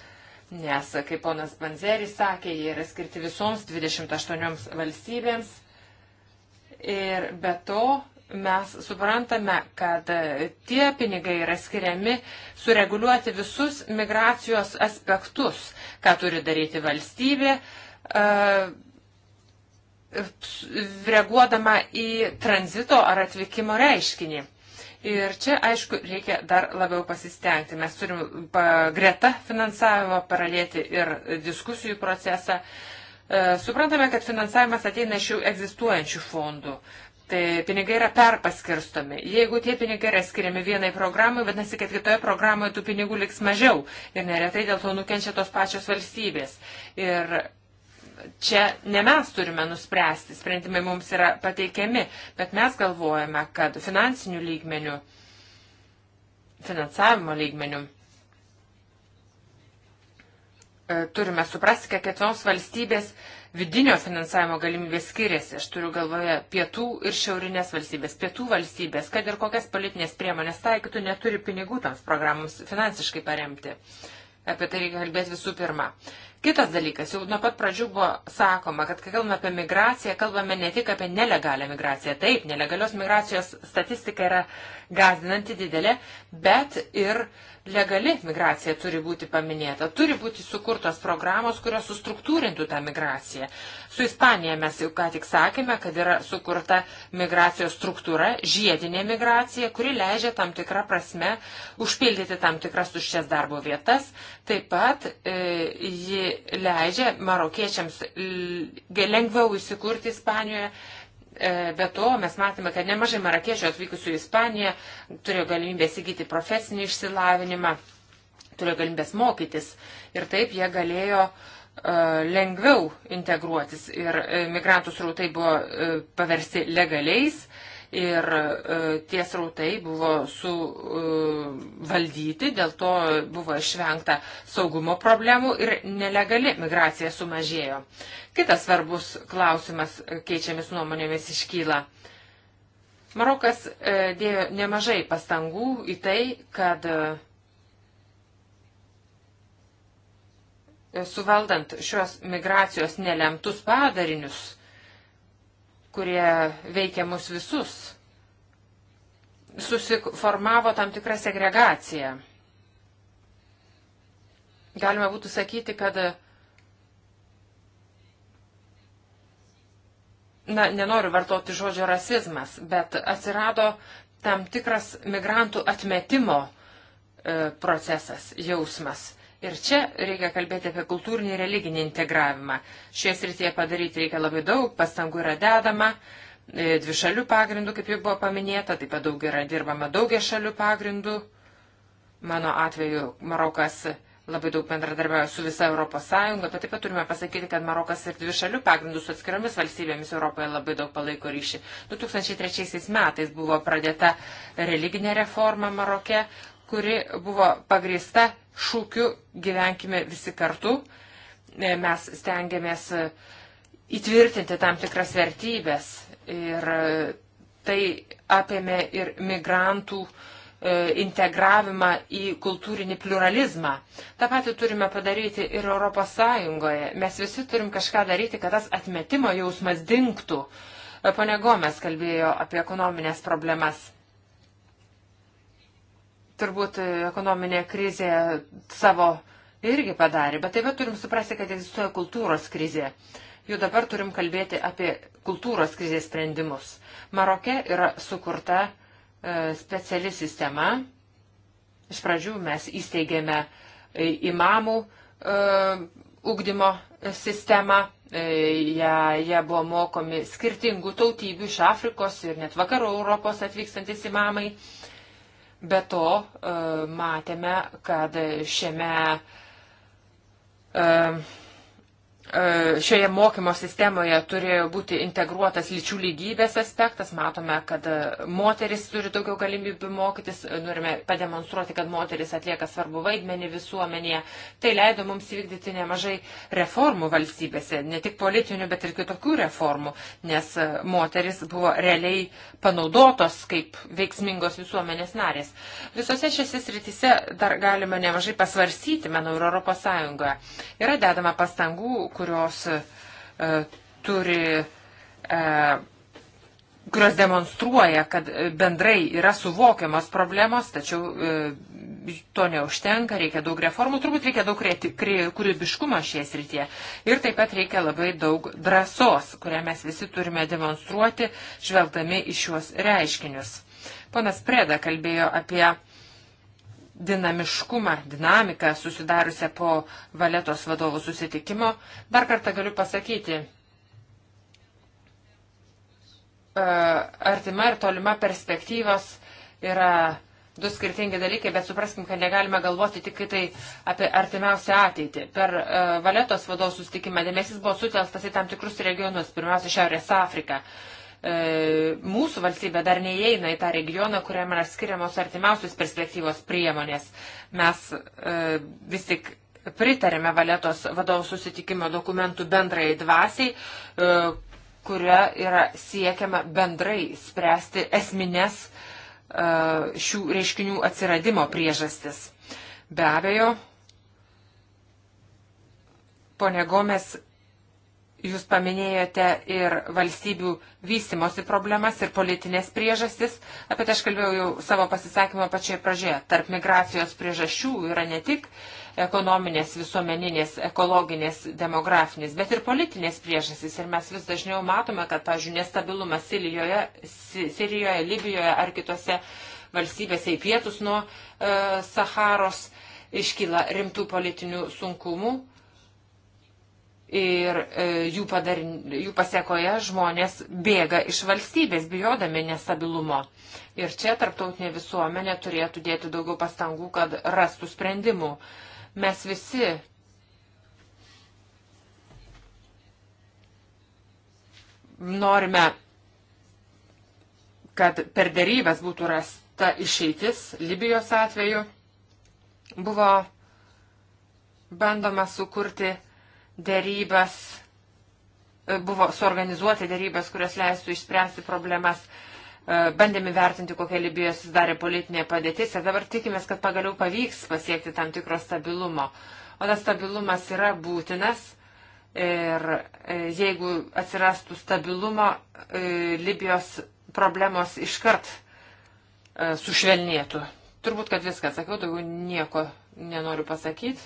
nes, kaip ponas Panzeris sakė, jie yra skirti visoms 28 valstybėms. Ir be to mes suprantame, kad tie pinigai yra skiriami sureguliuoti visus migracijos aspektus, ką turi daryti valstybė, e, reaguodama į tranzito ar atvykimo reiškinį. Ir čia, aišku, reikia dar labiau pasistengti. Mes turim pa, greta finansavimo paralėti ir diskusijų procesą. E, suprantame, kad finansavimas ateina iš jau egzistuojančių fondų. Tai pinigai yra perpaskirstomi. Jeigu tie pinigai yra skiriami vienai programai, vadinasi, kad kitoje programoje tų pinigų liks mažiau. Ir neretai dėl to nukenčia tos pačios valstybės. Ir čia ne mes turime nuspręsti, sprendimai mums yra pateikiami, bet mes galvojame, kad finansinių lygmenių, finansavimo lygmenių e, turime suprasti, kad kiekvienos valstybės vidinio finansavimo galimybės skiriasi. Aš turiu galvoje pietų ir šiaurinės valstybės. Pietų valstybės, kad ir kokias politinės priemonės taikytų, neturi pinigų toms programams finansiškai paremti. Apie tai reikia kalbėti visų pirma. Kitas dalykas, jau nuo pat pradžių buvo sakoma, kad kai kalbame apie migraciją, kalbame ne tik apie nelegalią migraciją. Taip, nelegalios migracijos statistika yra gazdinanti didelė, bet ir uh, Legali migracija turi būti paminėta, turi būti sukurtos programos, kurios sustruktūrintų tą migraciją. Su Ispanija mes jau ką tik sakėme, kad yra sukurta migracijos struktūra, žiedinė migracija, kuri leidžia tam tikrą prasme užpildyti tam tikras tuščias darbo vietas. Taip pat e, ji leidžia marokiečiams lengviau įsikurti Ispanijoje E, be to, mes matome, kad nemažai marakiečių atvykusių į Ispaniją turėjo galimybę įsigyti profesinį išsilavinimą, turėjo galimybės mokytis ir taip jie galėjo e, lengviau integruotis ir e, migrantų srautai buvo paversti legaliais ir e, tie srautai buvo suvaldyti, e, dėl to buvo išvengta saugumo problemų ir nelegali migracija sumažėjo. Kitas svarbus klausimas e, keičiamis nuomonėmis iškyla. Marokas dėjo nemažai pastangų į tai, kad suvaldant šios migracijos nelemtus padarinius, kurie veikia mus visus, susiformavo tam tikrą segregaciją. Galima būtų sakyti, kad Na, nenoriu vartoti žodžio rasizmas, bet atsirado tam tikras migrantų atmetimo e, procesas, jausmas. Ir čia reikia kalbėti apie kultūrinį ir religinį integravimą. Šie srityje padaryti reikia labai daug, pastangų yra dedama, e, dvi šalių pagrindų, kaip jau buvo paminėta, taip pat daug yra dirbama daugia šalių pagrindų. Mano atveju Marokas labai daug bendradarbiauja su visa Europos Sąjunga, bet taip pat turime pasakyti, kad Marokas ir dvi šalių pagrindų su atskiromis valstybėmis Europoje labai daug palaiko ryšį. 2003 metais buvo pradėta religinė reforma Maroke, kuri buvo pagrįsta šūkiu gyvenkime visi kartu. E, mes stengiamės e, įtvirtinti tam tikras vertybės ir e, tai apėmė ir migrantų integravimą į kultūrinį pluralizmą. Ta pati turime padaryti ir ES. Mes visi turim kažką daryti, kad tas atmetimo jausmas dinktų. Pone Gomes kalbėjo apie ekonominės problemas turbūt ekonominė krizė savo irgi padarė, bet taip pat turim suprasti, kad egzistuoja kultūros krizė. Jau dabar turim kalbėti apie kultūros krizės sprendimus. Maroke yra sukurta e, speciali sistema. Iš pradžių mes įsteigėme e, imamų e, ugdymo sistemą. Ja, ja buvo mokomi skirtingų tautybių iš Afrikos ir net vakarų Europos atvykstantis imamai. Uh, Be to, e, matėme, kad šiame e, E, šioje mokymo sistemoje turėjo būti integruotas lyčių lygybės aspektas. Matome, kad e, moteris turi daugiau galimybių mokytis, norime pademonstruoti, kad moteris atlieka svarbu vaidmenį visuomenėje. Tai leido mums įvykdyti nemažai reformų valstybėse, ne tik politinių, bet ir kitokių reformų, nes e, moteris buvo realiai panaudotos kaip veiksmingos visuomenės narės. Visose šiose sritise dar galima nemažai pasvarsyti, manau, ir Europos Sąjungoje. Yra dedama pastangų, kurios e, turi, e, kurios demonstruoja, kad e, bendrai yra suvokiamas problemos, tačiau to neužtenka, reikia daug reformų, turbūt reikia daug kūrybiškumo šioje srityje. Ir taip pat reikia labai daug drąsos, kurią mes visi turime demonstruoti, žvelgdami į šiuos reiškinius. Ponas Preda kalbėjo apie dinamiškumą, dinamiką susidariusią po valetos vadovų susitikimo. Dar kartą galiu pasakyti, e, artima ir tolima perspektyvos yra du skirtingi dalykai, bet supraskim, kad negalime galvoti tik tai apie artimiausią ateitį. Per e, valetos vadovų susitikimą dėmesys buvo sutelktas į tam tikrus regionus, pirmiausia Šiaurės Afriką. Uh, E, mūsų valstybė dar neįeina į tą regioną, kuriam yra skiriamos artimiausios perspektyvos priemonės. Mes e, vis tik pritarėme Valetos vadovų susitikimo dokumentų bendrai dvasiai, e, kuria yra siekiama bendrai spręsti esminės šių reiškinių atsiradimo priežastis. Be abejo, ponė Gomes Jūs paminėjote ir valstybių vystimosi problemas ir politinės priežastis. Apie tai aš kalbėjau jau savo pasisakymą pačioje pradžioje. Tarp migracijos priežasčių yra ne tik ekonominės, visuomeninės, ekologinės, demografinės, bet ir politinės priežastys. Ir mes vis dažniau matome, kad, pavyzdžiui, nestabilumas Sirijoje, Sirijoje, Libijoje ar kitose valstybėse į pietus nuo e, Saharos iškyla rimtų politinių sunkumų ir e, jų, padar, jų pasiekoje žmonės bėga iš valstybės, bijodami nestabilumo. Ir čia tarptautinė visuomenė turėtų dėti daugiau pastangų, kad rastų sprendimų. Mes visi norime, kad per dėrybęs būtų rasta išeitis. Libijos atveju buvo bandoma sukurti dėrybas, e, buvo suorganizuoti dėrybas, kurios leistų išspręsti problemas. E, bandėme vertinti, kokia Libijoje susidarė politinė padėtis ir dabar tikimės, kad pagaliau pavyks pasiekti tam tikro stabilumo. O tas stabilumas yra būtinas ir e, jeigu atsirastų stabilumo, Libijos problemos iškart sušvelnėtų. Turbūt, kad viską sakiau, daugiau nieko nenoriu pasakyti.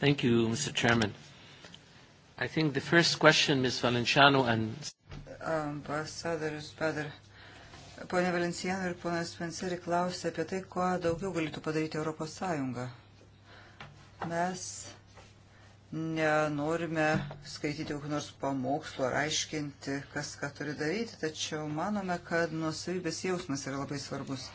Thank you, Mr. Chairman. I think the first question, Ms. Valenciano and... Ambasadorius Padar. Pone Valenciano ir ponas Penseri klausė apie tai, kuo daugiau galėtų padaryti Europos Sąjunga. Mes nenorime skaityti kokių nors pamokslų ar aiškinti, kas ką turi daryti, tačiau manome, kad nuosavybės jausmas yra labai svarbus.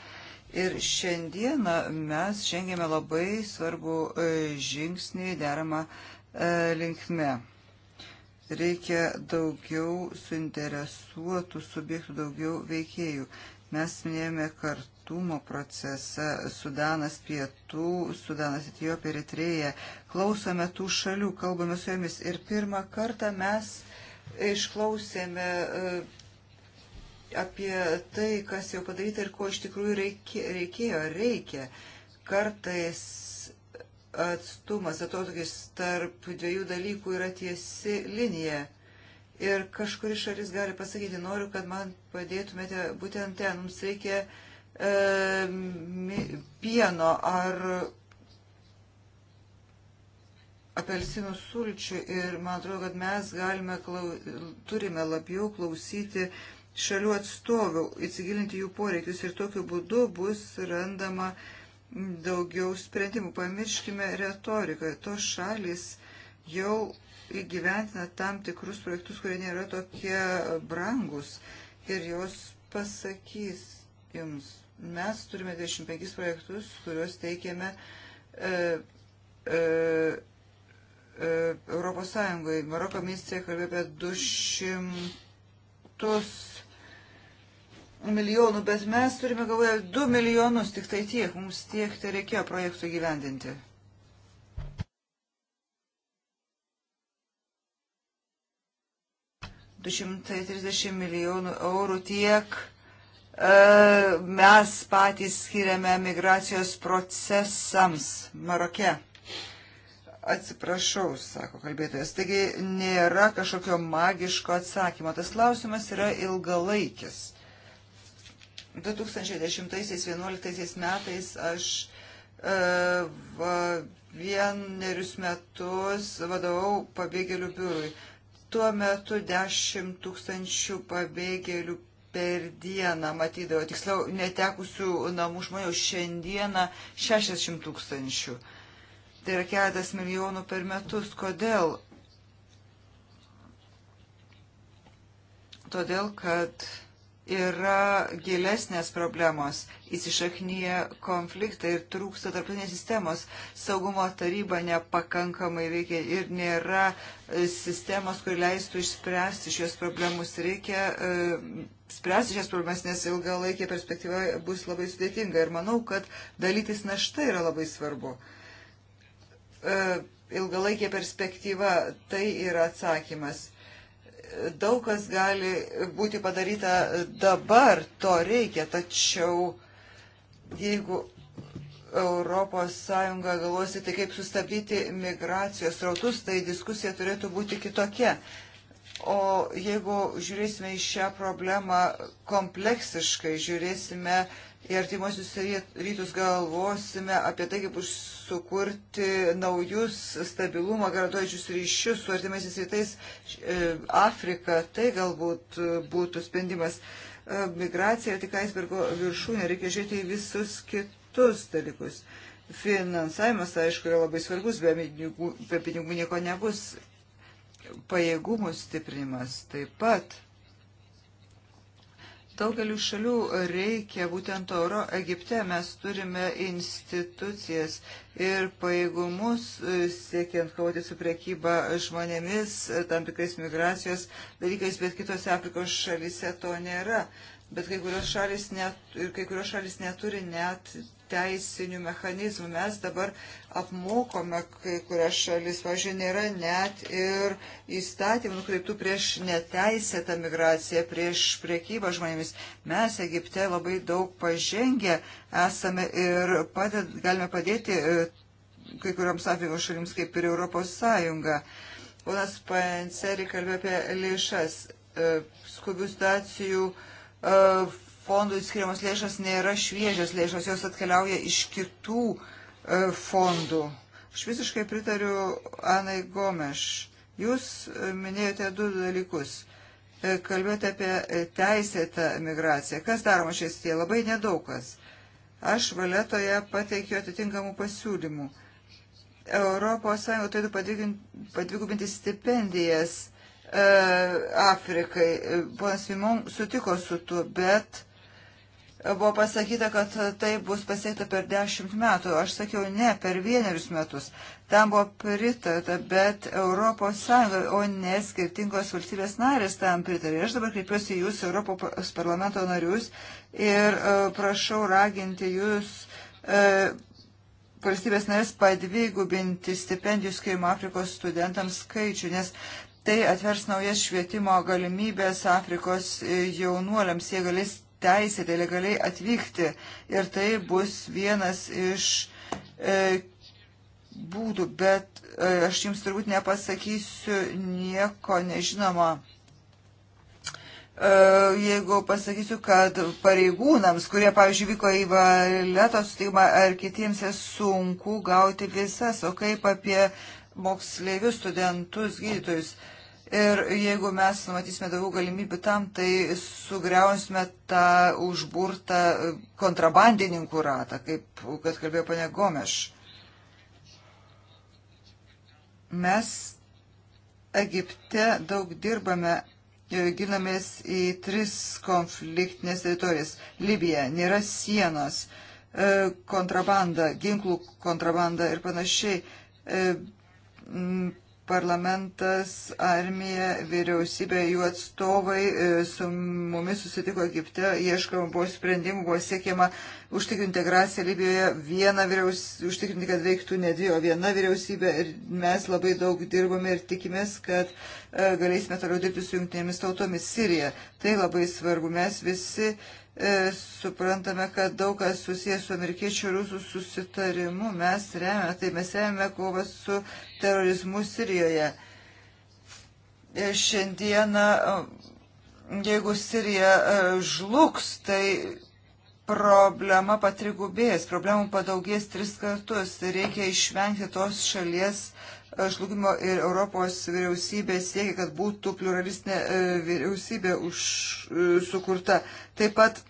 Ir šiandieną mes žengėme labai svarbų e, žingsnį deramą e, linkme. Reikia daugiau suinteresuotų subjektų, daugiau veikėjų. Mes minėjome kartumo procesą Sudanas pietų, Sudanas Etijopija ir Etrėja. Klausome tų šalių, kalbame su jomis. Ir pirmą kartą mes išklausėme e, apie tai, kas jau padaryta ir ko iš tikrųjų reikėjo, reikia. Kartais atstumas, atotokis tarp dviejų dalykų yra tiesi linija. Ir kažkuri šalis gali pasakyti, noriu, kad man padėtumėte būtent ten, mums reikia e, pieno ar apelsinų sulčių ir man atrodo, kad mes galime, klau, turime labiau klausyti šalių atstovių, įsigilinti jų poreikius ir tokiu būdu bus randama uh, daugiau sprendimų. Pamirškime retoriką. Tos šalis jau įgyventina tam tikrus projektus, kurie nėra tokie brangus. Ir jos pasakys jums, mes turime 25 projektus, kuriuos teikėme e, e, e, Europos Sąjungoje. Maroko ministrė kalbėjo apie 200 milijonų, bet mes turime galvoje 2 milijonus, tik tai tiek, mums tiek tai reikėjo projektų gyvendinti. Du šimtai trisdešimt milijonų eurų tiek e, mes patys skiriame migracijos procesams Maroke. Atsiprašau, sako kalbėtojas. Taigi nėra kažkokio magiško atsakymo. Tas klausimas yra ilgalaikis. 2010-2011 metais aš e, va, vienerius metus vadovau pabėgėlių biurui. Tuo metu 10 tūkstančių pabėgėlių per dieną matydavo, tiksliau, netekusių namų žmonių šiandieną 60 tūkstančių. Tai yra keletas milijonų per metus. Kodėl? Todėl, kad yra gilesnės problemos, įsišaknyje konfliktai ir trūksta tarptautinės sistemos. Saugumo taryba nepakankamai veikia ir nėra e, sistemos, kur leistų išspręsti šios problemus. Reikia e, spręsti šias problemas, nes ilgalaikė perspektyva bus labai sudėtinga ir manau, kad dalytis našta yra labai svarbu. E, ilgalaikė perspektyva tai yra atsakymas daug kas gali būti padaryta dabar, to reikia, tačiau jeigu Europos Sąjunga galvosite, tai kaip sustabdyti migracijos rautus, tai diskusija turėtų būti kitokia. O jeigu žiūrėsime į šią problemą kompleksiškai, žiūrėsime uh, į artimuosius rytus galvosime apie tai, kaip sukurti naujus stabilumą garantuojančius ryšius su artimaisiais rytais e, Afrika. Tai galbūt e, būtų sprendimas. E, migracija tik aisbergo viršūnė, reikia žiūrėti į visus kitus dalykus. Finansavimas, aišku, yra labai svarbus, be pinigų, be pinigų nieko nebus. Pajėgumų stiprinimas taip pat Daugeliu šalių reikia būtent oro. Egipte mes turime institucijas ir paėgumus e, siekiant kovoti su priekyba žmonėmis, tam tikrais migracijos dalykais, bet kitose Afrikos šalyse to nėra bet kai kurios šalis, net, kai kurios šalis neturi net teisinių mechanizmų. Mes dabar apmokome kai kurias šalis, važiuoju, nėra net ir įstatymų nukreiptų prieš neteisėtą migraciją, prieš priekybą žmonėmis. Mes Egipte labai daug pažengę esame ir padėt, galime padėti e, kai kurioms Afrikos šalims, kaip ir Europos Sąjunga. Ponas Panseri kalbėjo apie lėšas, e, skubius dacijų E, fondų skiriamos lėšos nėra šviežios lėšos, jos atkeliauja iš kitų e, fondų. Aš visiškai pritariu Anai Gomeš. Jūs e, minėjote du dalykus. Kalbėjote apie teisėtą migraciją. Kas daroma šiais tie? Labai nedaug kas. Aš valetoje pateikiu atitinkamų pasiūlymų. Europos Sąjunga turėtų padvigubinti stipendijas E, Afrikai. E, Ponas Vimon sutiko su tuo, bet buvo pasakyta, kad tai bus pasiekta per dešimt metų. Aš sakiau, ne, per vienerius metus. Tam buvo pritarta, bet Europos Sąjunga, o ne skirtingos valstybės narės tam pritarė. Aš dabar kreipiuosi jūs, Europos parlamento narius, ir e, prašau raginti jūs valstybės narės padvigubinti stipendijų skirimą Afrikos studentams skaičių, nes Tai atvers naujas švietimo galimybės Afrikos jaunuoliams. Jie galės teisėtai legaliai atvykti ir tai bus vienas iš e, būdų, bet e, aš jums turbūt nepasakysiu nieko nežinoma. E, jeigu pasakysiu, kad pareigūnams, kurie, pavyzdžiui, vyko į valeto sutikimą ar kitiems, sunku gauti visas, o kaip apie moksleivius, studentus, gydytojus. Ir jeigu mes numatysime daugiau galimybių tam, tai sugriausime tą užburtą kontrabandininkų ratą, kaip kad kalbėjo pane Gomeš. Mes Egipte daug dirbame, gilinamės į tris konfliktinės teritorijas. Libija, nėra sienos, e, kontrabanda, ginklų kontrabanda ir panašiai e, parlamentas, armija, vyriausybė, jų atstovai e, su mumis susitiko Egipte, ieškama buvo sprendimų, buvo siekiama užtikrinti integraciją Libijoje, viena vyriausybė, užtikrinti, kad veiktų ne dvi, o viena vyriausybė ir mes labai daug dirbame ir tikimės, kad e, galėsime toliau dirbti su jungtinėmis tautomis Sirija. Tai labai svarbu, mes visi E, suprantame, kad daug kas susijęs su amerikiečių rusų susitarimu. Mes remiame, tai mes remiame kovą su terorizmu Sirijoje. Ir e, šiandieną, e, jeigu Sirija žlugs, tai problema patrigubės, problemų padaugės tris kartus. Tai reikia išvengti tos šalies žlugimo ir Europos vyriausybė siekia, kad būtų pluralistinė vyriausybė už, sukurta. Taip pat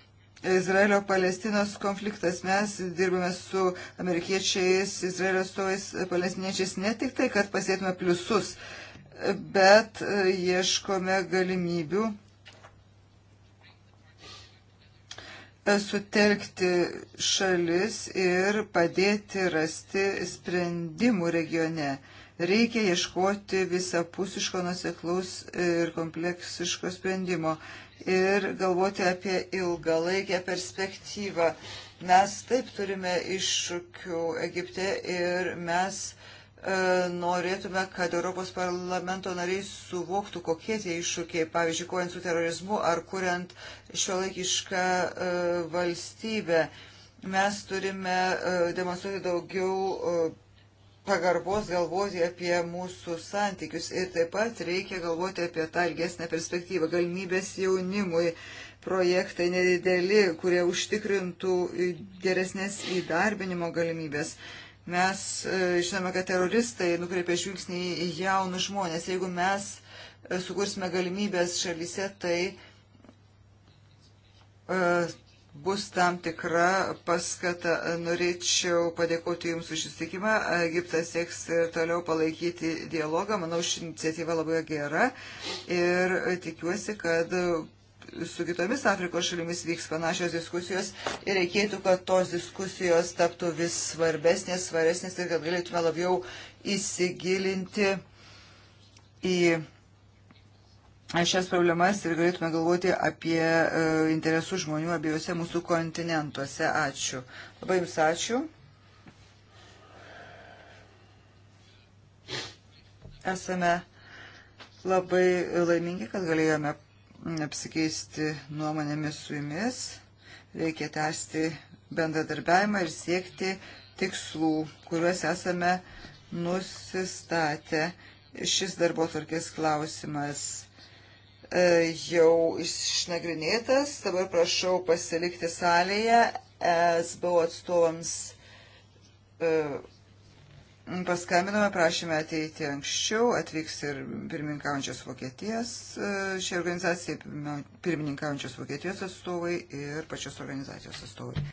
Izraelio-Palestinos konfliktas. Mes dirbame su amerikiečiais, Izraelio atstovais, palestiniečiais ne tik tai, kad pasėtume pliusus, bet e, ieškome galimybių e, sutelkti šalis ir padėti rasti sprendimų regione. Reikia ieškoti visapusiško, nuseklaus ir kompleksiško sprendimo ir galvoti apie ilgalaikę perspektyvą. Mes taip turime iššūkių Egipte ir mes e, norėtume, kad Europos parlamento nariai suvoktų, kokie tie iššūkiai, pavyzdžiui, kojant su terorizmu ar kuriant šiuolaikišką e, valstybę. Mes turime e, demonstruoti daugiau pagarbos galvoti apie mūsų santykius ir taip pat reikia galvoti apie tą ilgesnę perspektyvą, galimybės jaunimui, projektai nedideli, kurie užtikrintų geresnės įdarbinimo galimybės. Mes e, žinome, kad teroristai nukreipia žvilgsnį į jaunus žmonės. Jeigu mes e, sukursime galimybės šalyse, tai e, bus tam tikra paskata. Norėčiau padėkoti Jums už įsitikimą. Egiptas sieks ir toliau palaikyti dialogą. Manau, ši iniciatyva labai gera ir tikiuosi, kad su kitomis Afrikos šalimis vyks panašios diskusijos ir reikėtų, kad tos diskusijos taptų vis svarbesnės, svaresnės ir kad galėtume labiau įsigilinti į šias problemas ir galėtume galvoti apie e, interesų žmonių abiejose mūsų kontinentuose. Ačiū. Labai Jums ačiū. Esame labai laimingi, kad galėjome apsikeisti nuomonėmis su Jumis. Reikia tęsti bendradarbiavimą ir siekti tikslų, kuriuos esame nusistatę. Šis darbo tvarkės klausimas E, jau išnagrinėtas. Dabar prašau pasilikti salėje. SBO atstovams e, paskambinome, prašėme ateiti anksčiau, atvyks ir pirmininkaujančios Vokietijos, e, šią organizaciją pirmininkaujančios Vokietijos atstovai ir pačios organizacijos atstovai.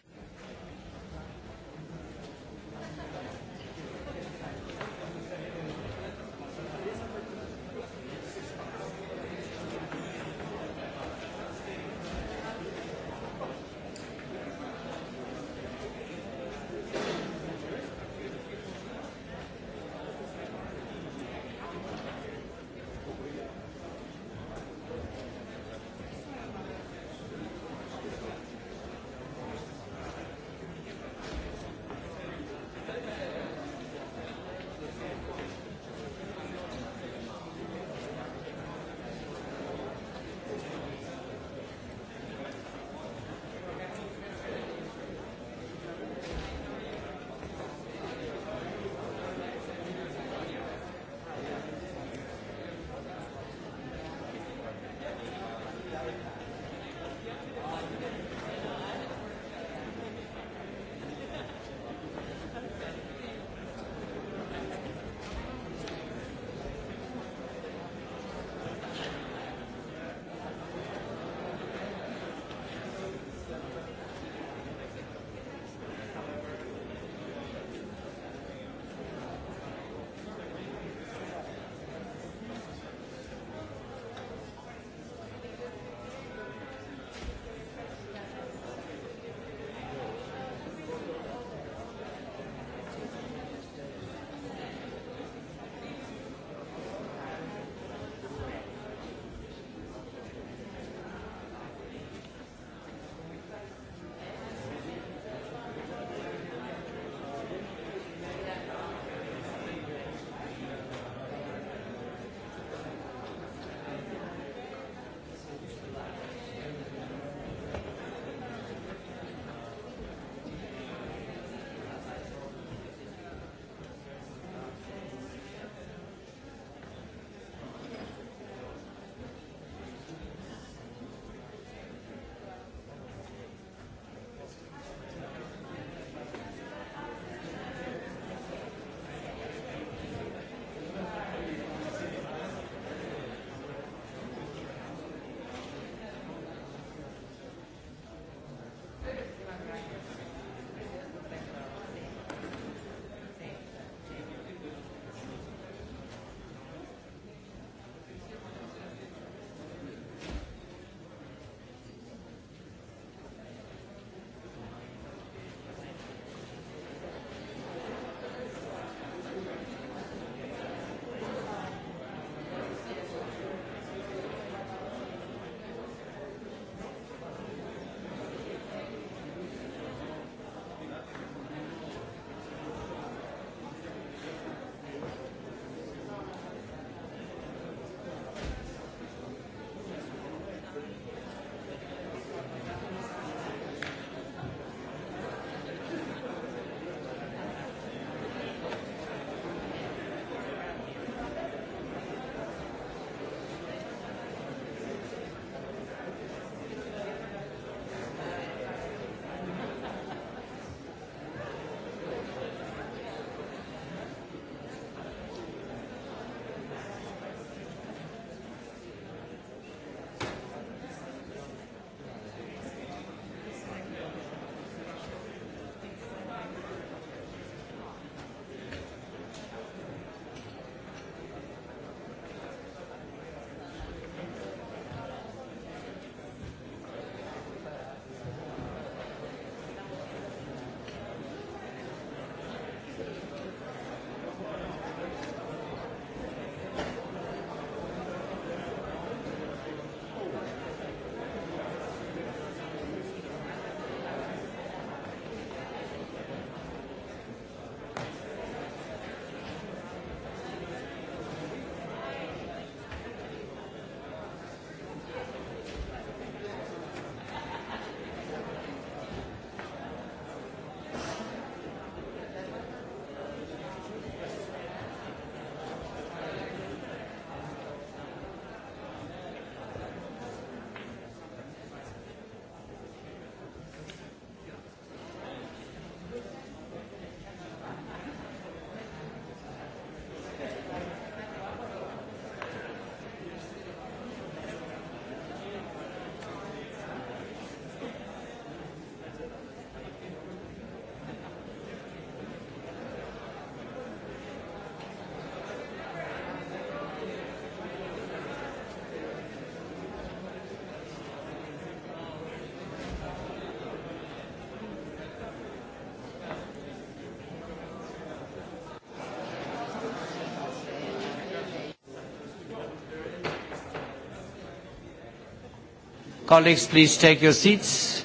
Colleagues, please take your seats.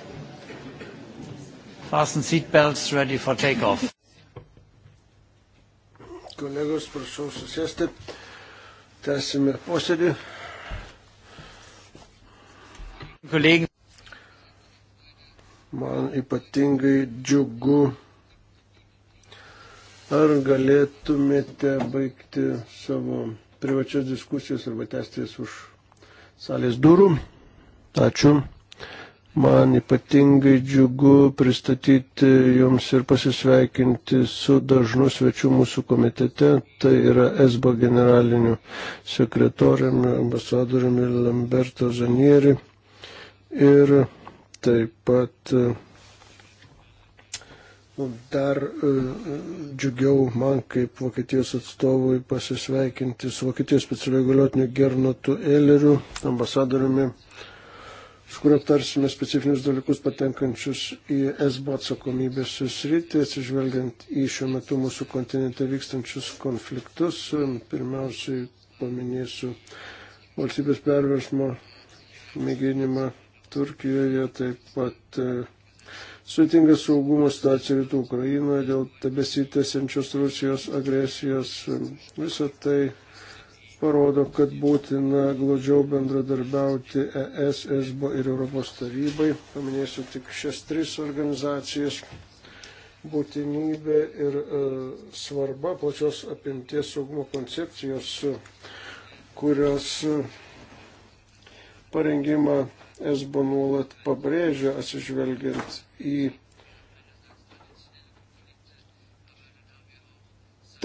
Fasten seatbelts ready for takeoff. Kolegos, prašau susėsti. Tęsime posėdį. Kolegai. Man ypatingai džiugu. Ar galėtumėte baigti savo privačias diskusijas arba tęsti jas už salės durų? Ačiū. Man ypatingai džiugu pristatyti Jums ir pasisveikinti su dažnu svečiu mūsų komitete, tai yra ESBA generaliniu sekretoriumi, ambasadoriumi Lamberto Zanieri ir taip pat nu, dar e, džiugiau man kaip Vokietijos atstovui pasisveikinti su Vokietijos specialiai galiotiniu Gernotu Eileriu, ambasadoriumi iš kurio aptarsime specifinius dalykus patenkančius į SBO atsakomybės sritį, atsižvelgiant į šiuo metu mūsų kontinente vykstančius konfliktus. Pirmiausiai paminėsiu valstybės perversmo mėginimą Turkijoje, taip pat e, sudėtinga saugumo situacija rytų Ukrainoje dėl tebesitėsiančios Rusijos agresijos. Visą tai parodo, kad būtina glaudžiau bendradarbiauti ES, ESBO ir Europos tarybai. Paminėsiu tik šias tris organizacijas. Būtinybė ir e, svarba plačios apimties saugumo koncepcijos, kurios e, parengimą ESBO nuolat pabrėžia atsižvelgiant į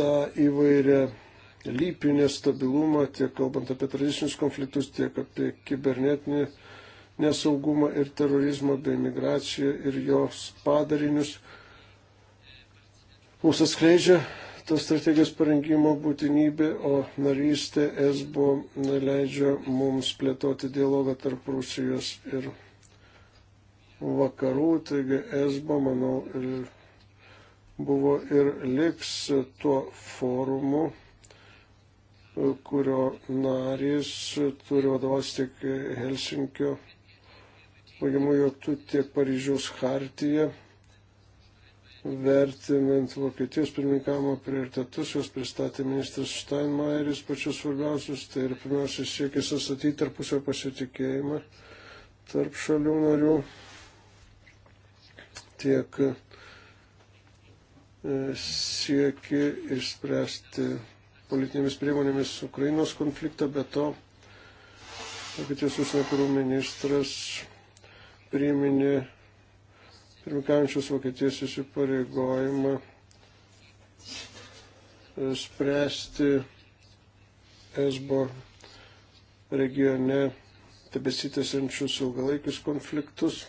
tą įvairią lypį nestabilumą, tiek kalbant apie tradicinius konfliktus, tiek apie kibernetinį nesaugumą ir terorizmą bei migraciją ir jos padarinius. Mums atskleidžia tos strategijos parengimo būtinybė, o narystė ESBO leidžia mums plėtoti dialogą tarp Rusijos ir vakarų, taigi ESBO, manau, ir buvo ir liks tuo forumu kurio narys turi vadovas tiek Helsinkio baigiamųjų aktų, tiek Paryžiaus hartiją, vertinant Vokietijos pirmininkavimo prioritetus, juos pristatė ministras Steinmeieris pačius svarbiausius, tai ir pirmiausia siekis atstatyti tarpusio pasitikėjimą tarp šalių narių, tiek e, sieki išspręsti politinėmis priemonėmis Ukrainos konfliktą, bet to, kad jūs užsienio ministras priminė pirmkaujančios Vokietijos įsipareigojimą e, spręsti esbo regione tebesitęsiančius ilgalaikius konfliktus.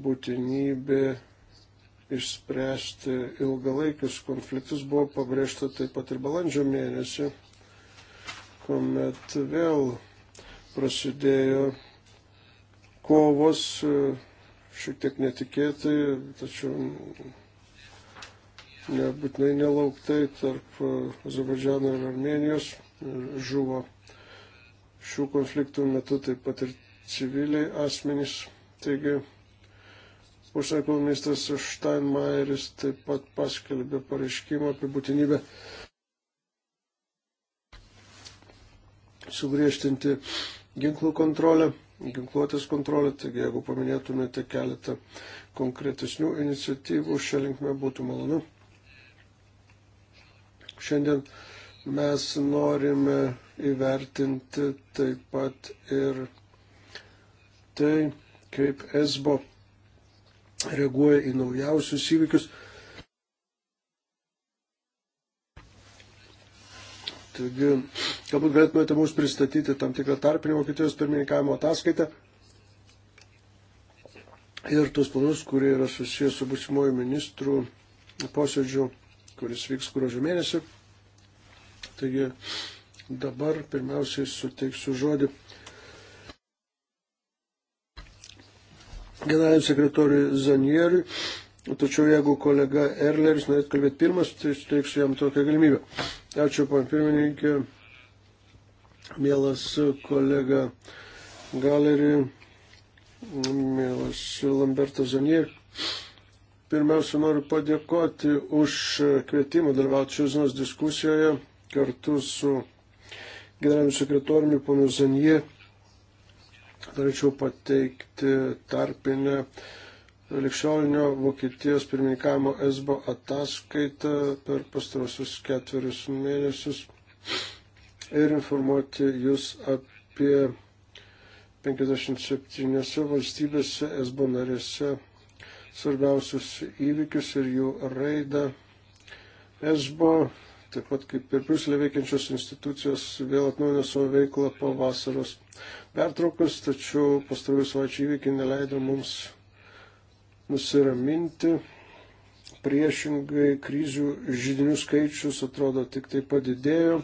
būtinybė išspręsti ilgalaikius konfliktus buvo pabrėžta taip pat ir balandžio mėnesį, kuomet vėl prasidėjo kovos šiek tiek netikėtai, tačiau nebūtinai nelauktai tarp Azerbaidžiano ir Armenijos žuvo šių konfliktų metu taip pat ir civiliai asmenys. Taigi Užsienio ministras Steinmeieris taip pat paskelbė pareiškimą apie būtinybę sugriežtinti ginklų kontrolę, ginkluotės kontrolę. Taigi, jeigu paminėtumėte keletą konkretesnių iniciatyvų, šią linkmę būtų malonu. Šiandien mes norime įvertinti taip pat ir tai, kaip esbo reaguoja į naujausius įvykius. Taigi, galbūt galėtumėte mums pristatyti tam tikrą tarpinį Vokietijos pirmininkavimo ataskaitą ir tuos planus, kurie yra susijęs su būsimuoju ministrų posėdžiu, kuris vyks gruodžio mėnesį. Taigi, dabar pirmiausiai suteiksiu žodį generaliniam sekretoriui Zanieriui. Tačiau jeigu kolega Erleris norėtų kalbėti pirmas, tai suteiksiu jam tokią galimybę. Ačiū, pan pirmininkė, mielas kolega Galerį, mielas Lambertas Zanier. Pirmiausia, noriu padėkoti už kvietimą dalyvauti šios dienos diskusijoje kartu su generaliniu sekretoriumi ponu Zanier norėčiau pateikti tarpinę likščiolinio Vokietijos pirmininkavimo ESBO ataskaitą per pastarosius ketverius mėnesius ir informuoti jūs apie 57 valstybėse ESBO narėse svarbiausius įvykius ir jų raidą. ESBO taip pat kaip ir Briuselė veikiančios institucijos vėl atnaujino savo veiklą po vasaros pertraukos, tačiau pastarųjų savaičių įvykiai neleido mums nusiraminti. Priešingai kryžių žydinių skaičius atrodo tik tai padidėjo.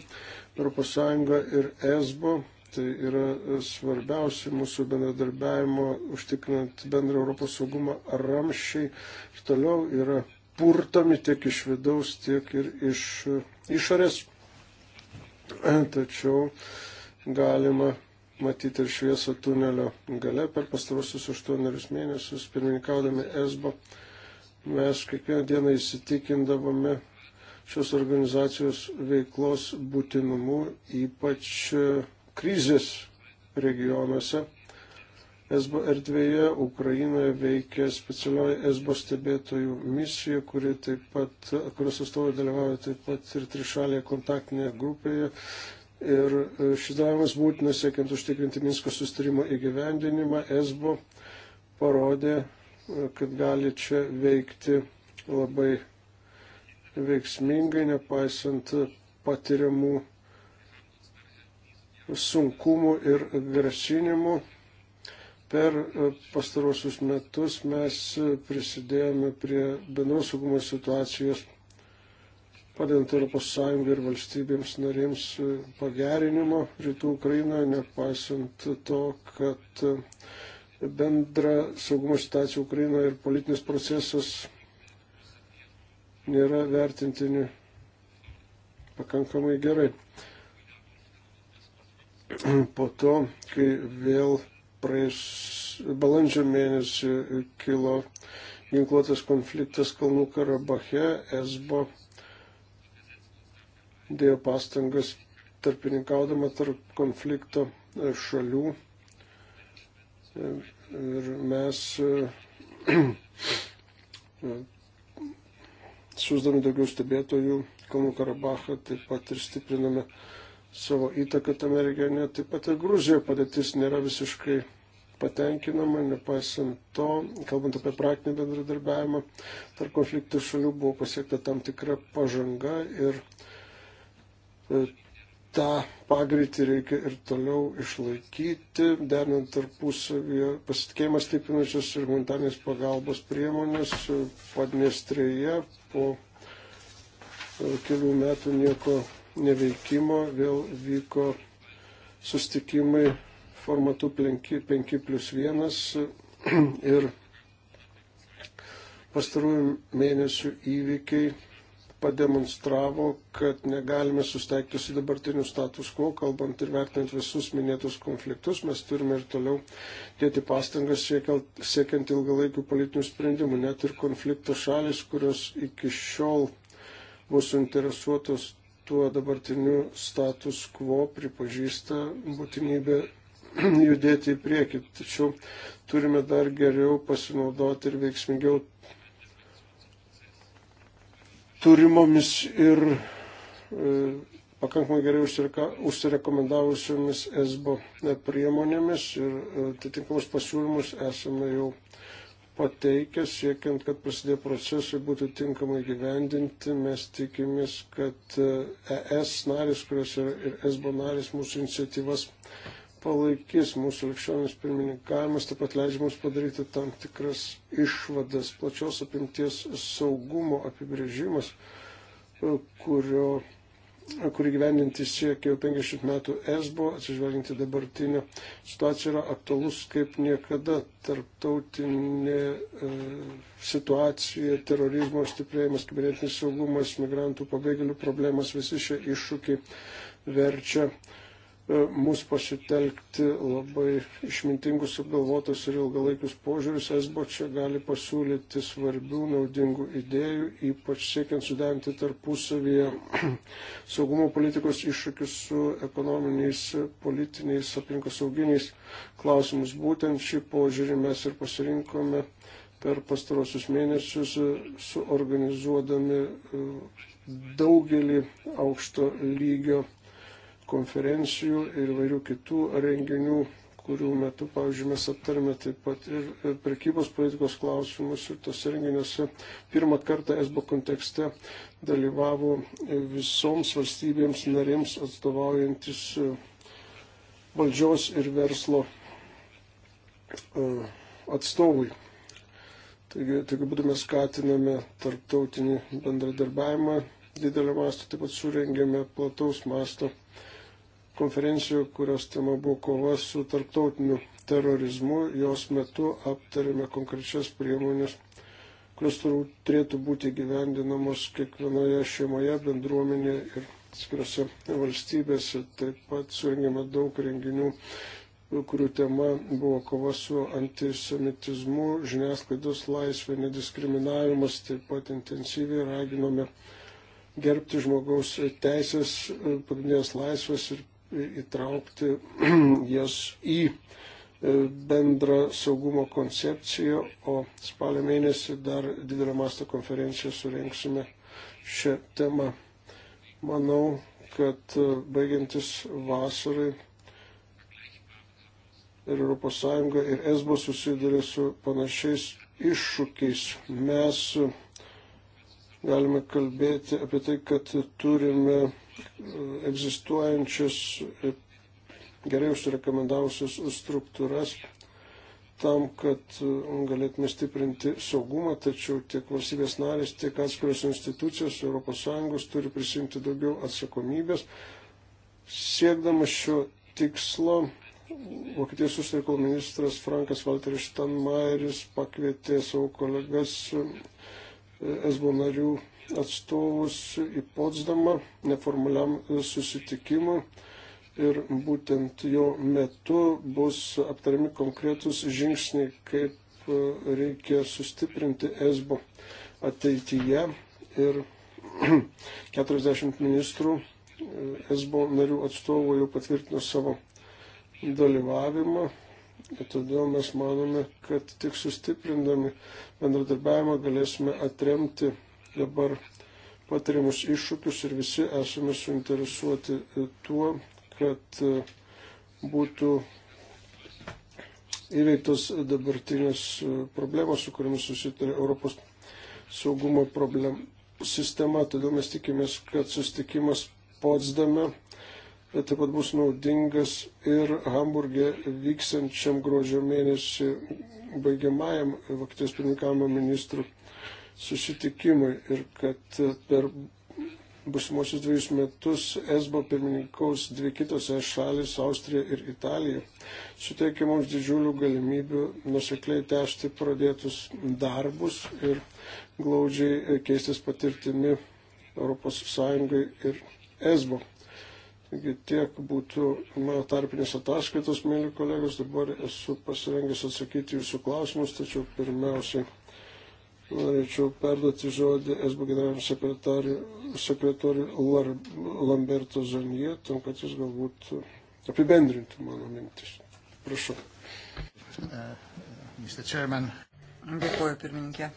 Europos Sąjunga ir ESBO tai yra svarbiausi mūsų bendradarbiavimo užtikrinant bendrą Europos saugumą ramščiai ir toliau yra purtomi tiek iš vidaus, tiek ir iš e, išorės. E, tačiau galima matyti ir šviesą tunelio gale per pastarosius aštuonerius mėnesius, pirmininkaudami ESBO. Mes kiekvieną dieną įsitikindavome šios organizacijos veiklos būtinumu, ypač e, krizės regionuose ESBO erdvėje. Ukrainoje veikia specialioji ESBO stebėtojų misija, kuri taip pat, kurios atstovai dalyvauja taip pat ir trišalėje kontaktinėje grupėje. Ir e, šis dalyvavimas būtinas siekiant užtikrinti Minsko sustarimo įgyvendinimą. ESBO parodė, e, kad gali čia veikti labai veiksmingai, nepaisant patiriamų sunkumų ir grasinimų. Per e, pastarosius metus mes e, prisidėjome prie bendros saugumo situacijos, padedant ES ir valstybėms narėms e, pagerinimo rytų Ukrainoje, nepaisant to, kad bendra saugumo situacija Ukrainoje ir politinis procesas nėra vertintini pakankamai gerai. Po to, kai vėl praėjus balandžio mėnesį kilo ginkluotas konfliktas Kalnų Karabache, esbo dėjo pastangas tarpininkaudama tarp konflikto šalių. Ir mes siūsdami daugiau stebėtojų Kalnų Karabachą taip pat ir stipriname savo įtaką tame regione. Taip pat ir Gruzijoje padėtis nėra visiškai patenkinama, nepaisant to, kalbant apie praktinį bendradarbiavimą, tarp konfliktų šalių buvo pasiekta tam tikra pažanga ir e, tą pagreitį reikia ir toliau išlaikyti, derinant tarpusavyje pasitikėjimą stiprinančias ir humanitarnės pagalbos priemonės Padmestrėje po e, kelių metų nieko neveikimo vėl vyko sustikimai formatu 5, 5 plus 1 ir pastarųjų mėnesių įvykiai pademonstravo, kad negalime susteikti su dabartiniu status quo, kalbant ir vertinant visus minėtus konfliktus, mes turime ir toliau dėti pastangas siekiant ilgalaikių politinių sprendimų, net ir konflikto šalis, kurios iki šiol bus suinteresuotos tuo dabartiniu status quo pripažįsta būtinybę judėti į priekį. Tačiau turime dar geriau pasinaudoti ir veiksmingiau turimomis ir e, pakankamai gerai užsirekomendavusiomis ESBO priemonėmis ir e, atitinkamus pasiūlymus esame jau pateikę, siekiant, kad prasidėję procesai būtų tinkamai gyvendinti. Mes tikimės, kad ES e narės, kurios yra ir ESBO narės, mūsų iniciatyvas palaikys mūsų likščionis pirmininkavimas, taip pat leidžia mums padaryti tam tikras išvadas, plačios apimties saugumo apibrėžimas, e, kurio kurį gyvendinti siekia jau 50 metų ESBO, atsižvelginti dabartinę situaciją, yra aktualus kaip niekada tarptautinė e, situacija, terorizmo stiprėjimas, kibernetinis saugumas, migrantų pabėgėlių problemas, visi šie iššūkiai verčia E, mūsų pasitelkti labai išmintingus apgalvotus ir ilgalaikius požiūrius. Esbo čia gali pasiūlyti svarbių, naudingų idėjų, ypač siekiant suderinti tarpusavyje saugumo politikos iššūkius su ekonominiais, politiniais, aplinkosauginiais klausimus. Būtent šį požiūrį mes ir pasirinkome per pastarosius mėnesius e, suorganizuodami e, daugelį aukšto lygio konferencijų ir vairių kitų renginių, kurių metu, pavyzdžiui, mes aptarėme taip pat ir e, prekybos politikos klausimus. Ir tose renginiuose pirmą kartą ESBO kontekste dalyvavo e, visoms valstybėms narėms atstovaujantis e, valdžios ir verslo atstovui. Taigi, tokiu būdu mes skatiname tarptautinį bendradarbiavimą didelio masto, taip pat surengėme plataus masto konferencijų, kurios tema buvo kova su tarptautiniu terorizmu. Jos metu aptarėme konkrečias priemonės, kurios turėtų būti gyvendinamos kiekvienoje šeimoje, bendruomenėje ir skiriose valstybėse. Taip pat surengėme daug renginių kurių tema buvo kova su antisemitizmu, žiniasklaidos laisvė, nediskriminavimas, taip pat intensyviai raginome gerbti žmogaus teisės, pagrindinės laisvės ir įtraukti jas į e, bendrą saugumo koncepciją, o spalio mėnesį dar didelio masto konferenciją surenksime šią temą. Manau, kad e, baigiantis vasarai ir ES ir ESBO susiduria su panašiais iššūkiais. Mes e, galime kalbėti apie tai, kad turime egzistuojančias gerai užsirekomendavusias struktūras tam, kad galėtume stiprinti saugumą, tačiau tiek valstybės narės, tiek atskiros institucijos ES turi prisimti daugiau atsakomybės. Siekdamas šio tikslo, Vokietijos užsienio ministras Frankas Walteris Stanmaieris pakvietė savo kolegas e, esbo narių atstovus į Potsdamą neformaliam susitikimui ir būtent jo metu bus aptariami konkretus žingsniai, kaip e, reikia sustiprinti ESBO ateityje ir 40 ministrų e, ESBO narių atstovų jau patvirtino savo dalyvavimą. Ir todėl mes manome, kad tik sustiprindami bendradarbiavimą galėsime atremti dabar patiriamus iššūkius ir visi esame suinteresuoti tuo, kad e, būtų įveiktos dabartinės e, problemos, su kuriamis susitarė Europos saugumo problem, sistema. Todėl mes tikimės, kad sustikimas Potsdame e, taip pat bus naudingas ir Hamburgė vyksančiam gruodžio mėnesį baigiamajam vakties pirmininkavimo ministrų susitikimui ir kad per busimuosius dviejus metus ESBO pirmininkaus dvi kitos es šalis - Austrija ir Italija - suteikia mums didžiulių galimybių nusekliai tęsti pradėtus darbus ir glaudžiai keistis patirtimi ES ir ESBO. Taigi tiek būtų mano tarpinės ataskaitos, mėly kolegos, dabar esu pasirengęs atsakyti jūsų klausimus, tačiau pirmiausiai Norėčiau perduoti žodį SB generaliniam sekretoriui sekretori Lamberto Zanie, tam, kad jis galbūt apibendrintų mano mintis. Prašau. Uh, Mr. Chairman. Dėkuoju, pirmininkė.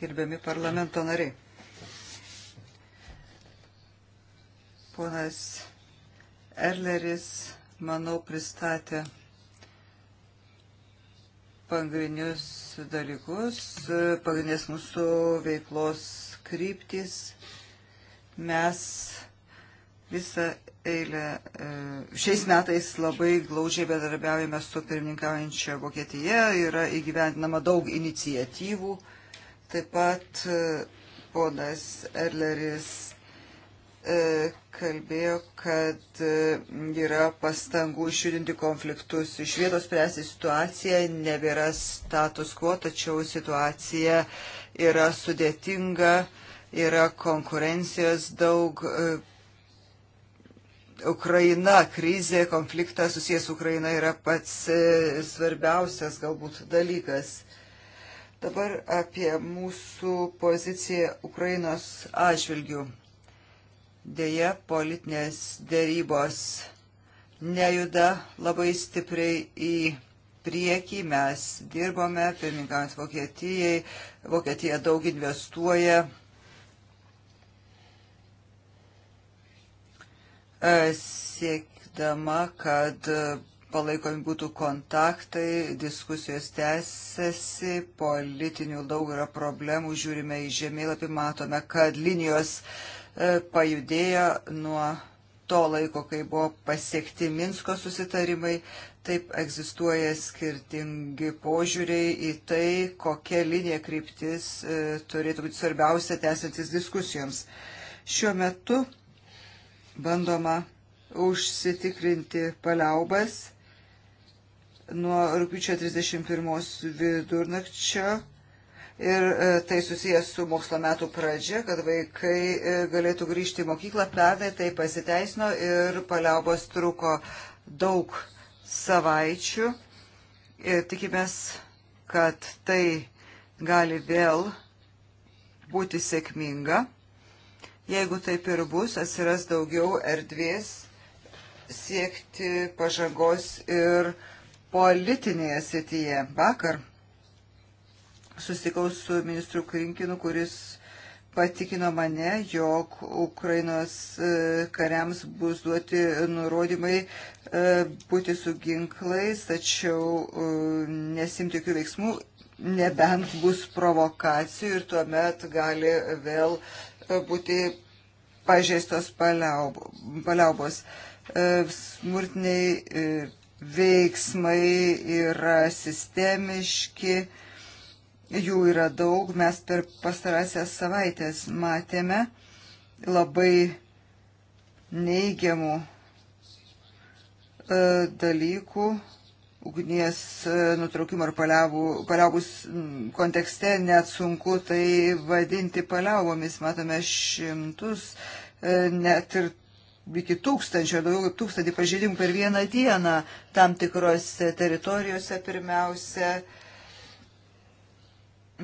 Gerbiami parlamento nariai. Ponas Erleris, manau, pristatė pagrindinius dalykus, pagrindinės mūsų veiklos kryptis. Mes visą eilę e, šiais metais labai glaudžiai bedarbiaujame su pirmininkaujančia Vokietija, yra įgyvendinama daug iniciatyvų. Taip pat e, ponas Erleris E, kalbėjo, kad e, yra pastangų išjudinti konfliktus, iš vietos spręsti situaciją, nebėra status quo, tačiau situacija yra sudėtinga, yra konkurencijos daug. E, Ukraina, krizė, konfliktas susijęs Ukraina yra pats svarbiausias galbūt dalykas. Dabar apie mūsų poziciją Ukrainos atžvilgių. Deja, politinės dėrybos nejuda labai stipriai į priekį. Mes dirbome, pirmininkant Vokietijai, Vokietija daug investuoja. E, siekdama, kad palaikomi būtų kontaktai, diskusijos tęsiasi, politinių daug yra problemų, žiūrime į žemėlapį, matome, kad linijos uh, E, pajudėjo nuo to laiko, kai buvo pasiekti Minsko susitarimai, taip egzistuoja skirtingi požiūriai į tai, kokia linija kryptis e, turėtų būti svarbiausia tęsiantis diskusijoms. Šiuo metu bandoma užsitikrinti paliaubas nuo rūpiučio 31 vidurnakčio Ir e, tai susijęs su mokslo metų pradžia, kad vaikai e, galėtų grįžti į mokyklą. Pernai tai pasiteisino ir paliaubos truko daug savaičių. Ir tikimės, kad tai gali vėl būti sėkminga. Jeigu taip ir bus, atsiras daugiau erdvės siekti pažangos ir politinėje srityje. Vakar susitikau su ministru Krinkinu, kuris patikino mane, jog Ukrainos e, kariams bus duoti nurodymai e, būti su ginklais, tačiau e, nesimti jokių veiksmų, nebent bus provokacijų ir tuomet gali vėl būti pažeistos paliaubos. Smurtiniai veiksmai yra sistemiški jų yra daug, mes per pastarąsias savaitės matėme labai neigiamų e, dalykų ugnies e, nutraukimo ar paliavų, paliavus kontekste net sunku tai vadinti paliavomis. Matome šimtus, e, net ir iki tūkstančio, daugiau kaip tūkstantį pažeidimų per vieną dieną tam tikrose teritorijose pirmiausia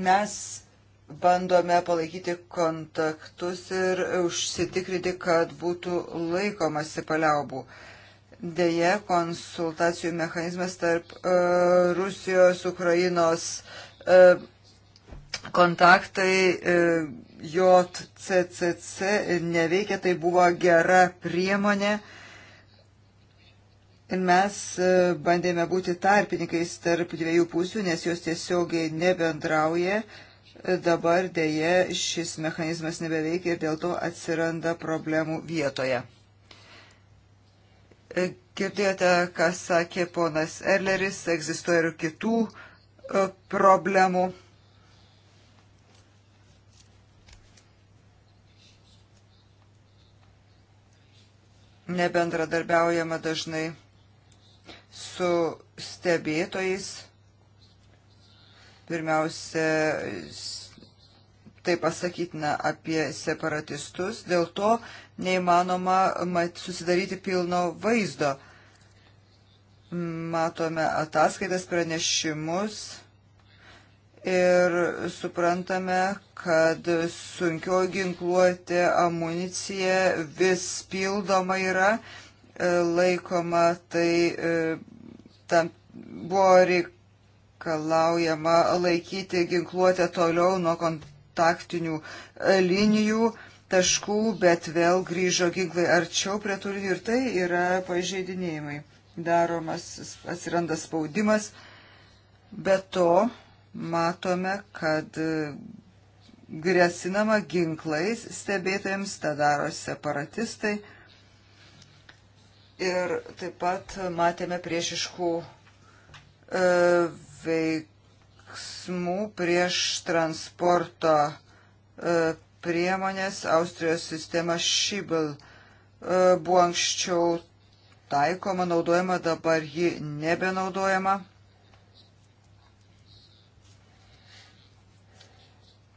Mes bandome palaikyti kontaktus ir užsitikrinti, kad būtų laikomasi paliaubų. Deja, konsultacijų mechanizmas tarp uh, Rusijos, Ukrainos uh, kontaktai uh, e, JCCC neveikia, tai buvo gera priemonė uh, Mes e, bandėme būti tarpininkais tarp dviejų pusių, nes jos tiesiogiai nebendrauja. E, dabar dėje šis mechanizmas nebeveikia ir dėl to atsiranda problemų vietoje. E, girdėjote, ką sakė ponas Erleris, egzistuoja ir kitų problemų. Nebendradarbiaujama dažnai su stebėtojais. Pirmiausia, tai pasakytina apie separatistus, dėl to neįmanoma mat, susidaryti pilno vaizdo. Matome ataskaitas pranešimus ir suprantame, kad sunkio ginkluoti amunicija vis pildoma yra E, laikoma, tai e, tam buvo reikalaujama laikyti ginkluotę toliau nuo kontaktinių e, linijų taškų, bet vėl grįžo ginklai arčiau prie turinių ir tai yra pažeidinėjimai. Daromas atsiranda spaudimas, bet to matome, kad grėsinama ginklais stebėtojams, tą daro separatistai ir taip pat matėme priešiškų e, veiksmų prieš transporto e, priemonės. Austrijos sistema Šibel e, buvo anksčiau taikoma, naudojama, dabar ji nebenaudojama.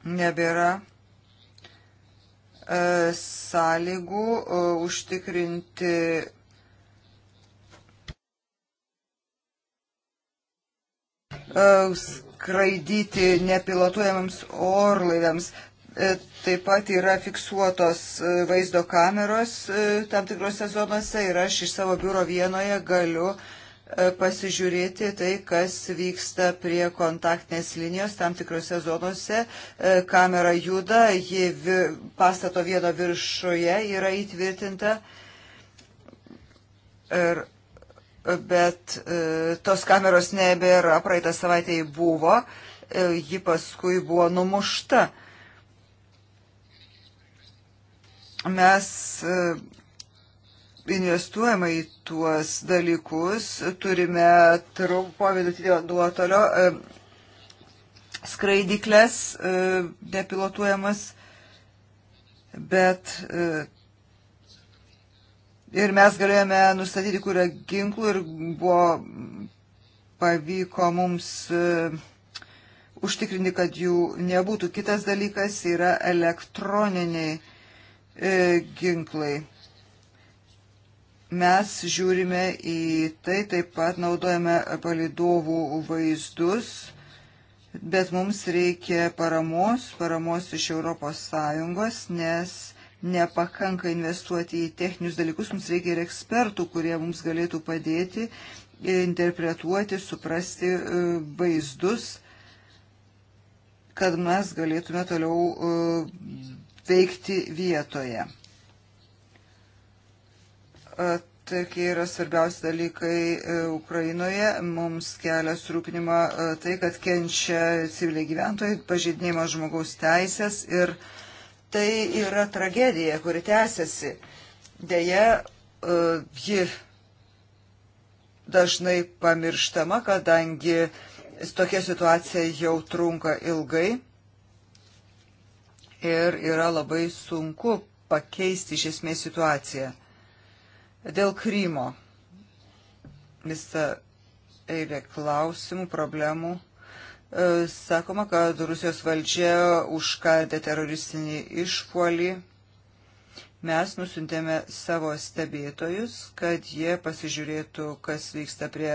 Nebėra e, sąlygų e, užtikrinti E, skraidyti nepilotuojamams orlaiviams. E, taip pat yra fiksuotos e, vaizdo kameros tam tikrose zonose ir aš iš savo biuro vienoje galiu pasižiūrėti tai, kas vyksta prie kontaktinės linijos tam tikrose zonose. Kamera juda, ji pastato vieno viršuje yra įtvirtinta. Ir bet e, tos kameros nebėra, praeitą savaitę jį buvo, e, ji paskui buvo numušta. Mes e, investuojame į tuos dalykus, turime trumpo vidutinio nuotolio skraidiklės nepilotuojamas, bet Ir mes galėjome nustatyti, kur yra ginklų ir buvo, pavyko mums e, užtikrinti, kad jų nebūtų. Kitas dalykas yra elektroniniai e, ginklai. Mes žiūrime į tai, taip pat naudojame palidovų vaizdus, bet mums reikia paramos, paramos iš Europos Sąjungos, nes nepakanka investuoti į techninius dalykus, mums reikia ir ekspertų, kurie mums galėtų padėti e, interpretuoti, suprasti e, vaizdus, kad mes galėtume toliau e, veikti vietoje. Tokie yra svarbiausi dalykai Ukrainoje. Mums kelia surūpinimą tai, kad kenčia civiliai gyventojai, pažeidinėjimas žmogaus teisės ir uh, Tai yra tragedija, kuri tęsiasi. Deja, e, ji dažnai pamirštama, kadangi tokia situacija jau trunka ilgai ir yra labai sunku pakeisti iš esmės situaciją. Dėl Krymo visą eilę klausimų, problemų E, sakoma, kad Rusijos valdžia užkardė teroristinį išpuolį. Mes nusintėme savo stebėtojus, kad jie pasižiūrėtų, kas vyksta prie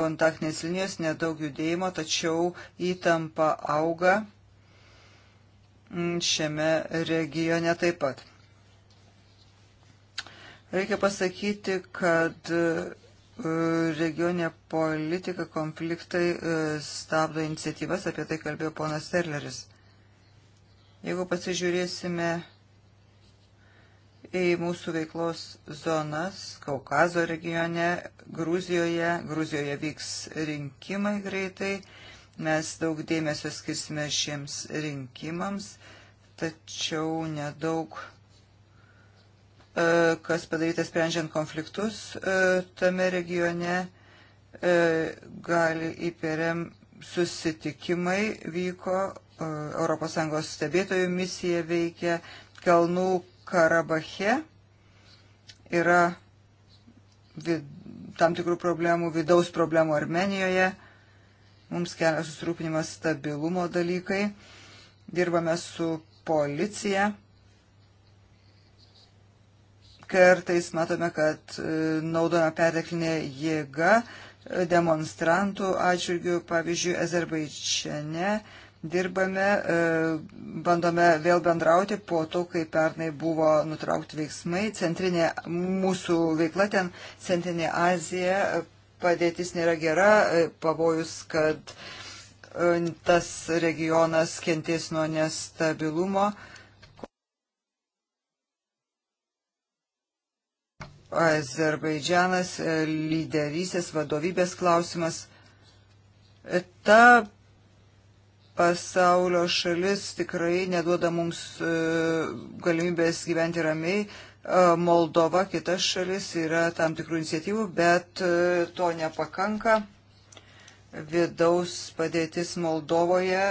kontaktinės linijos, nedaug judėjimo, tačiau įtampa auga šiame regione taip pat. Reikia pasakyti, kad regioninė politika, konfliktai e, stabdo iniciatyvas, apie tai kalbėjo ponas Serleris. Jeigu pasižiūrėsime į mūsų veiklos zonas, Kaukazo regione, Gruzijoje, Gruzijoje vyks rinkimai greitai, mes daug dėmesio skirsime šiems rinkimams, tačiau nedaug E, kas padaryta sprendžiant konfliktus e, tame regione. E, gali įpėrėm susitikimai vyko, ES stebėtojų misija veikia Kalnų Karabache. Yra vid, tam tikrų problemų, vidaus problemų Armenijoje. Mums kelia susirūpinimas stabilumo dalykai. Dirbame su policija Kartais matome, kad e, naudojama perteklinė jėga e, demonstrantų atžvilgių, pavyzdžiui, Azerbaidžiane dirbame, e, bandome vėl bendrauti po to, kai pernai buvo nutraukti veiksmai. Centrinė mūsų veikla ten, Centrinė Azija, padėtis nėra gera, pavojus, kad tas regionas kentės nuo nestabilumo. Azerbaidžianas, e, lyderysės, vadovybės klausimas. E, ta pasaulio šalis tikrai neduoda mums e, galimybės gyventi ramiai. Moldova, kitas šalis, yra tam tikrų iniciatyvų, bet to nepakanka. Vidaus padėtis Moldovoje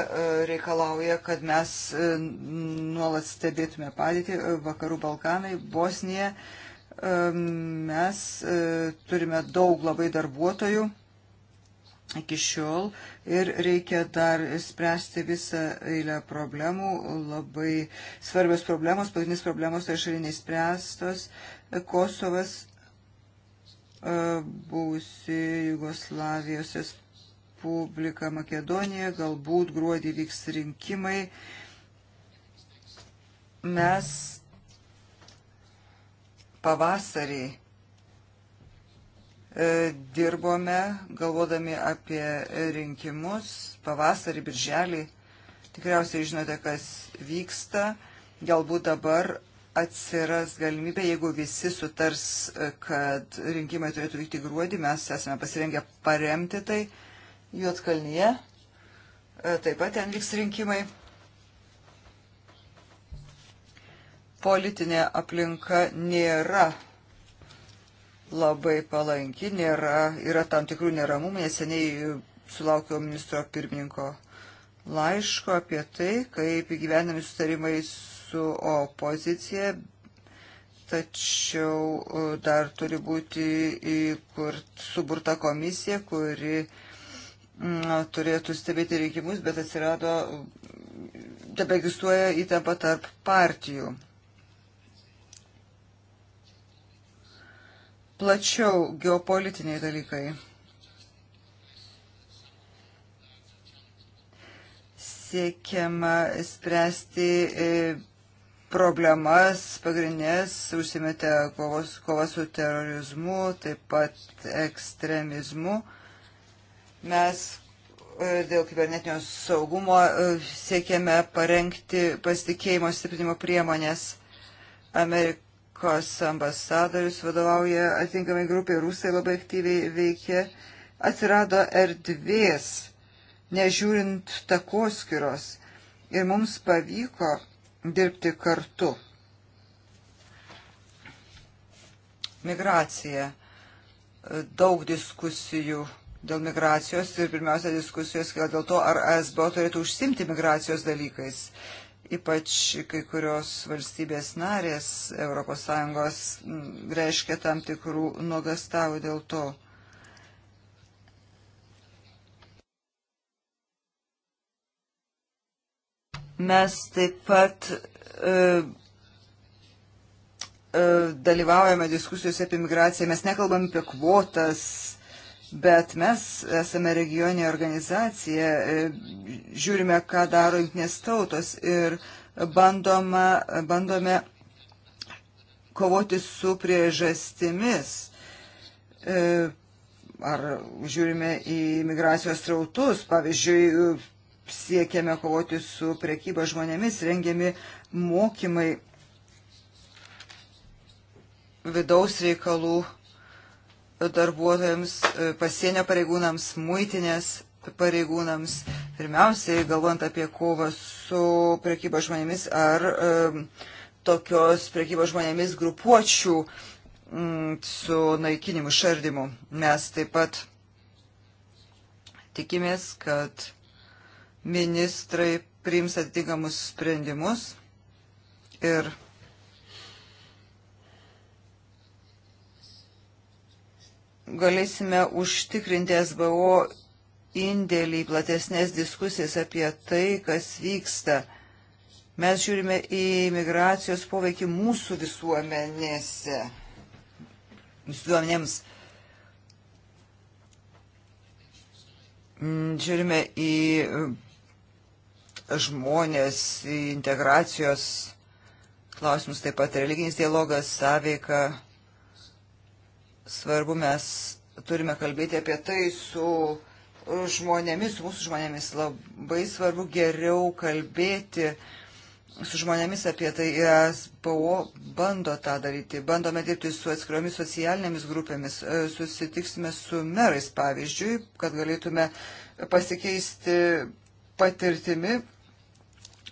reikalauja, kad mes nuolat stebėtume padėtį. Vakarų Balkanai, Bosnija mes e, turime daug labai darbuotojų iki šiol ir reikia dar spręsti visą eilę problemų, labai svarbios problemos, pagrindinės problemos tai šaliniai spręstos. Kosovas e, būsi Jugoslavijos Respublika Makedonija, galbūt gruodį vyks rinkimai. Mes pavasarį e, dirbome, galvodami apie rinkimus, pavasarį, birželį. Tikriausiai žinote, kas vyksta. Galbūt dabar atsiras galimybė, jeigu visi sutars, e, kad rinkimai turėtų vykti gruodį, mes esame pasirengę paremti tai Juotkalnyje. E, taip pat ten vyks rinkimai. politinė aplinka nėra labai palanki, nėra, yra tam tikrų neramumų, neseniai sulaukiau ministro pirmininko laiško apie tai, kaip įgyvenami sustarimai su opozicija, tačiau e, dar turi būti įkurt, suburta komisija, kuri na, turėtų stebėti rinkimus, bet atsirado, tebe egzistuoja įtampa tarp partijų. Plačiau geopolitiniai dalykai. Siekiama spręsti e, problemas pagrindinės, užsimėte kovos, kova su terorizmu, taip pat ekstremizmu. Mes e, dėl kibernetinio saugumo e, siekiame parengti pasitikėjimo stiprinimo priemonės. Amerik Amerikos ambasadorius vadovauja atinkamai grupiai, rusai labai aktyviai veikia, atsirado erdvės, nežiūrint takoskiros. Ir mums pavyko dirbti kartu. Migracija. Daug diskusijų dėl migracijos ir pirmiausia diskusijos dėl to, ar SBO turėtų užsimti migracijos dalykais ypač kai kurios valstybės narės ES reiškia tam tikrų nuogastavų dėl to. Mes taip pat e, e, dalyvaujame diskusijose apie migraciją, mes nekalbam apie kvotas, Bet mes esame regioninė organizacija, e, žiūrime, ką daro jungtinės tautos ir bandoma, bandome kovoti su priežastimis. E, ar žiūrime į migracijos trautus, pavyzdžiui, siekiame kovoti su prekyba žmonėmis, rengiami mokymai vidaus reikalų darbuotojams, e, pasienio pareigūnams, muitinės pareigūnams, pirmiausiai galvant apie kovą su prekybo žmonėmis ar e, tokios prekybo žmonėmis grupuočių m, mm, su naikinimu, šardimu. Mes taip pat tikimės, kad ministrai priims atitinkamus sprendimus ir galėsime užtikrinti SBO indėlį į platesnės diskusijas apie tai, kas vyksta. Mes žiūrime į migracijos poveikį mūsų visuomenėse, visuomenėms. Mm, žiūrime į e, žmonės, į integracijos klausimus, taip pat religinis dialogas, sąveika svarbu, mes turime kalbėti apie tai su žmonėmis, su mūsų žmonėmis. Labai svarbu geriau kalbėti su žmonėmis apie tai. E SPO bando tą daryti. Bandome dirbti su atskiromis socialinėmis grupėmis. E, susitiksime su merais, pavyzdžiui, kad galėtume pasikeisti patirtimi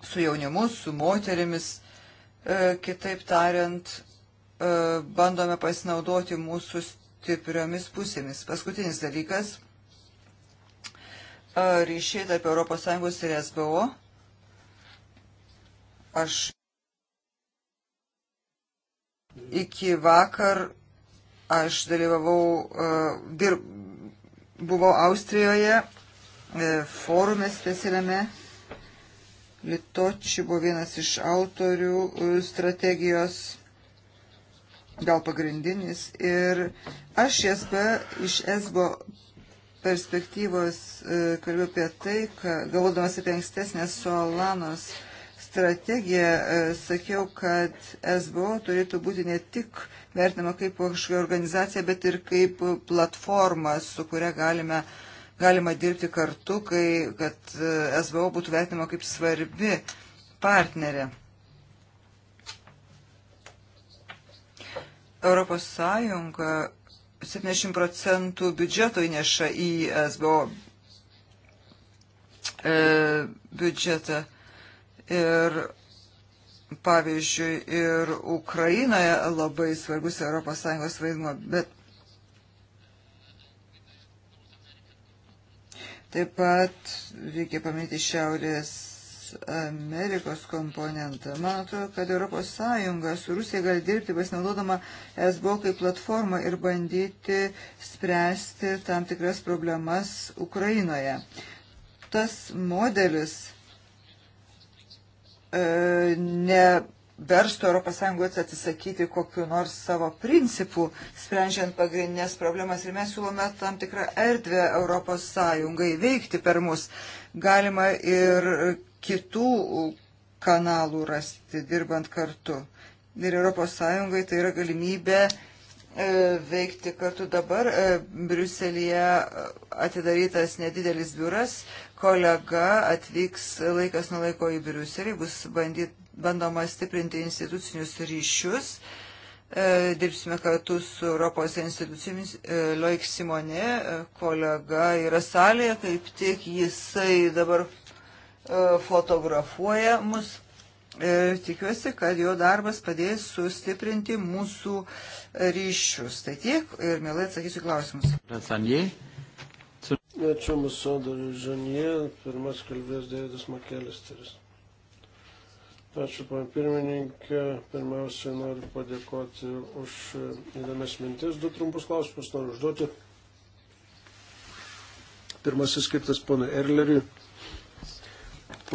su jaunimu, su moterimis. E, kitaip tariant, E, bandome pasinaudoti mūsų stipriomis pusėmis. Paskutinis dalykas e, - ryšiai tarp ES ir SBO. Aš iki vakar aš dalyvavau, e, dirb, buvau Austrijoje forume specialiame. Litoči buvo vienas iš autorių strategijos gal pagrindinis. Ir aš SB, iš SBO perspektyvos e, kalbėjau apie tai, kad galvodamas apie ankstesnę Solanos strategiją, e, sakiau, kad SBO turėtų būti ne tik vertinama kaip kažkokia organizacija, bet ir kaip platforma, su kuria galime, galima dirbti kartu, kai, kad e, SBO būtų vertinama kaip svarbi partnerė. Europos Sąjunga 70 procentų biudžeto įneša į SBO e, biudžetą. Ir pavyzdžiui, ir Ukrainoje labai svarbus ES vaidmuo, bet taip pat reikia paminėti Šiaurės Amerikos komponentą. Man atrodo, kad ES su Rusija gali dirbti pasinaudodama SBO kaip platformą ir bandyti spręsti tam tikras problemas Ukrainoje. Tas modelis e, ne verstų ES atsisakyti kokiu nors savo principų, sprendžiant pagrindinės problemas. Ir mes siūlome tam tikrą erdvę ES veikti per mus. Galima ir kitų kanalų rasti, dirbant kartu. Ir ES tai yra galimybė e, veikti kartu dabar. E, Briuselėje e, atidarytas nedidelis biuras, kolega atvyks laikas nuo laiko į Briuselį, bus bandyt, bandoma stiprinti institucinius ryšius. Dirbsime kartu su Europos institucijomis. Loik Simone, kolega yra salėje, kaip tik jisai dabar E, fotografuoja mus. Ir e, tikiuosi, kad jo darbas padės sustiprinti mūsų ryšius. Tai tiek ir mielai atsakysiu klausimus. Ačiū Masodariu Žanie, pirmas kalbės Deividas Makelisteris. Ačiū, pan pirmininkė. Pirmiausia, noriu padėkoti už įdomias mintis. Du trumpus klausimus noriu užduoti. Pirmasis skirtas ponui Erleriui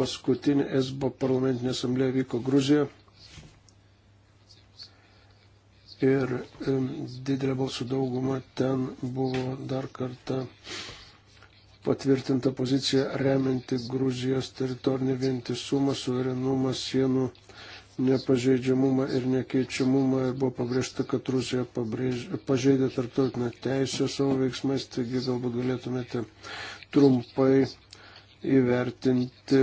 paskutinė ESBO parlamentinė asamblėje vyko Gruzijoje. Ir didelė balsų dauguma ten buvo dar kartą patvirtinta pozicija remianti Gruzijos teritorinį vientisumą, suverenumą, sienų nepažeidžiamumą ir nekeičiamumą ir buvo pabrėžta, kad Rusija pabrėž... pažeidė tarptautinę teisę savo veiksmais, taigi galbūt galėtumėte trumpai įvertinti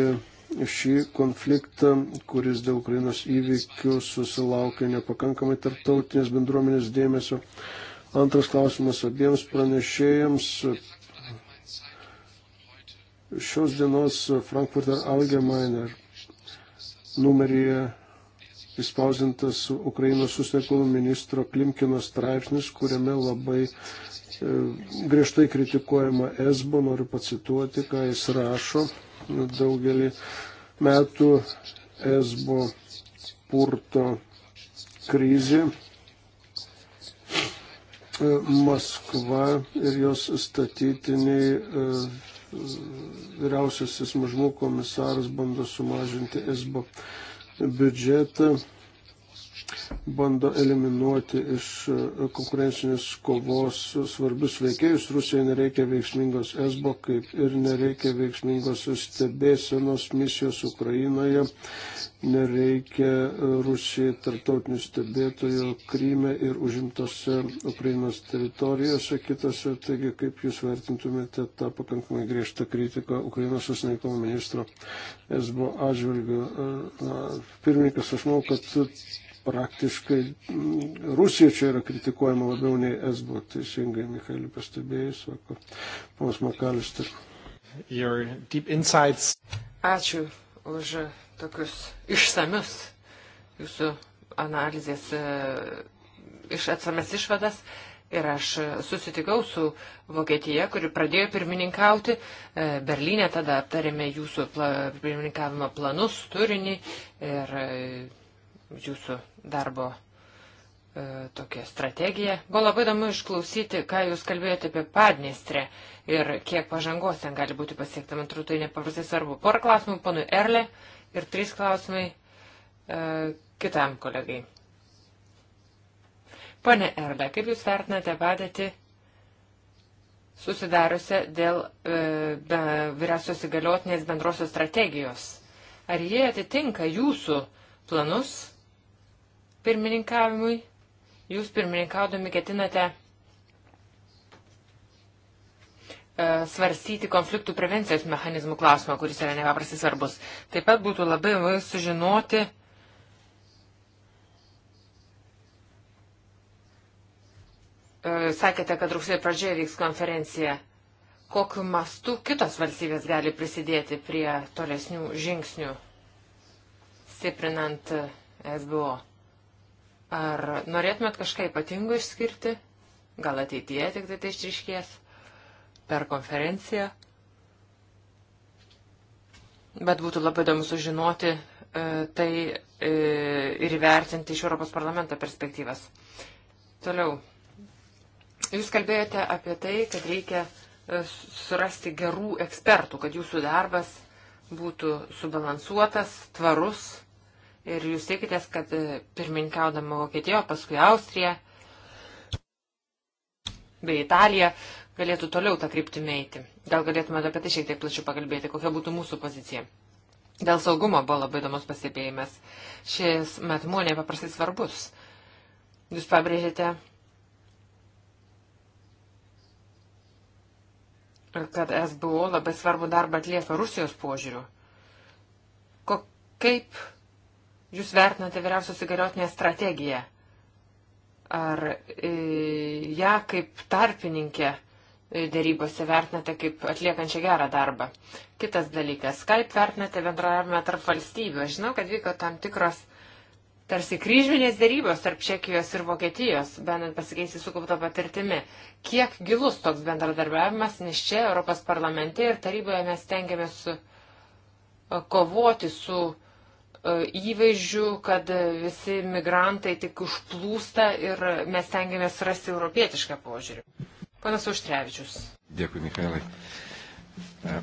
šį konfliktą, kuris dėl Ukrainos įvykių susilaukė nepakankamai tarptautinės bendruomenės dėmesio. Antras klausimas abiems pranešėjams. Šios dienos Frankfurter Allgemeiner numeryje įspausintas Ukrainos susiekalų ministro Klimkino straipsnis, kuriame labai E, griežtai kritikuojama Esbo, noriu pacituoti, ką jis rašo. Daugelį metų Esbo purto krizė. E, Maskva ir jos statytiniai e, vyriausiasis mažmų komisaras bando sumažinti Esbo biudžetą bando eliminuoti iš e, konkurencinės kovos svarbius veikėjus. Rusijai nereikia veiksmingos esbo, kaip ir nereikia veiksmingos stebėsenos misijos Ukrainoje, nereikia e, Rusijai tartautinių stebėtojų Kryme ir užimtose Ukrainos teritorijose kitose. Taigi, kaip Jūs vertintumėte tą pakankamai griežtą kritiką Ukrainos užsienio ministro esbo atžvilgiu? E, pirmininkas, aš manau, kad praktiškai mm, Rusija čia yra kritikuojama labiau nei esbo, teisingai Michaelį pastebėjai, sako ponas Makalister. Ačiū už tokius išsamius jūsų analizės, e, iš atsames išvadas. Ir aš susitikau su Vokietija, kuri pradėjo pirmininkauti. E, Berlyne tada aptarėme jūsų pla, pirmininkavimo planus, turinį ir e, jūsų darbo e, tokia strategija. Buvo labai įdomu išklausyti, ką Jūs kalbėjote apie Padnestrę ir kiek pažangos ten gali būti pasiekta. Man atrodo, tai nepaprastai svarbu. Porą klausimų panui Erle ir trys klausimai e, kitam kolegai. Pane Erle, kaip Jūs vertinate padėtį susidariusią dėl e, be, vyriausios įgaliotinės bendrosios strategijos? Ar jie atitinka jūsų planus pirmininkavimui. Jūs pirmininkaudami ketinate e, svarstyti konfliktų prevencijos mechanizmų klausimą, kuris yra nepaprastai svarbus. Taip pat būtų labai sužinoti, e, sakėte, kad rugsėjo pradžioje vyks konferencija. Kokiu mastu kitos valstybės gali prisidėti prie tolesnių žingsnių, stiprinant e, SBO? Ar norėtumėt kažką ypatingo išskirti? Gal ateityje tik tai tai išriškės? Per konferenciją? Bet būtų labai įdomu sužinoti e, tai e, ir įvertinti iš Europos parlamento perspektyvas. Toliau. Jūs kalbėjote apie tai, kad reikia e, surasti gerų ekspertų, kad jūsų darbas būtų subalansuotas, tvarus ir jūs tikitės, kad e, pirmininkaudama Vokietijo, paskui Austrija bei Italija galėtų toliau tą kryptimį eiti. Gal galėtume apie tai šiek tiek plačiau pakalbėti, kokia būtų mūsų pozicija. Dėl saugumo buvo labai įdomus pastebėjimas. Šis matmuo nepaprastai svarbus. Jūs pabrėžėte, kad SBO labai svarbu darbą atlieka Rusijos požiūriu. Ko, kaip Jūs vertinate vyriausios įgaliotinę strategiją. Ar e, ją kaip tarpininkė e, dėrybose vertinate kaip atliekančią gerą darbą? Kitas dalykas, kaip vertinate bendravimą tarp valstybių? Aš žinau, kad vyko tam tikros tarsi kryžminės dėrybos tarp Čekijos ir Vokietijos, bandant pasikeisti sukauptą patirtimi. Kiek gilus toks bendradarbiavimas, nes čia Europos parlamente ir taryboje mes tengiamės e, kovoti su uh, E, įvaizdžių, kad visi migrantai tik užplūsta ir mes tengiamės rasti europietišką požiūrį. Panas Užtrevičius. Dėkui, Mikhailai. Uh, e,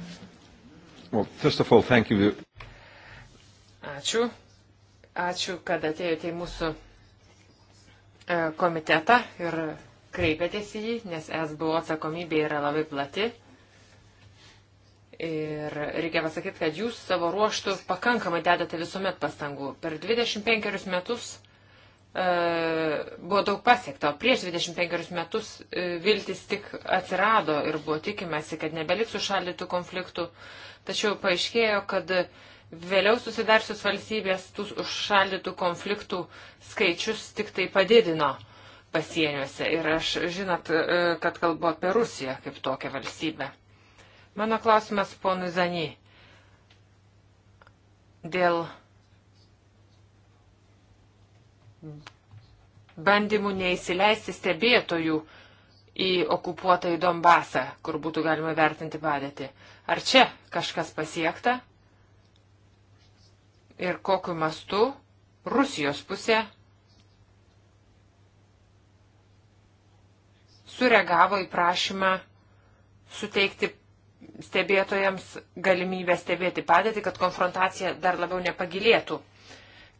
well, first of all, thank you. Ačiū. Ačiū, kad atėjote į mūsų e, komitetą ir kreipėtės į jį, nes SBO atsakomybė yra labai plati. Ir reikia pasakyti, kad jūs savo ruoštų pakankamai dedate visuomet pastangų. Per 25 metus e, buvo daug pasiekta, o prieš 25 metus e, viltis tik atsirado ir buvo tikimasi, kad nebeliks užšaldytų konfliktų. Tačiau paaiškėjo, kad vėliau susidarsius valstybės tų užšaldytų konfliktų skaičius tik tai padidino pasieniuose. Ir aš žinot, e, kad kalbu apie Rusiją kaip tokią valstybę. Mano klausimas ponui Zanį dėl bandymų neįsileisti stebėtojų į okupuotą į Donbasą, kur būtų galima vertinti padėtį. Ar čia kažkas pasiekta? Ir kokiu mastu Rusijos pusė sureagavo į prašymą suteikti stebėtojams galimybę stebėti padėtį, kad konfrontacija dar labiau nepagilėtų.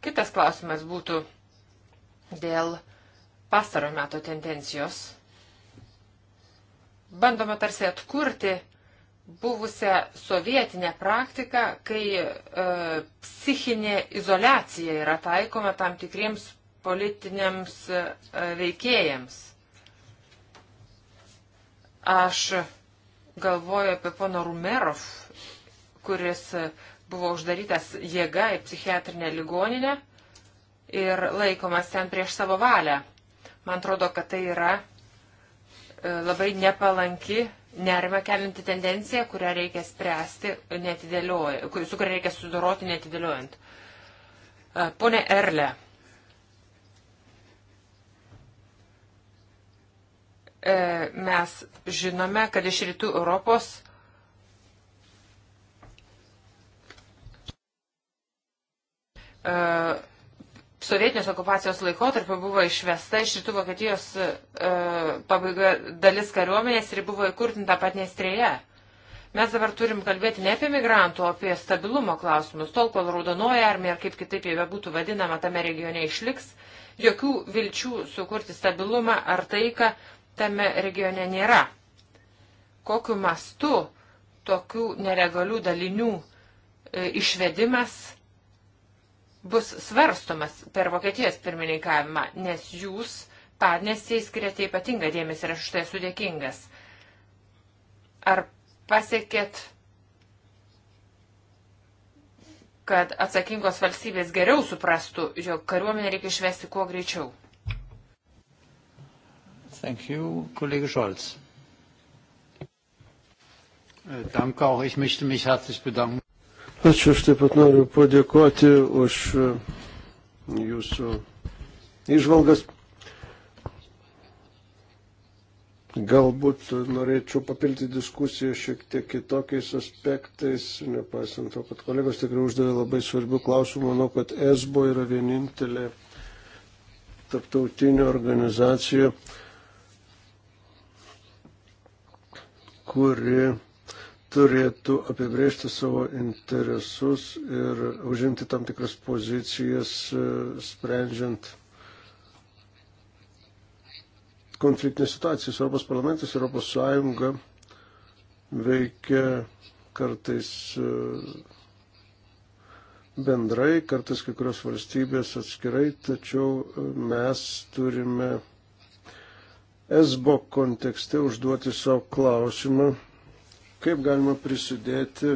Kitas klausimas būtų dėl pastaro meto tendencijos. Bandoma tarsi atkurti buvusią sovietinę praktiką, kai e, psichinė izolacija yra taikoma tam tikriems politiniams e, veikėjams. Aš galvoju apie pono Rumerov, kuris buvo uždarytas jėga į psichiatrinę ligoninę ir laikomas ten prieš savo valią. Man atrodo, kad tai yra e, labai nepalanki, nerima kelinti tendencija, kurią reikia spręsti netidėliojant, su kuria reikia sudoroti netidėliojant. E, pone Erle, E, mes žinome, kad iš rytų Europos e, sovietinės okupacijos laikotarpiu buvo išvesta iš rytų Vokietijos e, pabaiga dalis kariuomenės ir buvo įkurtinta patnestrėje. Mes dabar turim kalbėti ne apie migrantų, o apie stabilumo klausimus. Tol, kol raudonoji armija, ar kaip kitaip jie bebūtų vadinama, tame regione išliks, jokių vilčių sukurti stabilumą ar taiką tame regione nėra. Kokiu mastu tokių nelegalių dalinių e, išvedimas bus svarstomas per Vokietijos pirmininkavimą, nes jūs padnesiai skiriate ypatingą dėmesį ir aš už tai esu dėkingas. Ar pasiekėt, kad atsakingos valstybės geriau suprastų, jog kariuomenę reikia išvesti kuo greičiau? Thank you. Kollege Scholz. Äh, danke auch. Ich möchte mich herzlich bedanken. Ačiū, aš taip pat noriu padėkoti už e, jūsų išvalgas. Galbūt norėčiau papilti diskusiją šiek tiek kitokiais aspektais, nepaisant to, kad kolegos tikrai uždavė labai svarbių klausimų. Manau, kad ESBO yra vienintelė tarptautinė organizacija, kuri turėtų apibrėžti savo interesus ir užimti tam tikras pozicijas, e, sprendžiant konfliktinės situacijas. Europos parlamentas, Europos Sąjunga veikia kartais e, bendrai, kartais kai kurios valstybės atskirai, tačiau mes turime ESBO kontekste užduoti savo klausimą, kaip galima prisidėti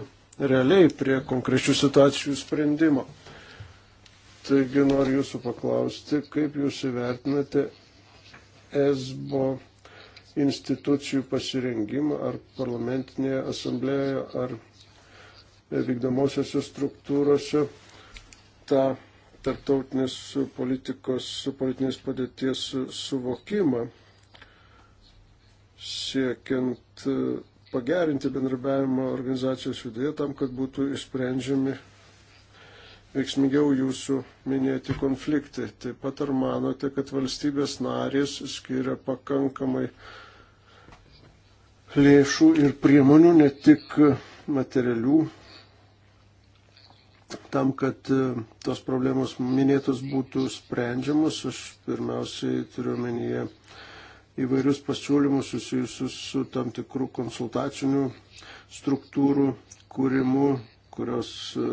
realiai prie konkrečių situacijų sprendimo. Taigi noriu jūsų paklausti, kaip jūs įvertinate ESBO institucijų pasirengimą ar parlamentinėje asamblėje ar vykdomosiose struktūrose tą tarptautinės politikos, politinės padėties suvokimą siekiant e, pagerinti bendrabiavimą organizacijos viduje tam, kad būtų išsprendžiami veiksmingiau jūsų minėti konfliktai. Taip pat ar manote, kad valstybės narės skiria pakankamai lėšų ir priemonių, ne tik materialių, tam, kad e, tos problemos minėtos būtų sprendžiamos? Aš pirmiausiai turiu menyje įvairius pasiūlymus susijusius su tam tikrų konsultacinių struktūrų kūrimu, kurios e,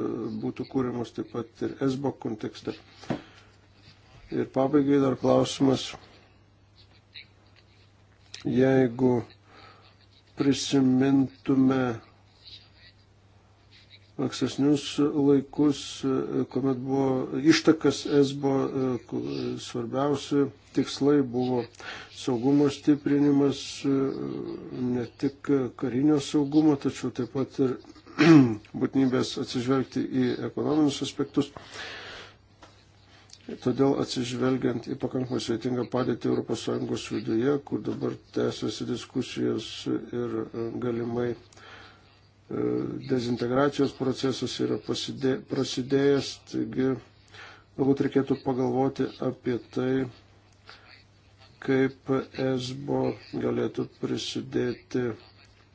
būtų kūrimos taip pat ir ESBO kontekste. Ir pabaigai dar klausimas, jeigu prisimintume ankstesnius laikus, kuomet buvo ištakas esbo, svarbiausi tikslai buvo saugumo stiprinimas, ne tik karinio saugumo, tačiau taip pat ir būtinybės atsižvelgti į ekonominius aspektus. Todėl atsižvelgiant į pakankamai sveitingą padėtį ES viduje, kur dabar tęsiasi diskusijos ir galimai uh, E, dezintegracijos procesas yra prasidė, prasidėjęs, taigi galbūt reikėtų pagalvoti apie tai, kaip ESBO galėtų prisidėti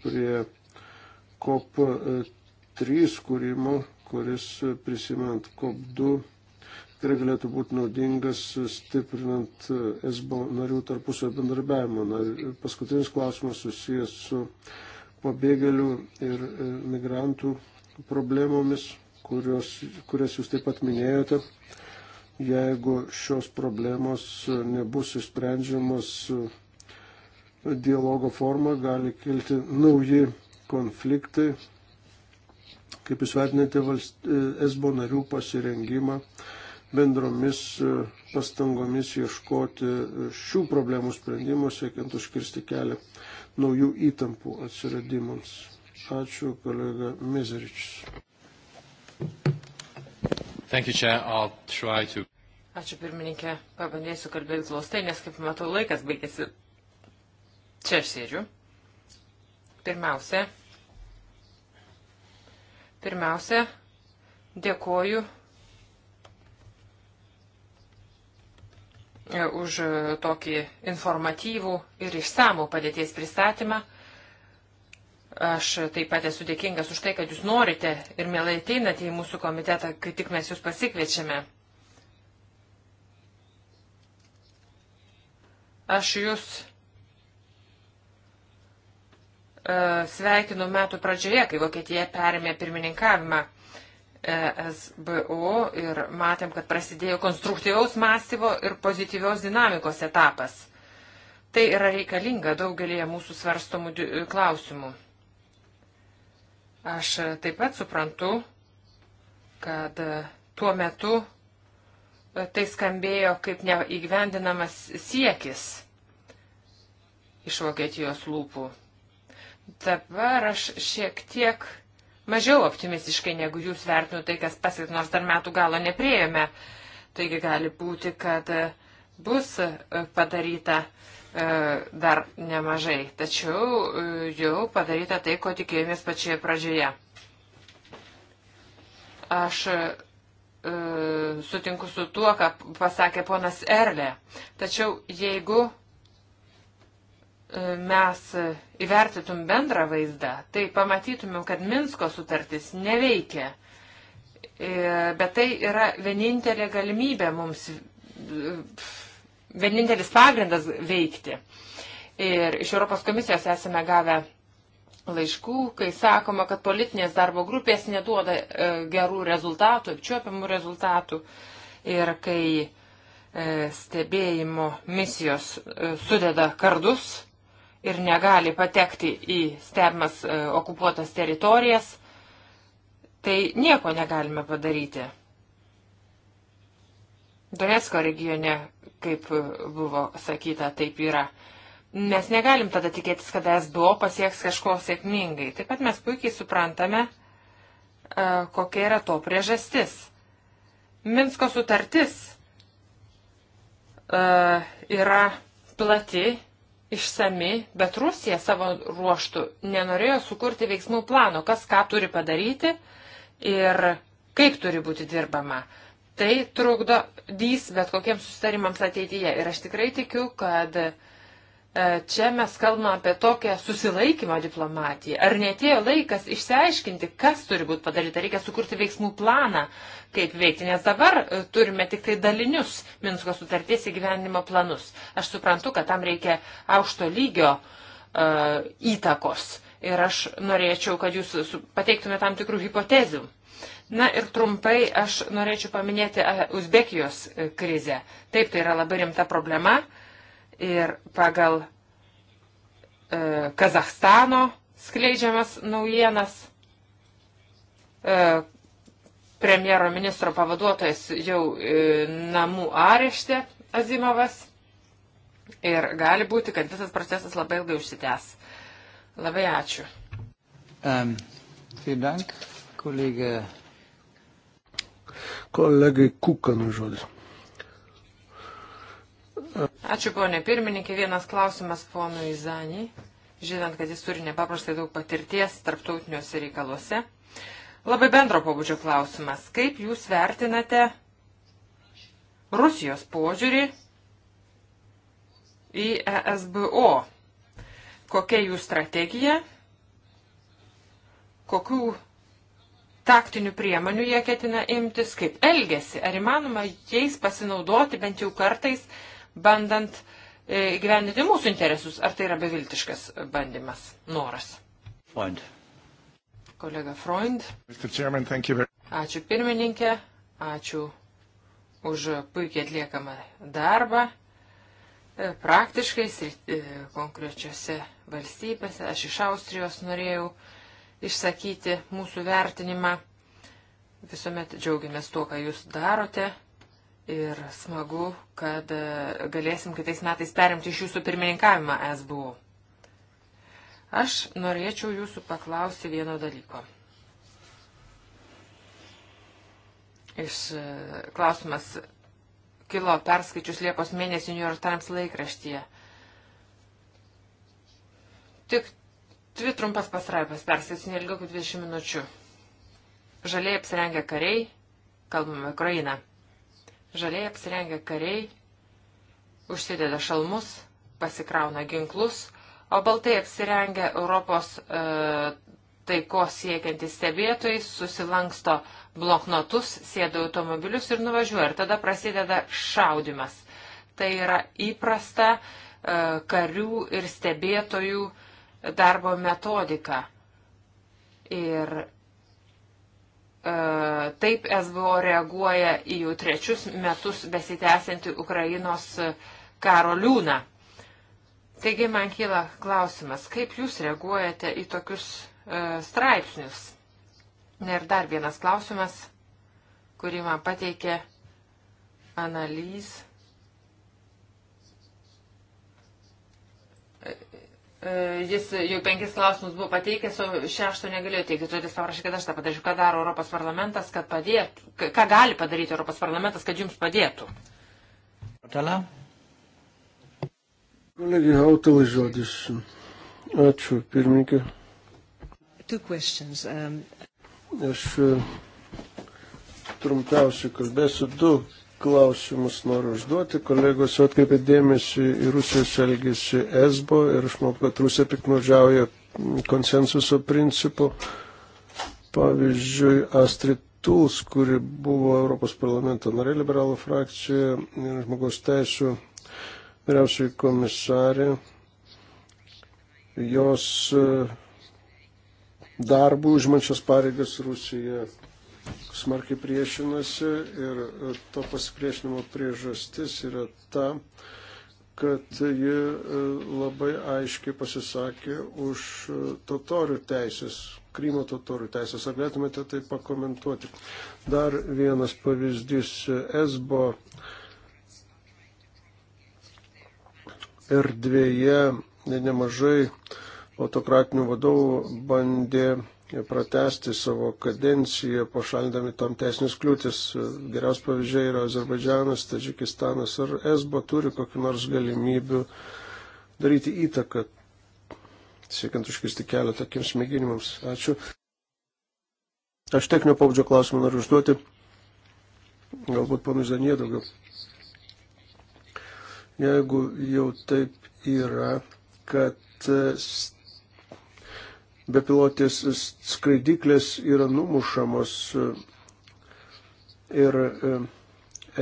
prie COP3 kūrimo, kuris prisimant COP2 tikrai galėtų būti naudingas stiprinant ESBO narių tarpusio bendarbiavimą. Na, paskutinis klausimas susijęs su pabėgėlių ir migrantų problemomis, kurios, kurias jūs taip pat minėjote. Jeigu šios problemos nebus išsprendžiamos e, dialogo forma, gali kilti nauji konfliktai. Kaip jūs vertinate e, esbo narių pasirengimą bendromis e, pastangomis ieškoti šių problemų sprendimų, siekiant užkirsti kelią naujų įtampų atsiradimams. Ačiū, kolega Mizeričius. To... Ačiū pirmininkė, pabandėsiu kalbėti glaustai, nes kaip matau laikas baigėsi. Čia aš sėdžiu. Pirmiausia, pirmiausia, dėkoju E, už e, tokį informatyvų ir išsamų padėties pristatymą. Aš taip pat esu dėkingas už tai, kad jūs norite ir mielai ateinate į mūsų komitetą, kai tik mes jūs pasikviečiame. Aš jūs e, sveikinu metų pradžioje, kai Vokietija perėmė pirmininkavimą. ESBO ir matėm, kad prasidėjo konstruktyvaus mąstymo ir pozityvios dinamikos etapas. Tai yra reikalinga daugelėje mūsų svarstomų klausimų. Aš taip pat suprantu, kad tuo metu tai skambėjo kaip neįgyvendinamas siekis iš Vokietijos lūpų. Dabar aš šiek tiek mažiau optimistiškai, negu jūs vertinu tai, kas pasiekt, nors dar metų galo nepriejome. Taigi gali būti, kad e, bus e, padaryta e, dar nemažai, tačiau jau padaryta tai, ko tikėjomės pačioje pradžioje. Aš sutinku su tuo, ką pasakė ponas Erlė. Tačiau jeigu mes įvertytum bendrą vaizdą, tai pamatytumėm, kad Minsko sutartis neveikia. Bet tai yra vienintelė galimybė mums, vienintelis pagrindas veikti. Ir iš Europos komisijos esame gavę laiškų, kai sakoma, kad politinės darbo grupės neduoda e, gerų rezultatų, apčiuopiamų rezultatų. Ir kai e, stebėjimo misijos e, sudeda kardus, ir negali patekti į stebimas e, okupuotas teritorijas, tai nieko negalime padaryti. Donetsko regione, kaip buvo sakyta, taip yra. Mes negalim tada tikėtis, kad SBO pasieks kažko sėkmingai. Taip pat mes puikiai suprantame, e, kokia yra to priežastis. Minsko sutartis e, yra plati išsami, bet Rusija savo ruoštų nenorėjo sukurti veiksmų plano, kas ką turi padaryti ir kaip turi būti dirbama. Tai trukdo dys bet kokiems sustarimams ateityje. Ir aš tikrai tikiu, kad uh, E, čia mes kalbame apie tokią susilaikymo diplomatiją. Ar netėjo laikas išsiaiškinti, kas turi būti padaryta? Reikia sukurti veiksmų planą, kaip veikti, nes dabar e, turime tik tai dalinius Minsko sutarties įgyvenimo planus. Aš suprantu, kad tam reikia aukšto lygio uh, įtakos ir aš norėčiau, kad jūs pateiktume tam tikrų hipotezių. Na ir trumpai aš norėčiau paminėti Uzbekijos krizę. Taip, tai yra labai rimta problema. Uh, ir pagal e, Kazahstano skleidžiamas naujienas. E, premjero ministro pavaduotojas jau e, namų arešte Azimovas ir gali būti, kad visas procesas labai ilgai užsitęs. Labai ačiū. Um, dank, kolegė. Kolegai Kukanų žodis. Ačiū, ponė pirmininkė. Vienas klausimas ponui Zanį, žinant, kad jis turi nepaprastai daug patirties tarptautiniuose reikaluose. Labai bendro pobūdžio klausimas. Kaip jūs vertinate Rusijos požiūrį į ESBO? Kokia jų strategija? Kokių taktinių priemonių jie ketina imtis, kaip elgesi, ar įmanoma jais pasinaudoti bent jau kartais, bandant e, įgyvendinti mūsų interesus. Ar tai yra beviltiškas bandymas, noras? Freund. Kolega Freund. Chairman, ačiū pirmininkė, ačiū už puikiai atliekamą darbą e, praktiškai e, konkrečiose valstybėse. Aš iš Austrijos norėjau išsakyti mūsų vertinimą. Visuomet džiaugiamės tuo, ką jūs darote. Ir smagu, kad e, galėsim kitais metais perimti iš jūsų pirmininkavimą SBU. Aš norėčiau jūsų paklausti vieno dalyko. Iš e, klausimas kilo perskaičius Liepos mėnesį New York Times laikraštyje. Tik dvi trumpas pasraipas perskaičius neilgiau kaip 20 minučių. Žaliai apsirengę kariai, kalbame Ukrainą. Žaliai apsirengia kariai, užsideda šalmus, pasikrauna ginklus, o baltai apsirengia Europos e, taikos siekiantys stebėtojai, susilanksto bloknotus, sėda automobilius ir nuvažiuoja. Ir tada prasideda šaudimas. Tai yra įprasta e, karių ir stebėtojų darbo metodika. Ir E, taip SBO reaguoja į jau trečius metus besitęsianti Ukrainos karo liūną. Taigi man kyla klausimas, kaip jūs reaguojate į tokius e, straipsnius? Na ir dar vienas klausimas, kurį man pateikė analiz E, jis jau penkis klausimus buvo pateikęs, o šešto negalėjo teikti. Todėl jis paprašė, kad aš tą padaryčiau. Ką daro Europos parlamentas, kad padėtų? Ką gali padaryti Europos parlamentas, kad jums padėtų? Tala. Kolegi Hautalai žodis. Ačiū, pirmininkė. Um... Aš e, trumpiausiai kalbėsiu du klausimus noriu užduoti. Kolegos atkreipė dėmesį į Rusijos elgesį ESBO ir aš manau, kad Rusija piknaudžiauja konsensuso principu. Pavyzdžiui, Astrid Tuls, kuri buvo Europos parlamento narė liberalų frakcija ir žmogaus teisų vyriausiai komisarė, jos e, darbų užmančios pareigas Rusija smarkiai priešinasi ir to pasipriešinimo priežastis yra ta, kad ji e, labai aiškiai pasisakė už e, totorių teisės, Krymo totorių teisės. Ar galėtumėte tai pakomentuoti? Dar vienas pavyzdys Esbo erdvėje nemažai autokratinių vadovų bandė pratesti savo kadenciją, pašaldami tam teisinės kliūtis. Geriausi pavyzdžiai yra Azerbaidžianas, Tadžikistanas ar Esbo turi kokiu nors galimybių daryti įtaką, siekiant užkirsti kelią tokiems mėginimams. Ačiū. Aš techninio pabudžio klausimą noriu užduoti. Galbūt panus Danie daugiau. Jeigu jau taip yra, kad bepilotės skraidiklės yra numušamos ir e,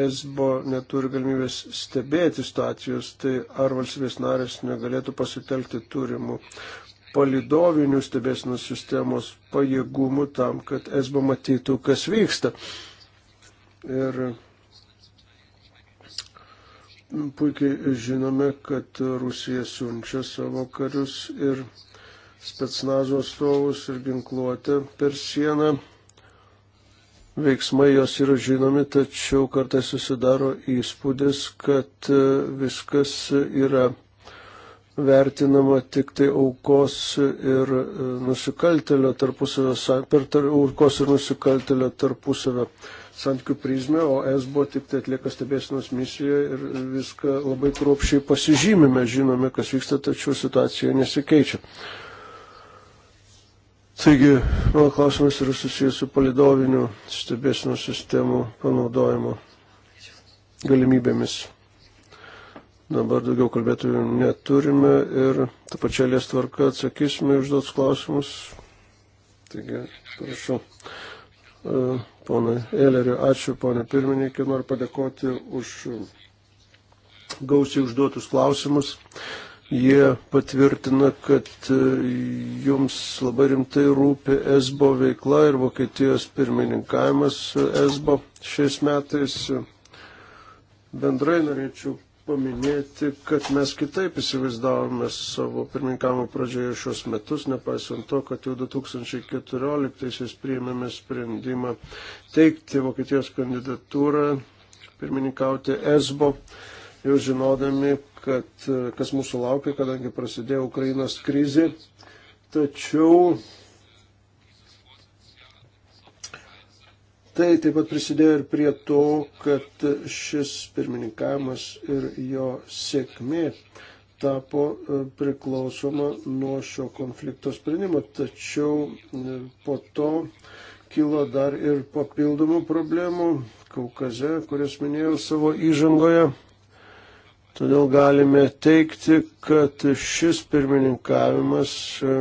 esbo neturi galimybės stebėti situacijos, tai ar valstybės narės negalėtų pasitelkti turimų palidovinių stebėsinos sistemos pajėgumų tam, kad esbo matytų, kas vyksta. Ir puikiai žinome, kad Rusija siunčia savo karius ir spetsnazo atstovus ir ginkluotę per sieną. Veiksmai jos yra žinomi, tačiau kartais susidaro įspūdis, kad e, viskas yra vertinama tik tai aukos ir e, nusikaltelio tarpusavio, per tar, aukos ir nusikaltelio tarpusavio santykių prizmę, o esbo tik tai atlieka stebėsinos misiją ir viską labai kruopšiai pasižymime, žinome, kas vyksta, tačiau situacija nesikeičia. Taigi, mano klausimas yra susijęs su palidoviniu stebėsino sistemų panaudojimo galimybėmis. Dabar daugiau kalbėtojų neturime ir tą pačią lės tvarką atsakysime užduotus klausimus. Taigi, prašau, e, ponai Eleriu, ačiū, ponai pirmininkai, noriu padėkoti už gausiai užduotus klausimus. Jie patvirtina, kad e, jums labai rimtai rūpi ESBO veikla ir Vokietijos pirmininkavimas ESBO šiais metais. Bendrai norėčiau paminėti, kad mes kitaip įsivaizdavome savo pirmininkavimo pradžioje šios metus, nepaisant to, kad jau 2014-aisiais priėmėme sprendimą teikti Vokietijos kandidatūrą pirmininkauti ESBO, jau žinodami, kad e, kas mūsų laukia, kadangi prasidėjo Ukrainos krizė. Tačiau tai taip pat prisidėjo ir prie to, kad šis pirmininkavimas ir jo sėkmė tapo e, priklausoma nuo šio konflikto sprendimo. Tačiau e, po to kilo dar ir papildomų problemų Kaukaze, kurias minėjau savo įžangoje. Todėl galime teikti, kad šis pirmininkavimas e,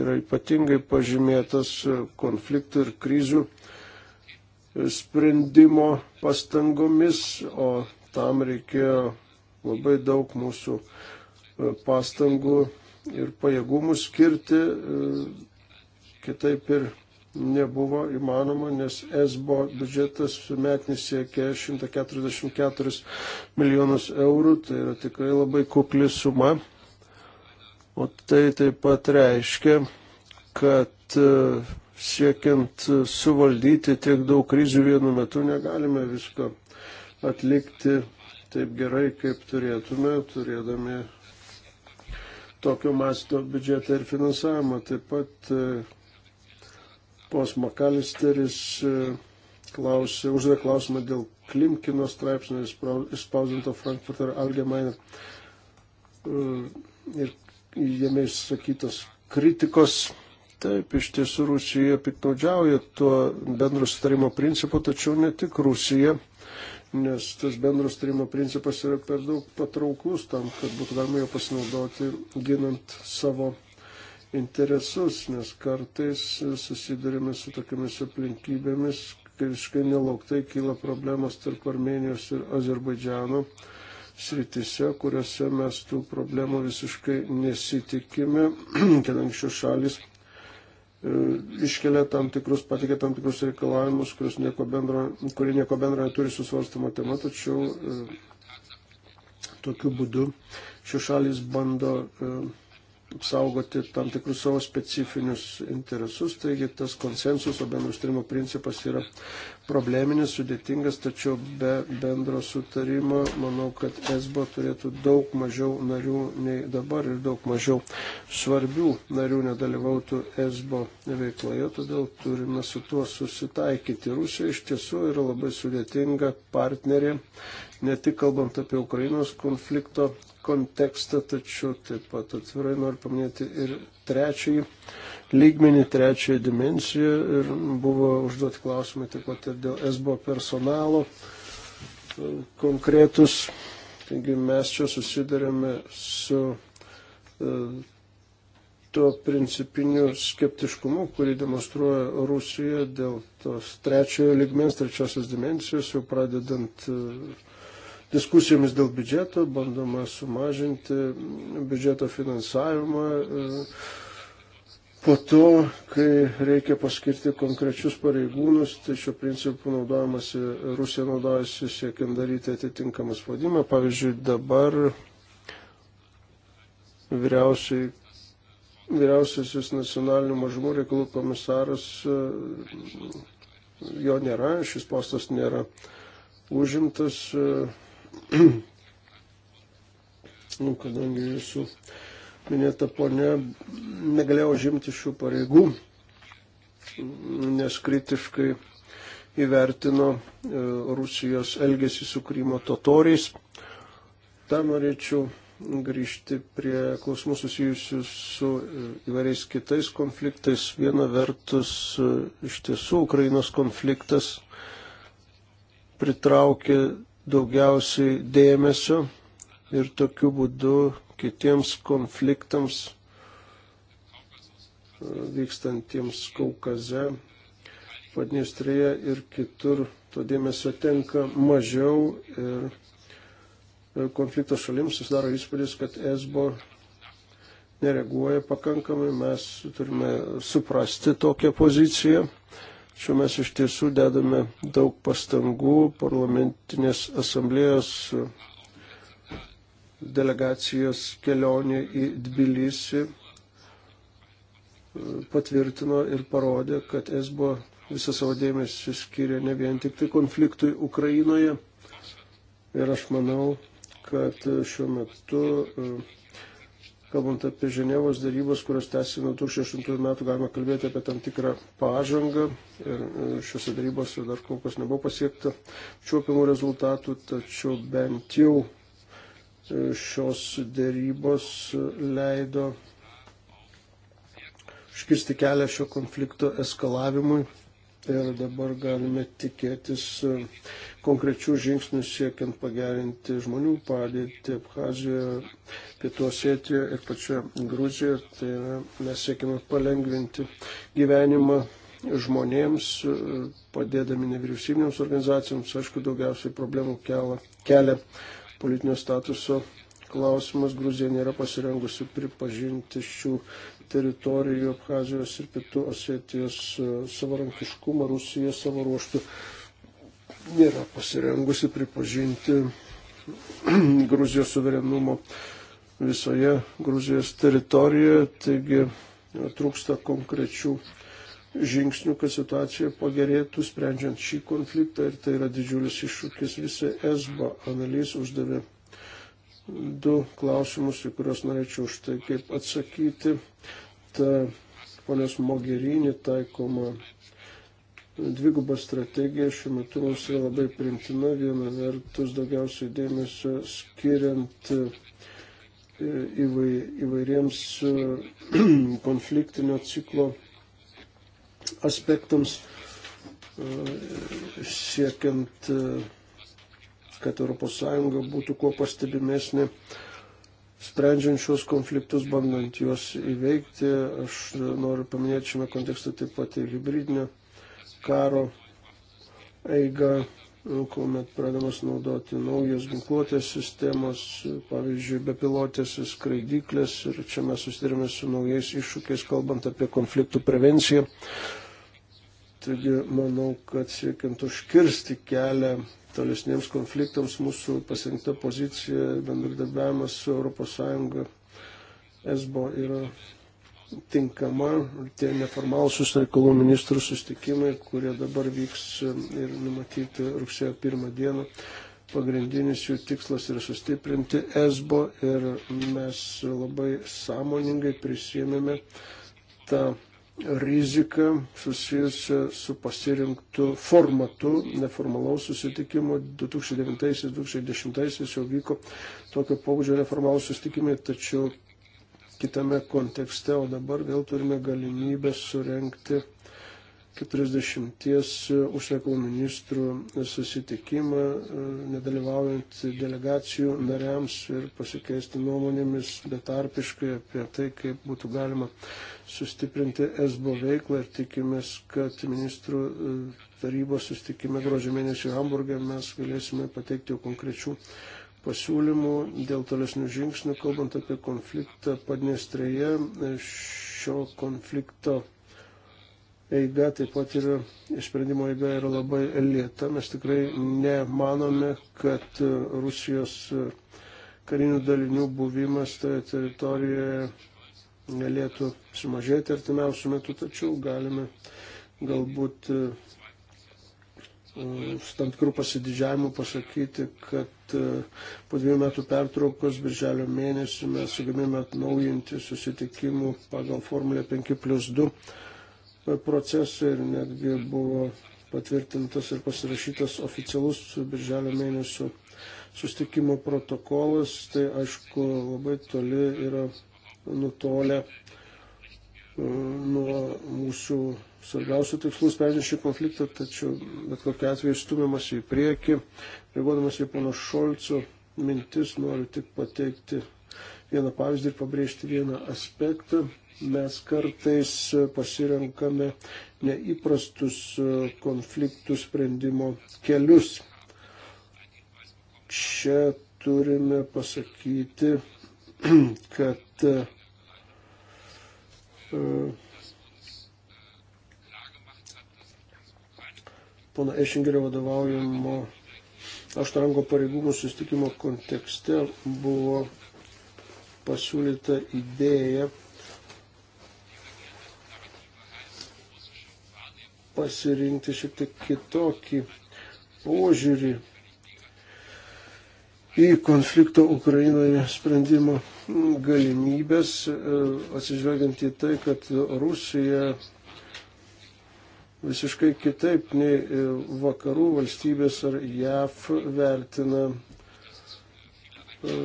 yra ypatingai pažymėtas e, konfliktų ir krizių e, sprendimo pastangomis, o tam reikėjo labai daug mūsų pastangų ir pajėgumų skirti, kitaip ir nebuvo įmanoma, nes SBO biudžetas metinis siekia 144 milijonus eurų, tai yra tikrai labai kukli suma. O tai taip pat reiškia, kad e, siekiant suvaldyti tiek daug krizių vienu metu negalime visko atlikti taip gerai, kaip turėtume, turėdami tokio masto biudžetą ir finansavimą. Taip pat e, Pos Makalisteris e, klausė, uždavė klausimą dėl Klimkino straipsnio išspausdinto Frankfurter Allgemeine e, ir jame išsakytos kritikos. Taip, iš tiesų Rusija piknaudžiauja tuo bendro sutarimo principu, tačiau ne tik Rusija, nes tas bendro sutarimo principas yra per daug patrauklus tam, kad būtų galima jo pasinaudoti ginant savo interesus, nes kartais susidurime su tokiamis aplinkybėmis, kai visiškai nelauktai kyla problemos tarp Armenijos ir Azerbaidžiano sritise, kuriuose mes tų problemų visiškai nesitikime, kadangi šios šalis e, iškelia tam tikrus, patikė tam tikrus reikalavimus, nieko bendro, kurie nieko bendro neturi su svarstama tema, tačiau e, tokiu būdu šios šalis bando uh, apsaugoti tam tikrus savo specifinius interesus, taigi tas konsensuso bendraustrimo principas yra probleminis, sudėtingas, tačiau be bendro sutarimo manau, kad ESBO turėtų daug mažiau narių nei dabar ir daug mažiau svarbių narių nedalyvautų ESBO veikloje, todėl turime su tuo susitaikyti. Rusija iš tiesų yra labai sudėtinga partnerė, ne tik kalbant apie Ukrainos konflikto kontekstą, tačiau taip pat atvirai noriu paminėti ir trečiąjį lygmenį, trečiąją dimensiją ir buvo užduoti klausimai taip pat ir dėl SBO personalo e, konkretus. Taigi mes čia susidarėme su e, tuo principiniu skeptiškumu, kurį demonstruoja Rusija dėl tos trečiojo ligmens, trečiosios dimensijos, jau pradedant uh, diskusijomis dėl biudžeto, bandoma sumažinti biudžeto finansavimą. E, po to, kai reikia paskirti konkrečius pareigūnus, tai šio principu naudojamasi, Rusija naudojasi siekiant daryti atitinkamą spaudimą. Pavyzdžiui, dabar vyriausiai vyriausiasis nacionalinių mažumų reikalų komisaras, e, jo nėra, šis postas nėra užimtas, e, Nu, kadangi jūsų minėta ponia negalėjo žimti šių pareigų, nes kritiškai įvertino e, Rusijos elgesį su Krymo totoriais. Tam norėčiau grįžti prie klausimų susijusių su e, įvairiais kitais konfliktais. Viena vertus, e, iš tiesų, Ukrainos konfliktas pritraukė daugiausiai dėmesio ir tokiu būdu kitiems konfliktams e, vykstantiems Kaukaze, Padniestrėje ir kitur to dėmesio tenka mažiau ir e, konflikto šalims susidaro įspūdis, kad esbo nereaguoja pakankamai, mes turime suprasti tokią poziciją Šiuo mes iš tiesų dedame daug pastangų parlamentinės asamblėjos delegacijos kelionė į Tbilisi patvirtino ir parodė, kad esbo visą savo dėmesį skiria ne vien tik tai konfliktui Ukrainoje. Ir aš manau, kad šiuo metu uh, kalbant apie Ženevos darybos, kurios tęsiasi nuo 2008 metų, galima kalbėti apie tam tikrą pažangą. Ir e, šiuose darybose dar kol kas nebuvo pasiekta čiuopimų rezultatų, tačiau bent jau e, šios darybos leido iškirsti kelią šio konflikto eskalavimui ir dabar galime tikėtis e, konkrečių žingsnių siekiant pagerinti žmonių padėtį Abhazijoje, Pietų Osetijoje ir pačioje Gruzijoje. Tai yra, mes siekime palengvinti gyvenimą žmonėms, e, padėdami nevyriausybinėms organizacijoms, aišku, daugiausiai problemų kelia, kelia politinio statuso klausimas. Gruzija nėra pasirengusi pripažinti šių teritorijų Abhazijos ir Pietų Osetijos e, savarankiškumą Rusija savo ruoštų nėra pasirengusi pripažinti Gruzijos suverenumo visoje Gruzijos teritorijoje, taigi e, trūksta konkrečių žingsnių, kad situacija pagerėtų, sprendžiant šį konfliktą ir tai yra didžiulis iššūkis. Visi ESBA analys uždavė du klausimus, į kuriuos norėčiau už tai kaip atsakyti. E, ponios Mogherini taikoma dviguba strategija šiuo metu mums yra labai primtina. Viena vertus daugiausiai dėmesio skiriant e, įvairiems e, konfliktinio ciklo aspektams, siekiant, kad ES būtų kuo pastebimesnė sprendžiant šios konfliktus, bandant juos įveikti. Aš noriu paminėti šiame kontekste taip pat ir hybridinio karo eigą, kuomet pradamas naudoti naujas ginkluotės sistemos, pavyzdžiui, bepilotės skraidyklės ir čia mes susidurime su naujais iššūkiais, kalbant apie konfliktų prevenciją. Taigi manau, kad siekiant užkirsti kelią tolesniems konfliktams mūsų pasirinkta pozicija, bendradarbiavimas su ES, ESBO yra tinkama, tie neformalūs užsienio reikalų ministrų sustikimai, kurie dabar vyks ir numatyti rugsėjo pirmą dieną. Pagrindinis jų tikslas yra sustiprinti ESBO ir mes labai sąmoningai prisėmėme tą riziką susijusią su pasirinktu formatu neformalaus susitikimo. 2009-2010 jau vyko tokio pobūdžio neformalus susitikimai, tačiau kitame kontekste, o dabar vėl turime galimybę surenkti 40 e, užsienio ministrų susitikimą, e, nedalyvaujant delegacijų nariams ir pasikeisti nuomonėmis betarpiškai apie tai, kaip būtų galima sustiprinti SBO veiklą ir tikimės, kad ministrų e, tarybos susitikime gruodžio mėnesį Hamburgė mes galėsime pateikti jau konkrečių pasiūlymų dėl tolesnių žingsnių, kalbant apie konfliktą Padnestrėje, šio konflikto eiga, taip pat ir išsprendimo eiga yra labai lėta. Mes tikrai nemanome, kad Rusijos karinių dalinių buvimas toje teritorijoje galėtų sumažėti artimiausių metų, tačiau galime galbūt e, su tam tikrų pasididžiavimų pasakyti, kad e, po dviejų metų pertraukos birželio mėnesį mes sugebėjome atnaujinti susitikimų pagal formulę 5 plus 2 procesui ir netgi buvo patvirtintas ir pasirašytas oficialus birželio mėnesio sustikimo protokolas, tai aišku labai toli yra nutolę e, nuo mūsų svarbiausių tikslų sprendžiant šį konfliktą, tačiau bet kokia atveju stumiamas į priekį. Reaguodamas į pono Šolco mintis, noriu tik pateikti vieną pavyzdį ir pabrėžti vieną aspektą mes kartais pasirenkame neįprastus konfliktų sprendimo kelius. Čia turime pasakyti, kad e, pono Ešingerio vadovaujamo aštrango pareigūnų sustikimo kontekste buvo pasiūlyta idėja pasirinkti šiek tiek kitokį požiūrį į konflikto Ukrainoje sprendimo galimybės, e, atsižvelgiant į tai, kad Rusija visiškai kitaip nei e, vakarų valstybės ar JAF vertina E,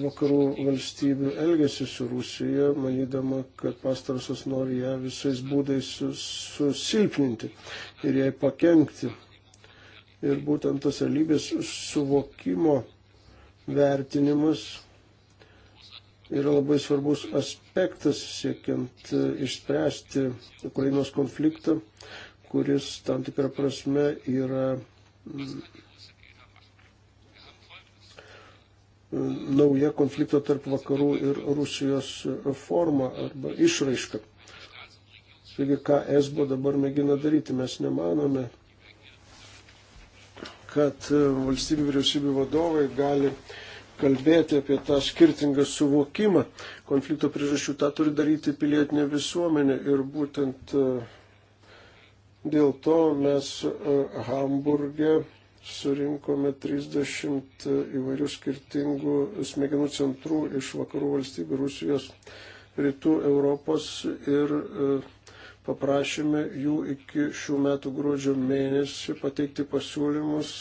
vakarų valstybių elgesi su Rusija, manydama, kad pastarosios nori ją visais būdais susilpninti ir jai pakengti. Ir būtent tas realybės suvokimo vertinimas yra labai svarbus aspektas siekiant e, išspręsti Ukrainos konfliktą, kuris tam tikrą prasme yra nauja konflikto tarp vakarų ir Rusijos forma arba išraiška. Taigi, ką esbo dabar mėgina daryti, mes nemanome, kad e, valstybių vyriausybių vadovai gali kalbėti apie tą skirtingą suvokimą. Konflikto priežasčių tą turi daryti pilietinė visuomenė ir būtent e, dėl to mes Hamburgė e surinkome 30 įvairių skirtingų smegenų centrų iš vakarų valstybių Rusijos, rytų Europos ir e, paprašėme jų iki šių metų gruodžio mėnesį pateikti pasiūlymus,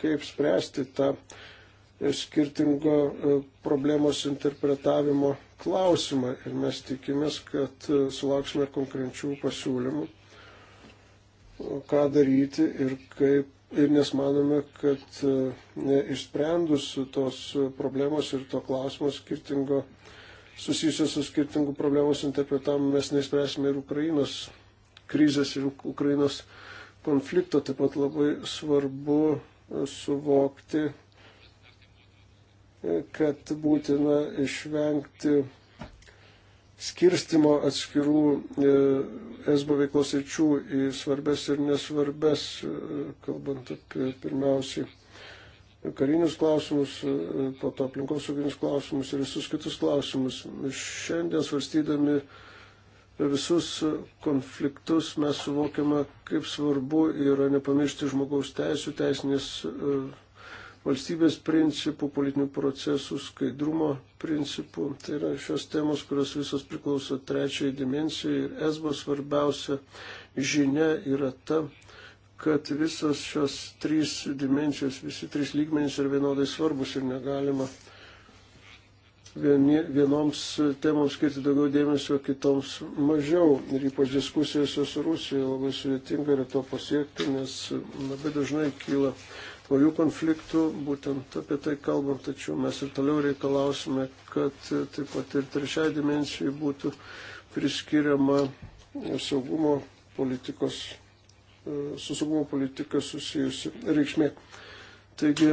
kaip spręsti tą e, skirtingo e, problemos interpretavimo klausimą. Ir mes tikimės, kad sulauksime konkrečių pasiūlymų, ką daryti ir kaip Ir nes manome, kad e, išsprendus tos problemos ir to klausimo skirtingo, susijusios su skirtingų problemos interpretavimu, mes neįspręsime ir Ukrainos krizės ir Ukrainos konflikto. Taip pat labai svarbu e, suvokti, e, kad būtina išvengti skirstimo atskirų e, esbo veiklos ryčių į svarbes ir nesvarbes, e, kalbant apie pirmiausiai karinius klausimus, e, po to aplinkosauginius klausimus ir visus kitus klausimus. Šiandien svarstydami visus konfliktus mes suvokiame, kaip svarbu yra nepamiršti žmogaus teisų, teisinės valstybės principų, politinių procesų, skaidrumo principų. Tai yra šios temos, kurios visos priklauso trečiai dimensijai ir esbo svarbiausia žinia yra ta, kad visos šios trys dimensijos, visi trys lygmenys yra vienodai svarbus ir negalima vieni, vienoms temoms skirti daugiau dėmesio, kitoms mažiau. Ir ypač diskusijose su Rusija labai sudėtinga yra to pasiekti, nes labai dažnai kyla naujų konfliktų, būtent apie tai kalbam, tačiau mes ir toliau reikalausime, kad taip pat ir trečiai dimensijai būtų priskiriama saugumo politikos, e, su saugumo politika susijusi reikšmė. Taigi,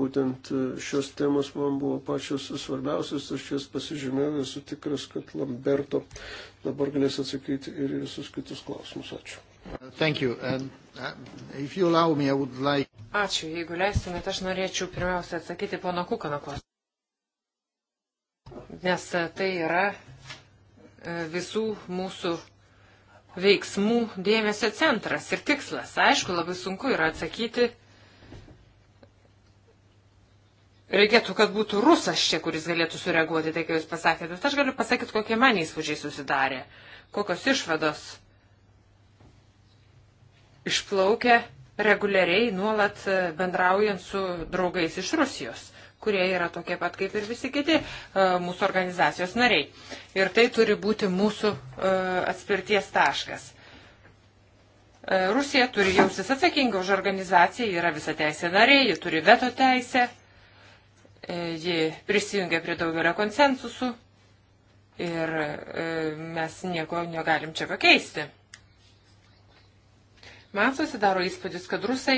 būtent e, šios temos man buvo pačios svarbiausios, aš jas pasižymėjau, esu tikras, kad Lamberto dabar galės atsakyti ir visus kitus klausimus. Ačiū. Uh, me, like... Ačiū. Jeigu leistumėte, aš norėčiau pirmiausia atsakyti pono Kukano klausimą. Nes uh, tai yra uh, visų mūsų veiksmų dėmesio centras ir tikslas. Aišku, labai sunku yra atsakyti. Reikėtų, kad būtų rusas čia, kuris galėtų sureaguoti tai, ką jūs pasakėte. Bet aš galiu pasakyti, kokie man įspūdžiai susidarė, kokios išvados išplaukia reguliariai nuolat e, bendraujant su draugais iš Rusijos, kurie yra tokie pat kaip ir visi kiti e, mūsų organizacijos nariai. Ir tai turi būti mūsų e, atspirties taškas. Rusija turi jausis atsakinga už organizaciją, yra visa teisė nariai, ji turi veto teisę, ji prisijungia prie daugelio konsensusų ir mes nieko negalim čia pakeisti. Man susidaro įspūdis, kad rusai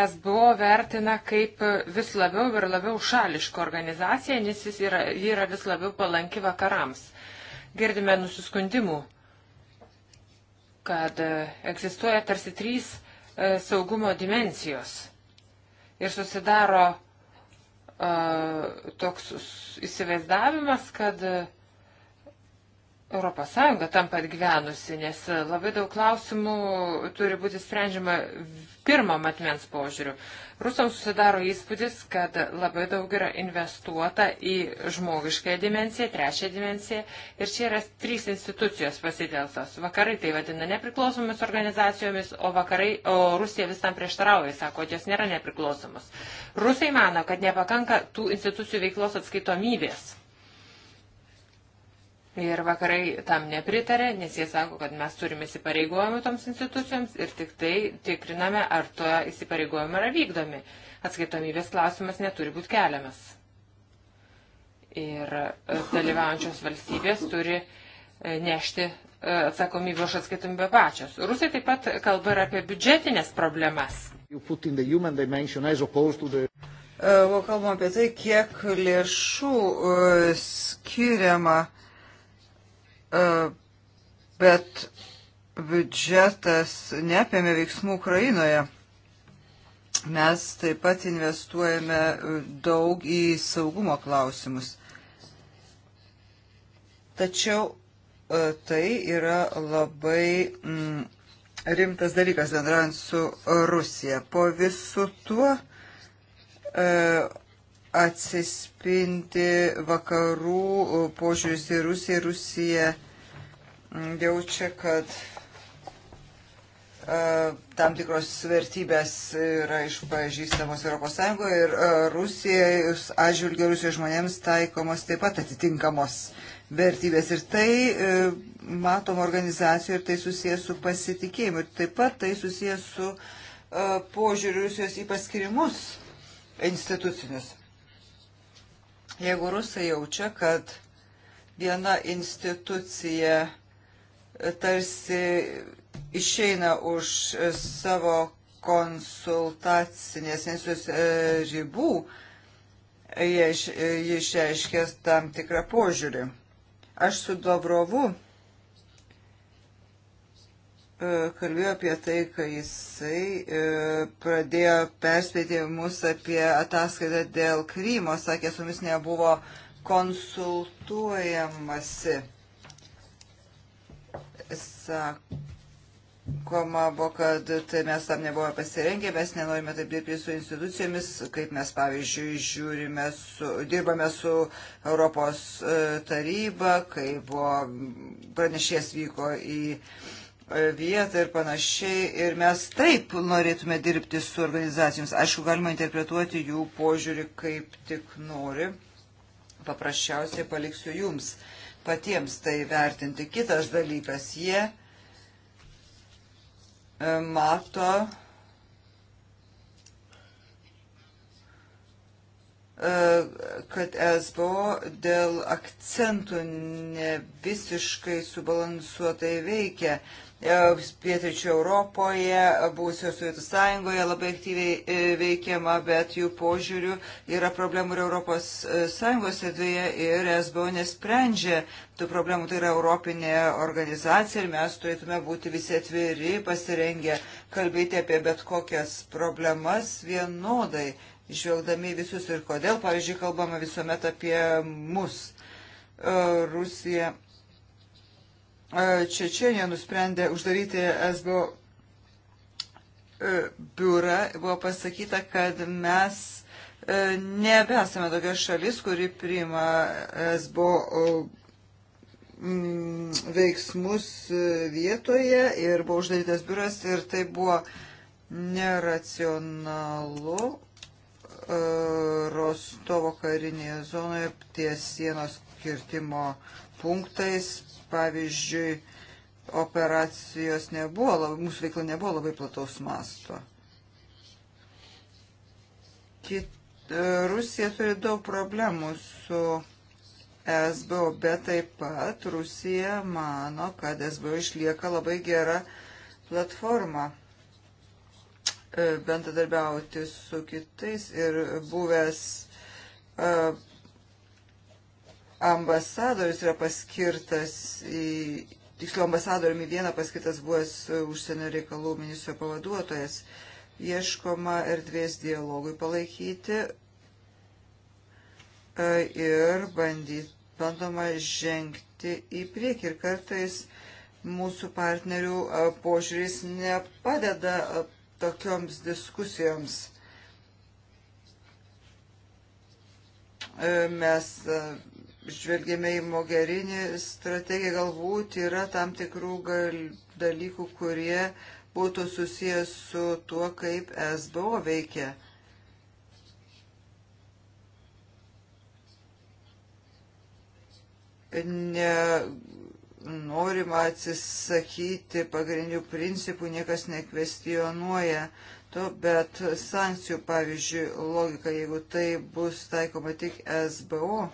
SBO vertina kaip vis labiau ir labiau šališką organizaciją, nes jis yra, yra vis labiau palanki vakarams. Girdime nusiskundimų, kad e, egzistuoja tarsi trys e, saugumo dimensijos ir susidaro e, toks įsivaizdavimas, kad e, Europos Sąjunga tampa atgyvenusi, nes labai daug klausimų turi būti sprendžiama pirmo matmens požiūriu. Rusams susidaro įspūdis, kad labai daug yra investuota į žmogiškąją dimenciją, trečią dimenciją ir čia yra trys institucijos pasiteltos. Vakarai tai vadina nepriklausomomis organizacijomis, o, vakarai, o Rusija visam prieštarauja, sako, jos nėra nepriklausomos. Rusai mano, kad nepakanka tų institucijų veiklos atskaitomybės Ir vakarai tam nepritarė, nes jie sako, kad mes turime įsipareigojimų toms institucijoms ir tik tai tikriname, ar to įsipareigojimai yra vykdomi. Atskaitomybės klausimas neturi būti keliamas. Ir e, dalyvaujančios valstybės turi e, nešti e, atsakomybę už atskaitomybę pačios. Rusai taip pat kalba ir apie biudžetinės problemas. Kalbam apie tai, kiek lėšų skiriama uh, E, bet biudžetas neapėmė veiksmų Ukrainoje. Mes taip pat investuojame daug į saugumo klausimus. Tačiau e, tai yra labai mm, rimtas dalykas bendraujant su Rusija. Po visu tuo e, atsispinti vakarų požiūris į Rusiją. Rusija jaučia, kad uh, tam tikros vertybės yra išpažįstamos ES ir uh, Rusijos atžvilgių Rusijos žmonėms taikomos taip pat atitinkamos vertybės. Ir tai uh, e, matom organizacijų ir tai susijęs su pasitikėjimu. Ir taip pat tai susijęs su požiūriu Rusijos į paskirimus institucinius. Jeigu rusai jaučia, kad viena institucija tarsi išeina už savo konsultacinės institucijos e, ribų, jie e, išreiškės tam tikrą požiūrį. Aš su Dobrovu E, kalbėjo apie tai, kai jisai e, pradėjo perspėti mus apie ataskaitą dėl Krymo, sakė, su mumis nebuvo konsultuojamasi. Sakoma buvo, kad tai mes tam nebuvome pasirengę, mes nenorime taip dirbti su institucijomis, kaip mes, pavyzdžiui, žiūrime su, dirbame su Europos e, taryba, kai buvo pranešės vyko į uh, vietą ir panašiai. Ir mes taip norėtume dirbti su organizacijoms. Aišku, galima interpretuoti jų požiūrį kaip tik nori. Paprasčiausiai paliksiu jums patiems tai vertinti. Kitas dalykas, jie e, mato e, kad SBO dėl akcentų ne visiškai subalansuotai veikia. E, Pietričio Europoje, būsio Sovietų Sąjungoje labai aktyviai e, veikiama, bet jų požiūrių yra problemų ir Europos e, Sąjungos erdvėje ir SBO nesprendžia tų problemų. Tai yra Europinė organizacija ir mes turėtume būti visi atviri, pasirengę kalbėti apie bet kokias problemas vienodai, žvelgdami visus ir kodėl, pavyzdžiui, kalbama visuomet apie mus. Rusija E, Čečienija nusprendė uždaryti SBO e, biurą, buvo pasakyta, kad mes e, nebesame tokia šalis, kuri priima SBO veiksmus vietoje ir buvo uždarytas biuras ir tai buvo neracionalu. Rostovo karinėje zonoje ties sienos kirtimo punktais pavyzdžiui, operacijos nebuvo, labai, mūsų veikla nebuvo labai plataus masto. Kit, e, Rusija turi daug problemų su SBO, bet taip pat Rusija mano, kad SBO išlieka labai gera platforma e, bendradarbiauti su kitais ir buvęs e, ambasadorius yra paskirtas į, tiksliau ambasadoriumi vieną paskirtas buvęs užsienio reikalų ministro pavaduotojas. Ieškoma erdvės dialogui palaikyti e, ir bandyti, bandoma žengti į priekį. Ir kartais mūsų partnerių e, požiūris nepadeda e, tokioms diskusijoms. Mes žvelgėme į mogerinį strategiją, galbūt yra tam tikrų gal, dalykų, kurie būtų susijęs su tuo, kaip SBO veikia. Ne, norima atsisakyti pagrindinių principų, niekas nekvestionuoja to, bet sankcijų, pavyzdžiui, logika, jeigu tai bus taikoma tik SBO,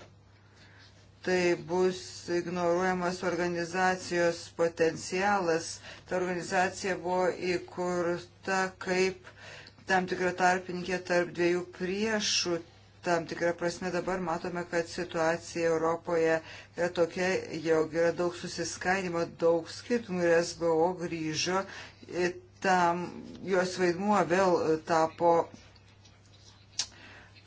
tai bus ignoruojamas organizacijos potencialas. Ta organizacija buvo įkurta kaip tam tikra tarpininkė tarp dviejų priešų. Tam tikrą prasme dabar matome, kad situacija Europoje yra tokia, jog yra daug susiskaidimo, daug skirtumų ir SBO grįžo. Tam jos vaidmuo vėl tapo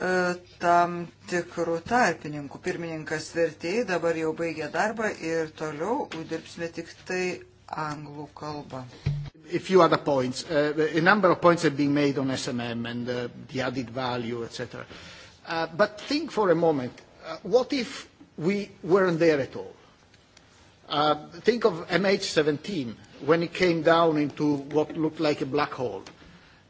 E, tam tikrų tarpininkų. Pirmininkas vertėjai dabar jau baigė darbą ir toliau dirbsime tik tai anglų kalbą. A few other points. Uh, a number of points have been made on SMM and uh, the added value, etc. Uh, but think for a moment, uh, what if we weren't there at all? Uh, think of MH17 when it came down into what looked like a black hole.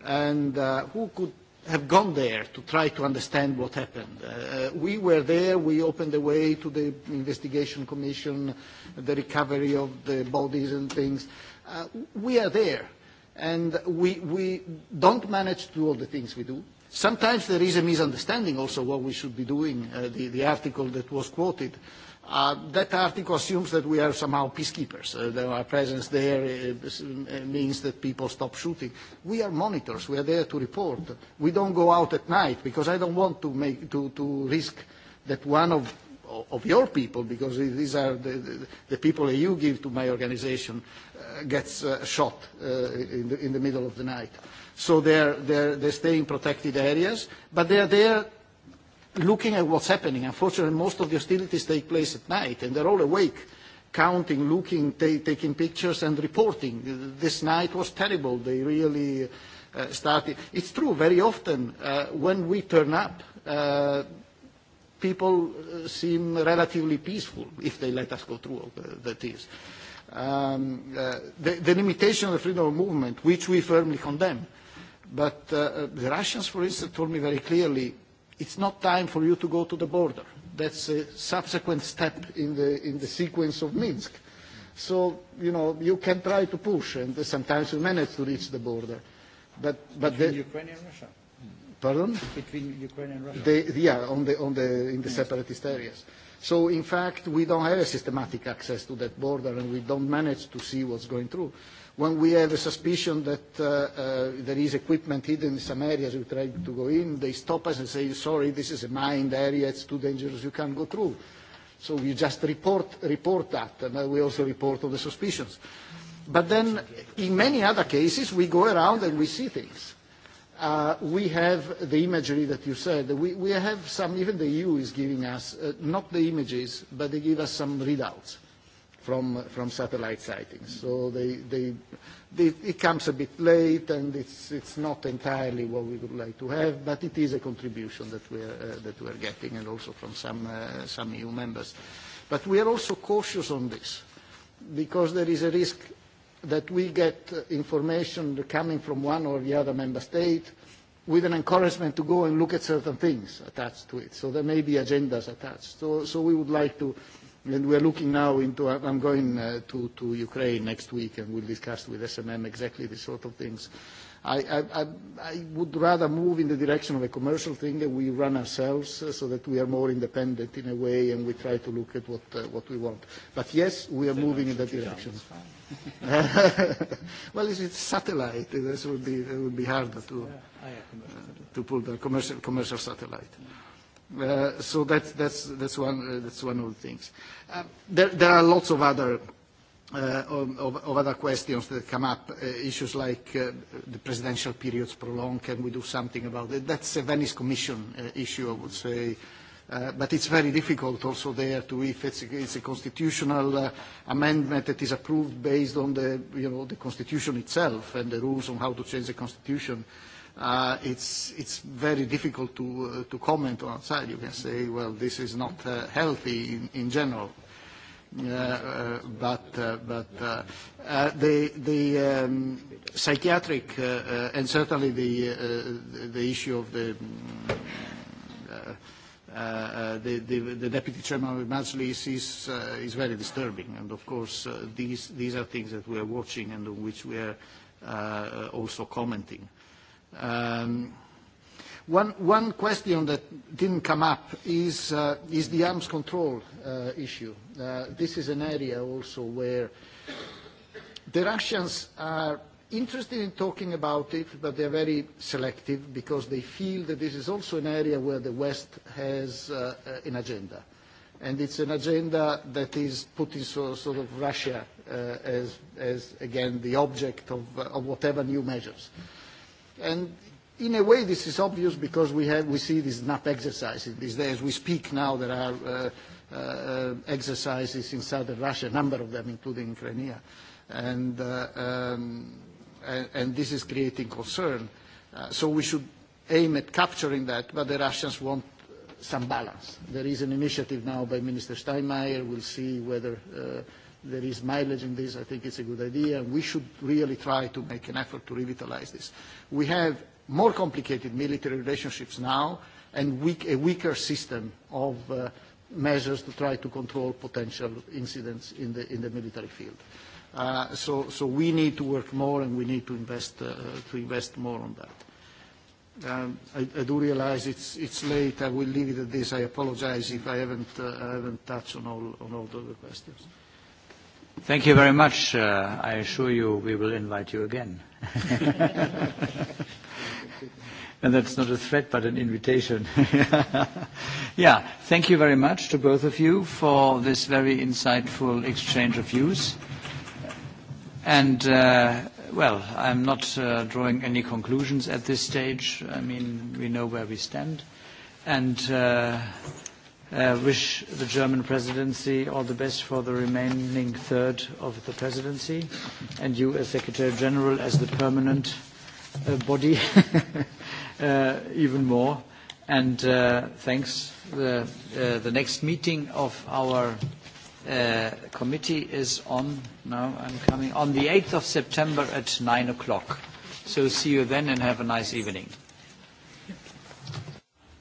And uh, who could have gone there to try to understand what happened. Uh, we were there, we opened the way to the investigation commission, the recovery of the bodies and things. Uh, we are there, and we, we don't manage to do all the things we do. Sometimes there is a misunderstanding also what we should be doing, uh, the, the article that was quoted. Uh, Uh, that article assumes that we are somehow peacekeepers. Uh, that our presence there uh, uh, means that people stop shooting. We are monitors. We are there to report. We don't go out at night because I don't want to, make, to, to risk that one of, of your people, because these are the, the, the people that you give to my organization, uh, gets uh, shot uh, in, the, in the middle of the night. So they're, they're, they stay in protected areas, but they are there looking at what's happening. Unfortunately, most of the hostilities take place at night, and they're all awake, counting, looking, ta taking pictures and reporting. This night was terrible. They really uh, started. It's true, very often uh, when we turn up, uh, people uh, seem relatively peaceful, if they let us go through, uh, that is. Um, uh, the, the limitation of the freedom of movement, which we firmly condemn. But uh, uh the Russians, for instance, told me very clearly it's not time for you to go to the border. That's a subsequent step in the, in the sequence of Minsk. So, you know, you can try to push, and sometimes you manage to reach the border. But, but Between the, Ukraine and Russia? Pardon? Between Ukraine and Russia? They, yeah, on the, on the, in the separatist areas. So, in fact, we don't have a systematic access to that border, and we don't manage to see what's going through. Uh, When we have a suspicion that uh, uh, there is equipment hidden in some areas, we try to go in, they stop us and say, sorry, this is a mined area, it's too dangerous, you can't go through. So we just report, report that, and we also report on the suspicions. But then in many other cases, we go around and we see things. Uh, we have the imagery that you said. We, we have some, even the EU is giving us, uh, not the images, but they give us some readouts. Uh, from, from satellite sightings. So they, they, they, it comes a bit late, and it's, it's not entirely what we would like to have, but it is a contribution that we are, uh, that we are getting, and also from some, uh, some EU members. But we are also cautious on this, because there is a risk that we get uh, information coming from one or the other member state with an encouragement to go and look at certain things attached to it. So there may be agendas attached. So, so we would like to, uh, And we're looking now into, I'm going uh, to, to Ukraine next week and we'll discuss with SMM exactly this sort of things. I, I, I, I would rather move in the direction of a commercial thing that we run ourselves uh, so that we are more independent in a way and we try to look at what, uh, what we want. But yes, we are so moving in that direction. well, it's, it's satellite. This would be, it would be harder to, uh, to pull the commercial, commercial satellite. Yeah. Mm-hmm. Uh, so that's, that's, that's, one, uh, that's one of the things. Uh, there, there are lots of other, uh, of, of other questions that come up, uh, issues like uh, the presidential periods prolonged, can we do something about it? That's a Venice Commission issue, I would say. But it's very difficult also there to, if it's, it's a constitutional amendment that is approved based on the, you know, the constitution itself and the rules on how to change the constitution, uh, it's, it's very difficult to, uh, to comment outside. You can say, well, this is not uh, healthy in, in general. Uh, uh, but uh, but uh, uh, the the um, psychiatric uh, uh, and certainly the uh, the issue of the uh, Uh, uh the, the, the deputy chairman of Majlis is, uh, is very disturbing. And of course, uh, these, these are things that we are watching and on which we are uh, also commenting. Um, one, one question that didn't come up is, uh, is the arms control uh, issue. Uh, this is an area also where the Russians are interested in talking about it, but they're very selective because they feel that this is also an area where the West has uh, uh an agenda. And it's an agenda that is putting so, sort of Russia uh, as, as, again, the object of, uh, of whatever new measures. Uh, And in a way, this is obvious because we, have, we see this NAP exercise these days. We speak now there are uh, uh, exercises in southern Russia, a number of them, including Crimea. And, uh, um, and, and this is creating concern. Uh, so we should aim at capturing that, but the Russians want some balance. There is an initiative now by Minister Steinmeier. We'll see whether uh, there is mileage in this. I think it's a good idea, and we should really try to make an effort to revitalize this. We have more complicated military relationships now and weak, a weaker system of uh, measures to try to control potential incidents in the, in the military field. Uh, so, so we need to work more and we need to invest, uh, to invest more on that. Um, I, I do realize it's, it's late. I will leave it at this. I apologize if I haven't, uh, I haven't touched on all, on all the questions. Thank you very much. Uh, I assure you we will invite you again. and that's not a threat, but an invitation. yeah, thank you very much to both of you for this very insightful exchange of views. And, uh, well, I'm not uh, drawing any conclusions at this stage. I mean, we know where we stand. And... Uh, uh, wish the German presidency all the best for the remaining third of the presidency, and you as Secretary General, as the permanent uh, body, uh, even more. And uh, thanks. The, uh, the next meeting of our uh, committee is on, now I'm coming, on the 8th of September at 9 o'clock. So see you then and have a nice evening.